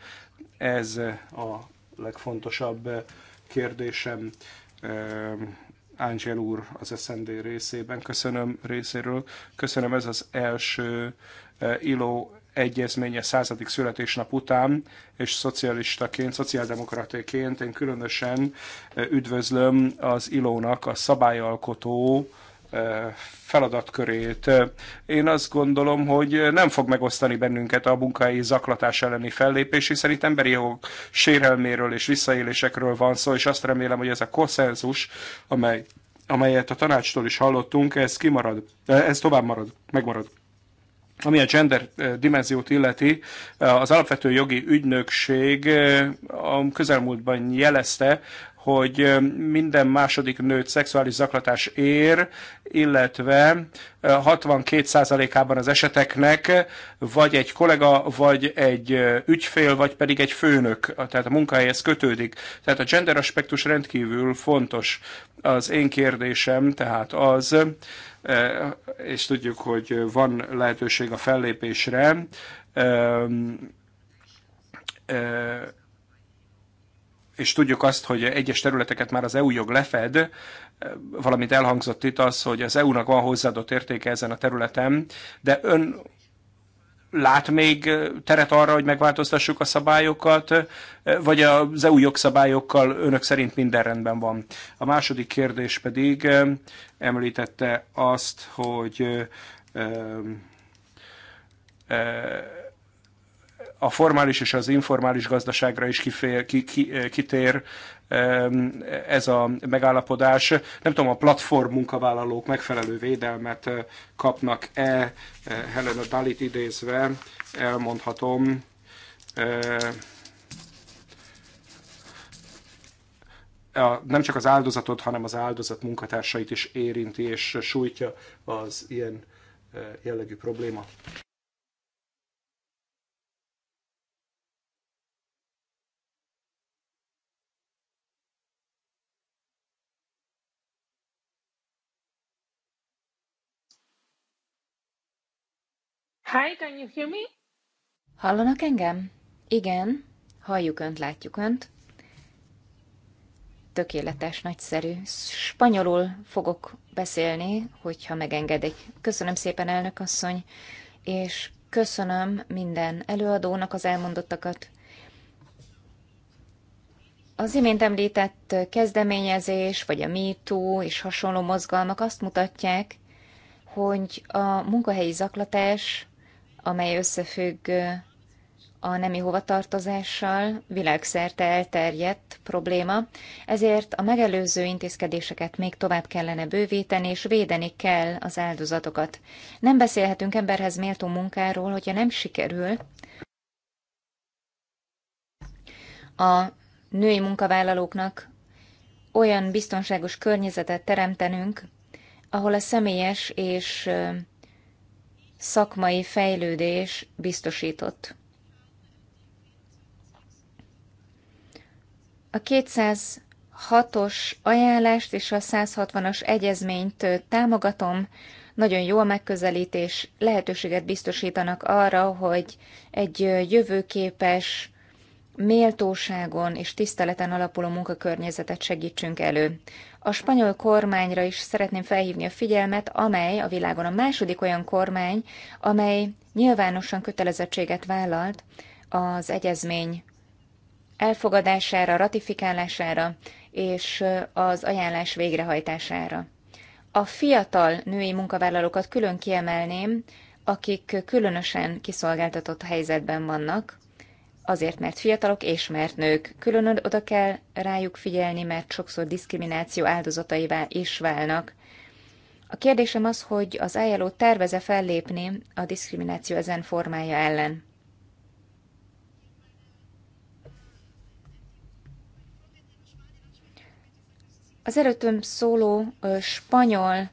Ez a legfontosabb kérdésem ehm, Ángel úr az SND részében. Köszönöm részéről. Köszönöm, ez az első eh, ILO egyezménye századik születésnap után, és szocialistaként, szociáldemokratéként én különösen eh, üdvözlöm az ILO-nak a szabályalkotó feladatkörét. Én azt gondolom, hogy nem fog megosztani bennünket a munkai zaklatás elleni fellépés, hiszen itt emberi jogok sérelméről és visszaélésekről van szó, és azt remélem, hogy ez a konszenzus, amely, amelyet a tanácstól is hallottunk, ez kimarad, ez tovább marad, megmarad. Ami a gender dimenziót illeti, az alapvető jogi ügynökség a közelmúltban jelezte, hogy minden második nőt szexuális zaklatás ér, illetve 62%-ában az eseteknek vagy egy kollega, vagy egy ügyfél, vagy pedig egy főnök, tehát a munkahelyhez kötődik. Tehát a gender aspektus rendkívül fontos. Az én kérdésem tehát az, és tudjuk, hogy van lehetőség a fellépésre, és tudjuk azt, hogy egyes területeket már az EU jog lefed, eh, valamint elhangzott itt az, hogy az EU-nak van hozzáadott értéke ezen a területen, de ön lát még eh, teret arra, hogy megváltoztassuk a szabályokat, eh, vagy az EU jogszabályokkal önök szerint minden rendben van? A második kérdés pedig említette azt, hogy a formális és az informális gazdaságra is kifér, ki, ki, kitér ez a megállapodás. Nem tudom, a platform munkavállalók megfelelő védelmet eh, kapnak-e, eh, Helena Dalit idézve, elmondhatom, eh, a, nem csak az áldozatot, hanem az áldozat munkatársait is érinti és sújtja az ilyen jellegű probléma. Hi, can you hear me? Hallanak engem? Igen, halljuk önt, látjuk önt. Tökéletes, nagyszerű. Spanyolul fogok beszélni, hogyha megengedik. Köszönöm szépen, elnök asszony, és köszönöm minden előadónak az elmondottakat. Az imént említett kezdeményezés, vagy a MeToo és hasonló mozgalmak azt mutatják, hogy a munkahelyi zaklatás amely összefügg a nemi hovatartozással világszerte elterjedt probléma, ezért a megelőző intézkedéseket még tovább kellene bővíteni, és védeni kell az áldozatokat. Nem beszélhetünk emberhez méltó munkáról, hogyha nem sikerül a női munkavállalóknak olyan biztonságos környezetet teremtenünk, ahol a személyes és szakmai fejlődés biztosított. A 206-os ajánlást és a 160-as egyezményt támogatom, nagyon jó a megközelítés, lehetőséget biztosítanak arra, hogy egy jövőképes, méltóságon és tiszteleten alapuló munkakörnyezetet segítsünk elő. A spanyol kormányra is szeretném felhívni a figyelmet, amely a világon a második olyan kormány, amely nyilvánosan kötelezettséget vállalt az egyezmény elfogadására, ratifikálására és az ajánlás végrehajtására. A fiatal női munkavállalókat külön kiemelném, akik különösen kiszolgáltatott helyzetben vannak, Azért, mert fiatalok és mert nők. Külön oda kell rájuk figyelni, mert sokszor diszkrimináció áldozataivá is válnak. A kérdésem az, hogy az ILO terveze fellépni a diszkrimináció ezen formája ellen. Az előttöm szóló spanyol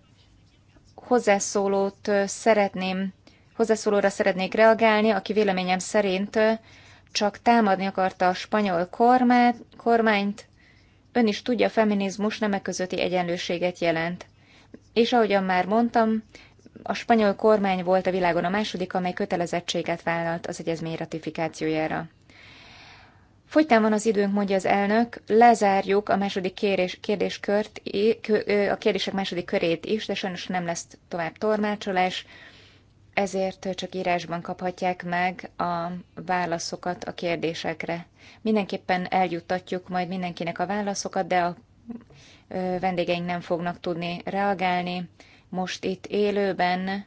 hozzászólót szeretném, hozzászólóra szeretnék reagálni, aki véleményem szerint csak támadni akarta a spanyol kormát, kormányt, ön is tudja, a feminizmus nemek közötti egyenlőséget jelent. És ahogyan már mondtam, a spanyol kormány volt a világon a második, amely kötelezettséget vállalt az egyezmény ratifikációjára. Fogytán van az időnk, mondja az elnök, lezárjuk a második kérés, kérdéskört, a kérdések második körét is, de sajnos nem lesz tovább tormácsolás ezért csak írásban kaphatják meg a válaszokat a kérdésekre. Mindenképpen eljuttatjuk majd mindenkinek a válaszokat, de a vendégeink nem fognak tudni reagálni. Most itt élőben,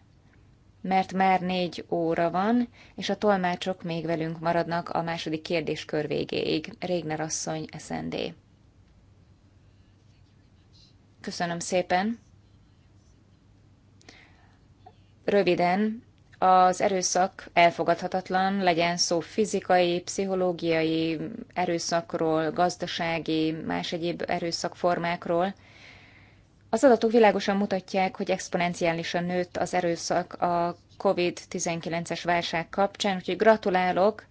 mert már négy óra van, és a tolmácsok még velünk maradnak a második kérdéskör végéig. Régner asszony, SND. Köszönöm szépen! Röviden, az erőszak elfogadhatatlan, legyen szó fizikai, pszichológiai erőszakról, gazdasági, más egyéb erőszakformákról. Az adatok világosan mutatják, hogy exponenciálisan nőtt az erőszak a COVID-19-es válság kapcsán, úgyhogy gratulálok,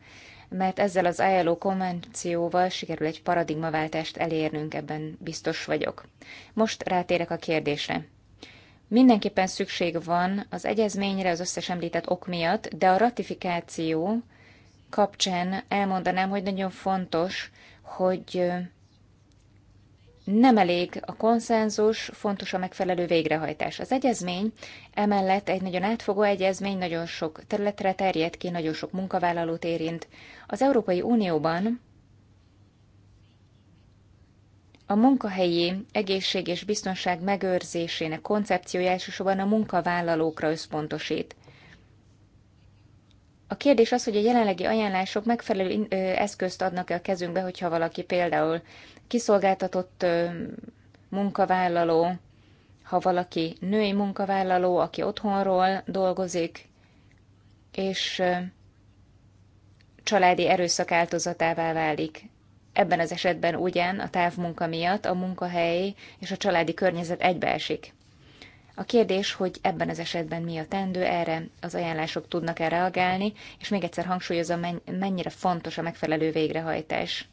mert ezzel az ILO konvencióval sikerül egy paradigmaváltást elérnünk, ebben biztos vagyok. Most rátérek a kérdésre. Mindenképpen szükség van az egyezményre az összes említett ok miatt, de a ratifikáció kapcsán elmondanám, hogy nagyon fontos, hogy nem elég a konszenzus, fontos a megfelelő végrehajtás. Az egyezmény emellett egy nagyon átfogó egyezmény, nagyon sok területre terjed ki, nagyon sok munkavállalót érint. Az Európai Unióban a munkahelyi egészség és biztonság megőrzésének koncepciója elsősorban a munkavállalókra összpontosít. A kérdés az, hogy a jelenlegi ajánlások megfelelő eszközt adnak-e a kezünkbe, hogyha valaki például kiszolgáltatott munkavállaló, ha valaki női munkavállaló, aki otthonról dolgozik, és családi erőszak áltozatává válik. Ebben az esetben ugyan a távmunka miatt a munkahely és a családi környezet egybeesik. A kérdés, hogy ebben az esetben mi a tendő, erre az ajánlások tudnak-e reagálni, és még egyszer hangsúlyozom, mennyire fontos a megfelelő végrehajtás.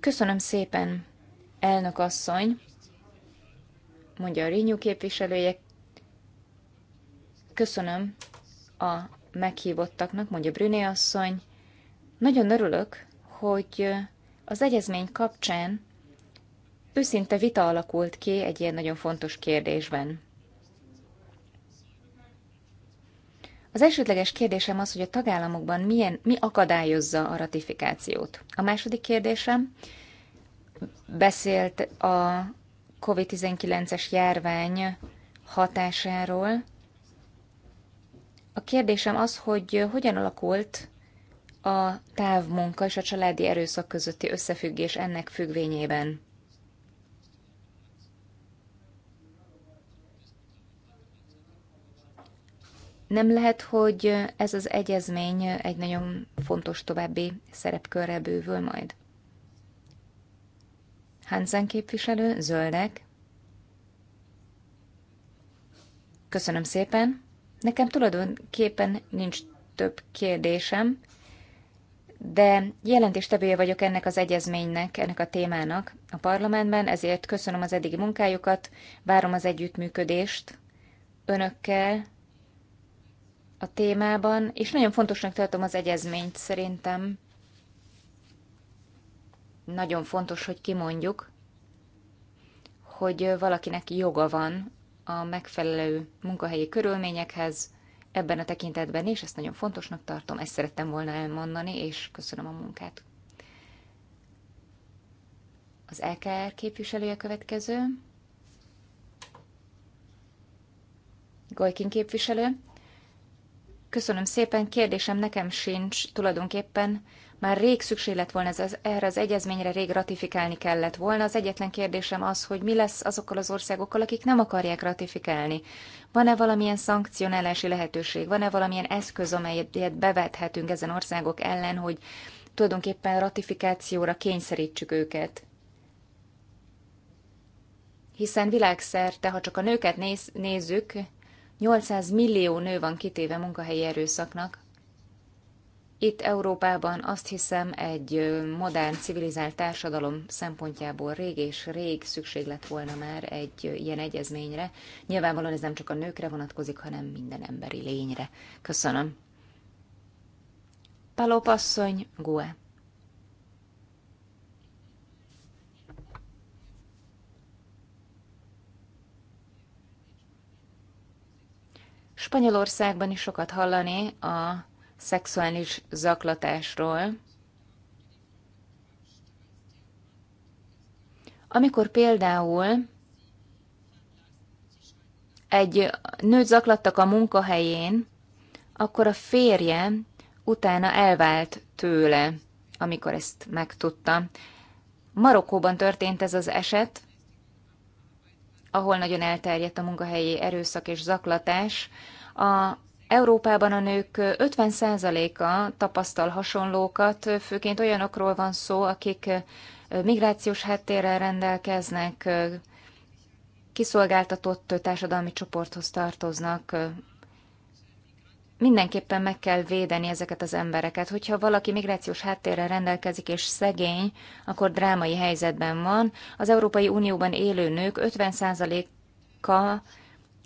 Köszönöm szépen, elnök asszony, mondja a Rinyú képviselője. Köszönöm a meghívottaknak, mondja Brüné asszony. Nagyon örülök, hogy az egyezmény kapcsán őszinte vita alakult ki egy ilyen nagyon fontos kérdésben. Az elsődleges kérdésem az, hogy a tagállamokban milyen, mi akadályozza a ratifikációt. A második kérdésem, beszélt a COVID-19-es járvány hatásáról. A kérdésem az, hogy hogyan alakult a távmunka és a családi erőszak közötti összefüggés ennek függvényében. Nem lehet, hogy ez az egyezmény egy nagyon fontos további szerepkörre bővül majd. Hansen képviselő, zöldek. Köszönöm szépen. Nekem tulajdonképpen nincs több kérdésem de jelentéstevője vagyok ennek az egyezménynek, ennek a témának a parlamentben, ezért köszönöm az eddigi munkájukat, várom az együttműködést önökkel a témában, és nagyon fontosnak tartom az egyezményt szerintem. Nagyon fontos, hogy kimondjuk, hogy valakinek joga van a megfelelő munkahelyi körülményekhez, ebben a tekintetben, és ezt nagyon fontosnak tartom, ezt szerettem volna elmondani, és köszönöm a munkát. Az LKR képviselője következő. Gojkin képviselő. Köszönöm szépen, kérdésem nekem sincs tulajdonképpen már rég szükség lett volna ez, az, erre az egyezményre, rég ratifikálni kellett volna. Az egyetlen kérdésem az, hogy mi lesz azokkal az országokkal, akik nem akarják ratifikálni. Van-e valamilyen szankcionálási lehetőség? Van-e valamilyen eszköz, amelyet bevethetünk ezen országok ellen, hogy tulajdonképpen ratifikációra kényszerítsük őket? Hiszen világszerte, ha csak a nőket néz, nézzük, 800 millió nő van kitéve munkahelyi erőszaknak, itt Európában azt hiszem egy modern, civilizált társadalom szempontjából rég és rég szükség lett volna már egy ilyen egyezményre. Nyilvánvalóan ez nem csak a nőkre vonatkozik, hanem minden emberi lényre. Köszönöm. Palopasszony, Gue. Spanyolországban is sokat hallani a szexuális zaklatásról, amikor például egy nőt zaklattak a munkahelyén, akkor a férje utána elvált tőle, amikor ezt megtudta. Marokkóban történt ez az eset, ahol nagyon elterjedt a munkahelyi erőszak és zaklatás. A Európában a nők 50%-a tapasztal hasonlókat, főként olyanokról van szó, akik migrációs háttérrel rendelkeznek, kiszolgáltatott társadalmi csoporthoz tartoznak. Mindenképpen meg kell védeni ezeket az embereket. Hogyha valaki migrációs háttérrel rendelkezik és szegény, akkor drámai helyzetben van. Az Európai Unióban élő nők 50%-a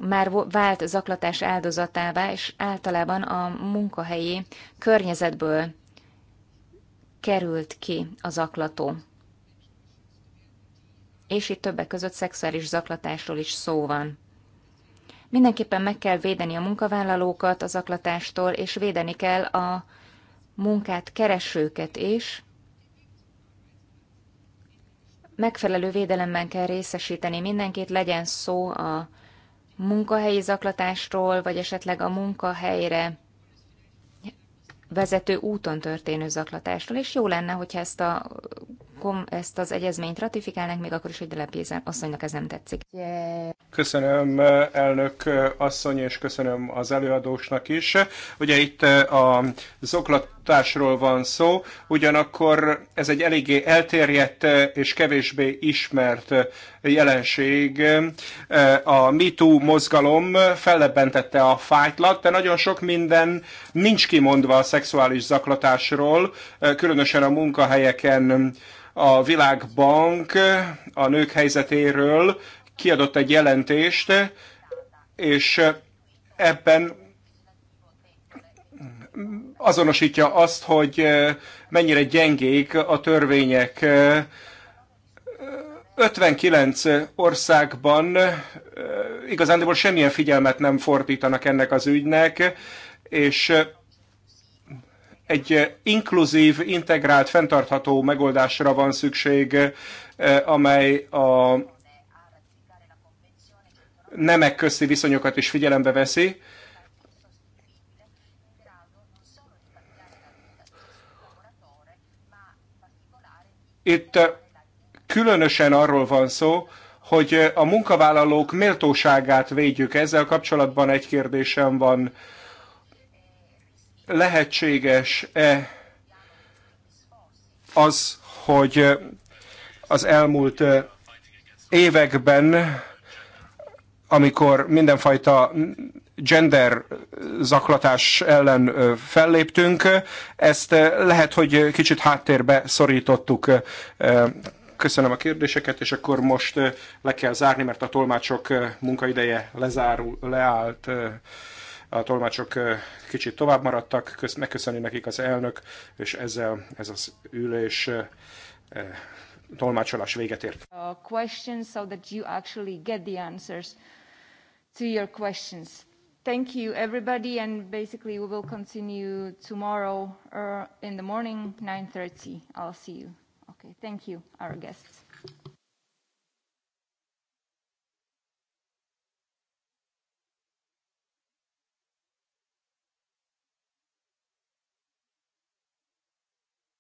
már vált zaklatás áldozatává, és általában a munkahelyi környezetből került ki a zaklató. És itt többek között szexuális zaklatásról is szó van. Mindenképpen meg kell védeni a munkavállalókat a zaklatástól, és védeni kell a munkát keresőket is. Megfelelő védelemben kell részesíteni mindenkit, legyen szó a munkahelyi zaklatásról, vagy esetleg a munkahelyre vezető úton történő zaklatásról, és jó lenne, hogyha ezt a kom- ezt az egyezményt ratifikálnánk, még akkor is, hogy Delepézen asszonynak ez nem tetszik. Yeah. Köszönöm elnök asszony, és köszönöm az előadósnak is. Ugye itt a zoklatásról van szó, ugyanakkor ez egy eléggé elterjedt és kevésbé ismert jelenség. A MeToo mozgalom fellebbentette a fájtlat, de nagyon sok minden nincs kimondva a szexuális zaklatásról, különösen a munkahelyeken a Világbank a nők helyzetéről kiadott egy jelentést, és ebben azonosítja azt, hogy mennyire gyengék a törvények. 59 országban igazándiból semmilyen figyelmet nem fordítanak ennek az ügynek, és egy eh, inkluzív, integrált, fenntartható megoldásra van szükség, eh, amely a nemek közti viszonyokat is figyelembe veszi. Itt eh, különösen arról van szó, hogy a munkavállalók méltóságát védjük. Ezzel kapcsolatban egy kérdésem van lehetséges-e az, hogy az elmúlt években, amikor mindenfajta gender zaklatás ellen felléptünk, ezt lehet, hogy kicsit háttérbe szorítottuk. Köszönöm a kérdéseket, és akkor most le kell zárni, mert a tolmácsok munkaideje lezárul, leállt. A tolmácsok kicsit tovább maradtak, köz, megköszöni nekik az elnök, és ezzel ez az ülés tolmácsolás véget ért. A questions so that you actually get the answers to your questions. Thank you everybody and basically we will continue tomorrow uh, in the morning 9:30. I'll see you. Okay, thank you our guests.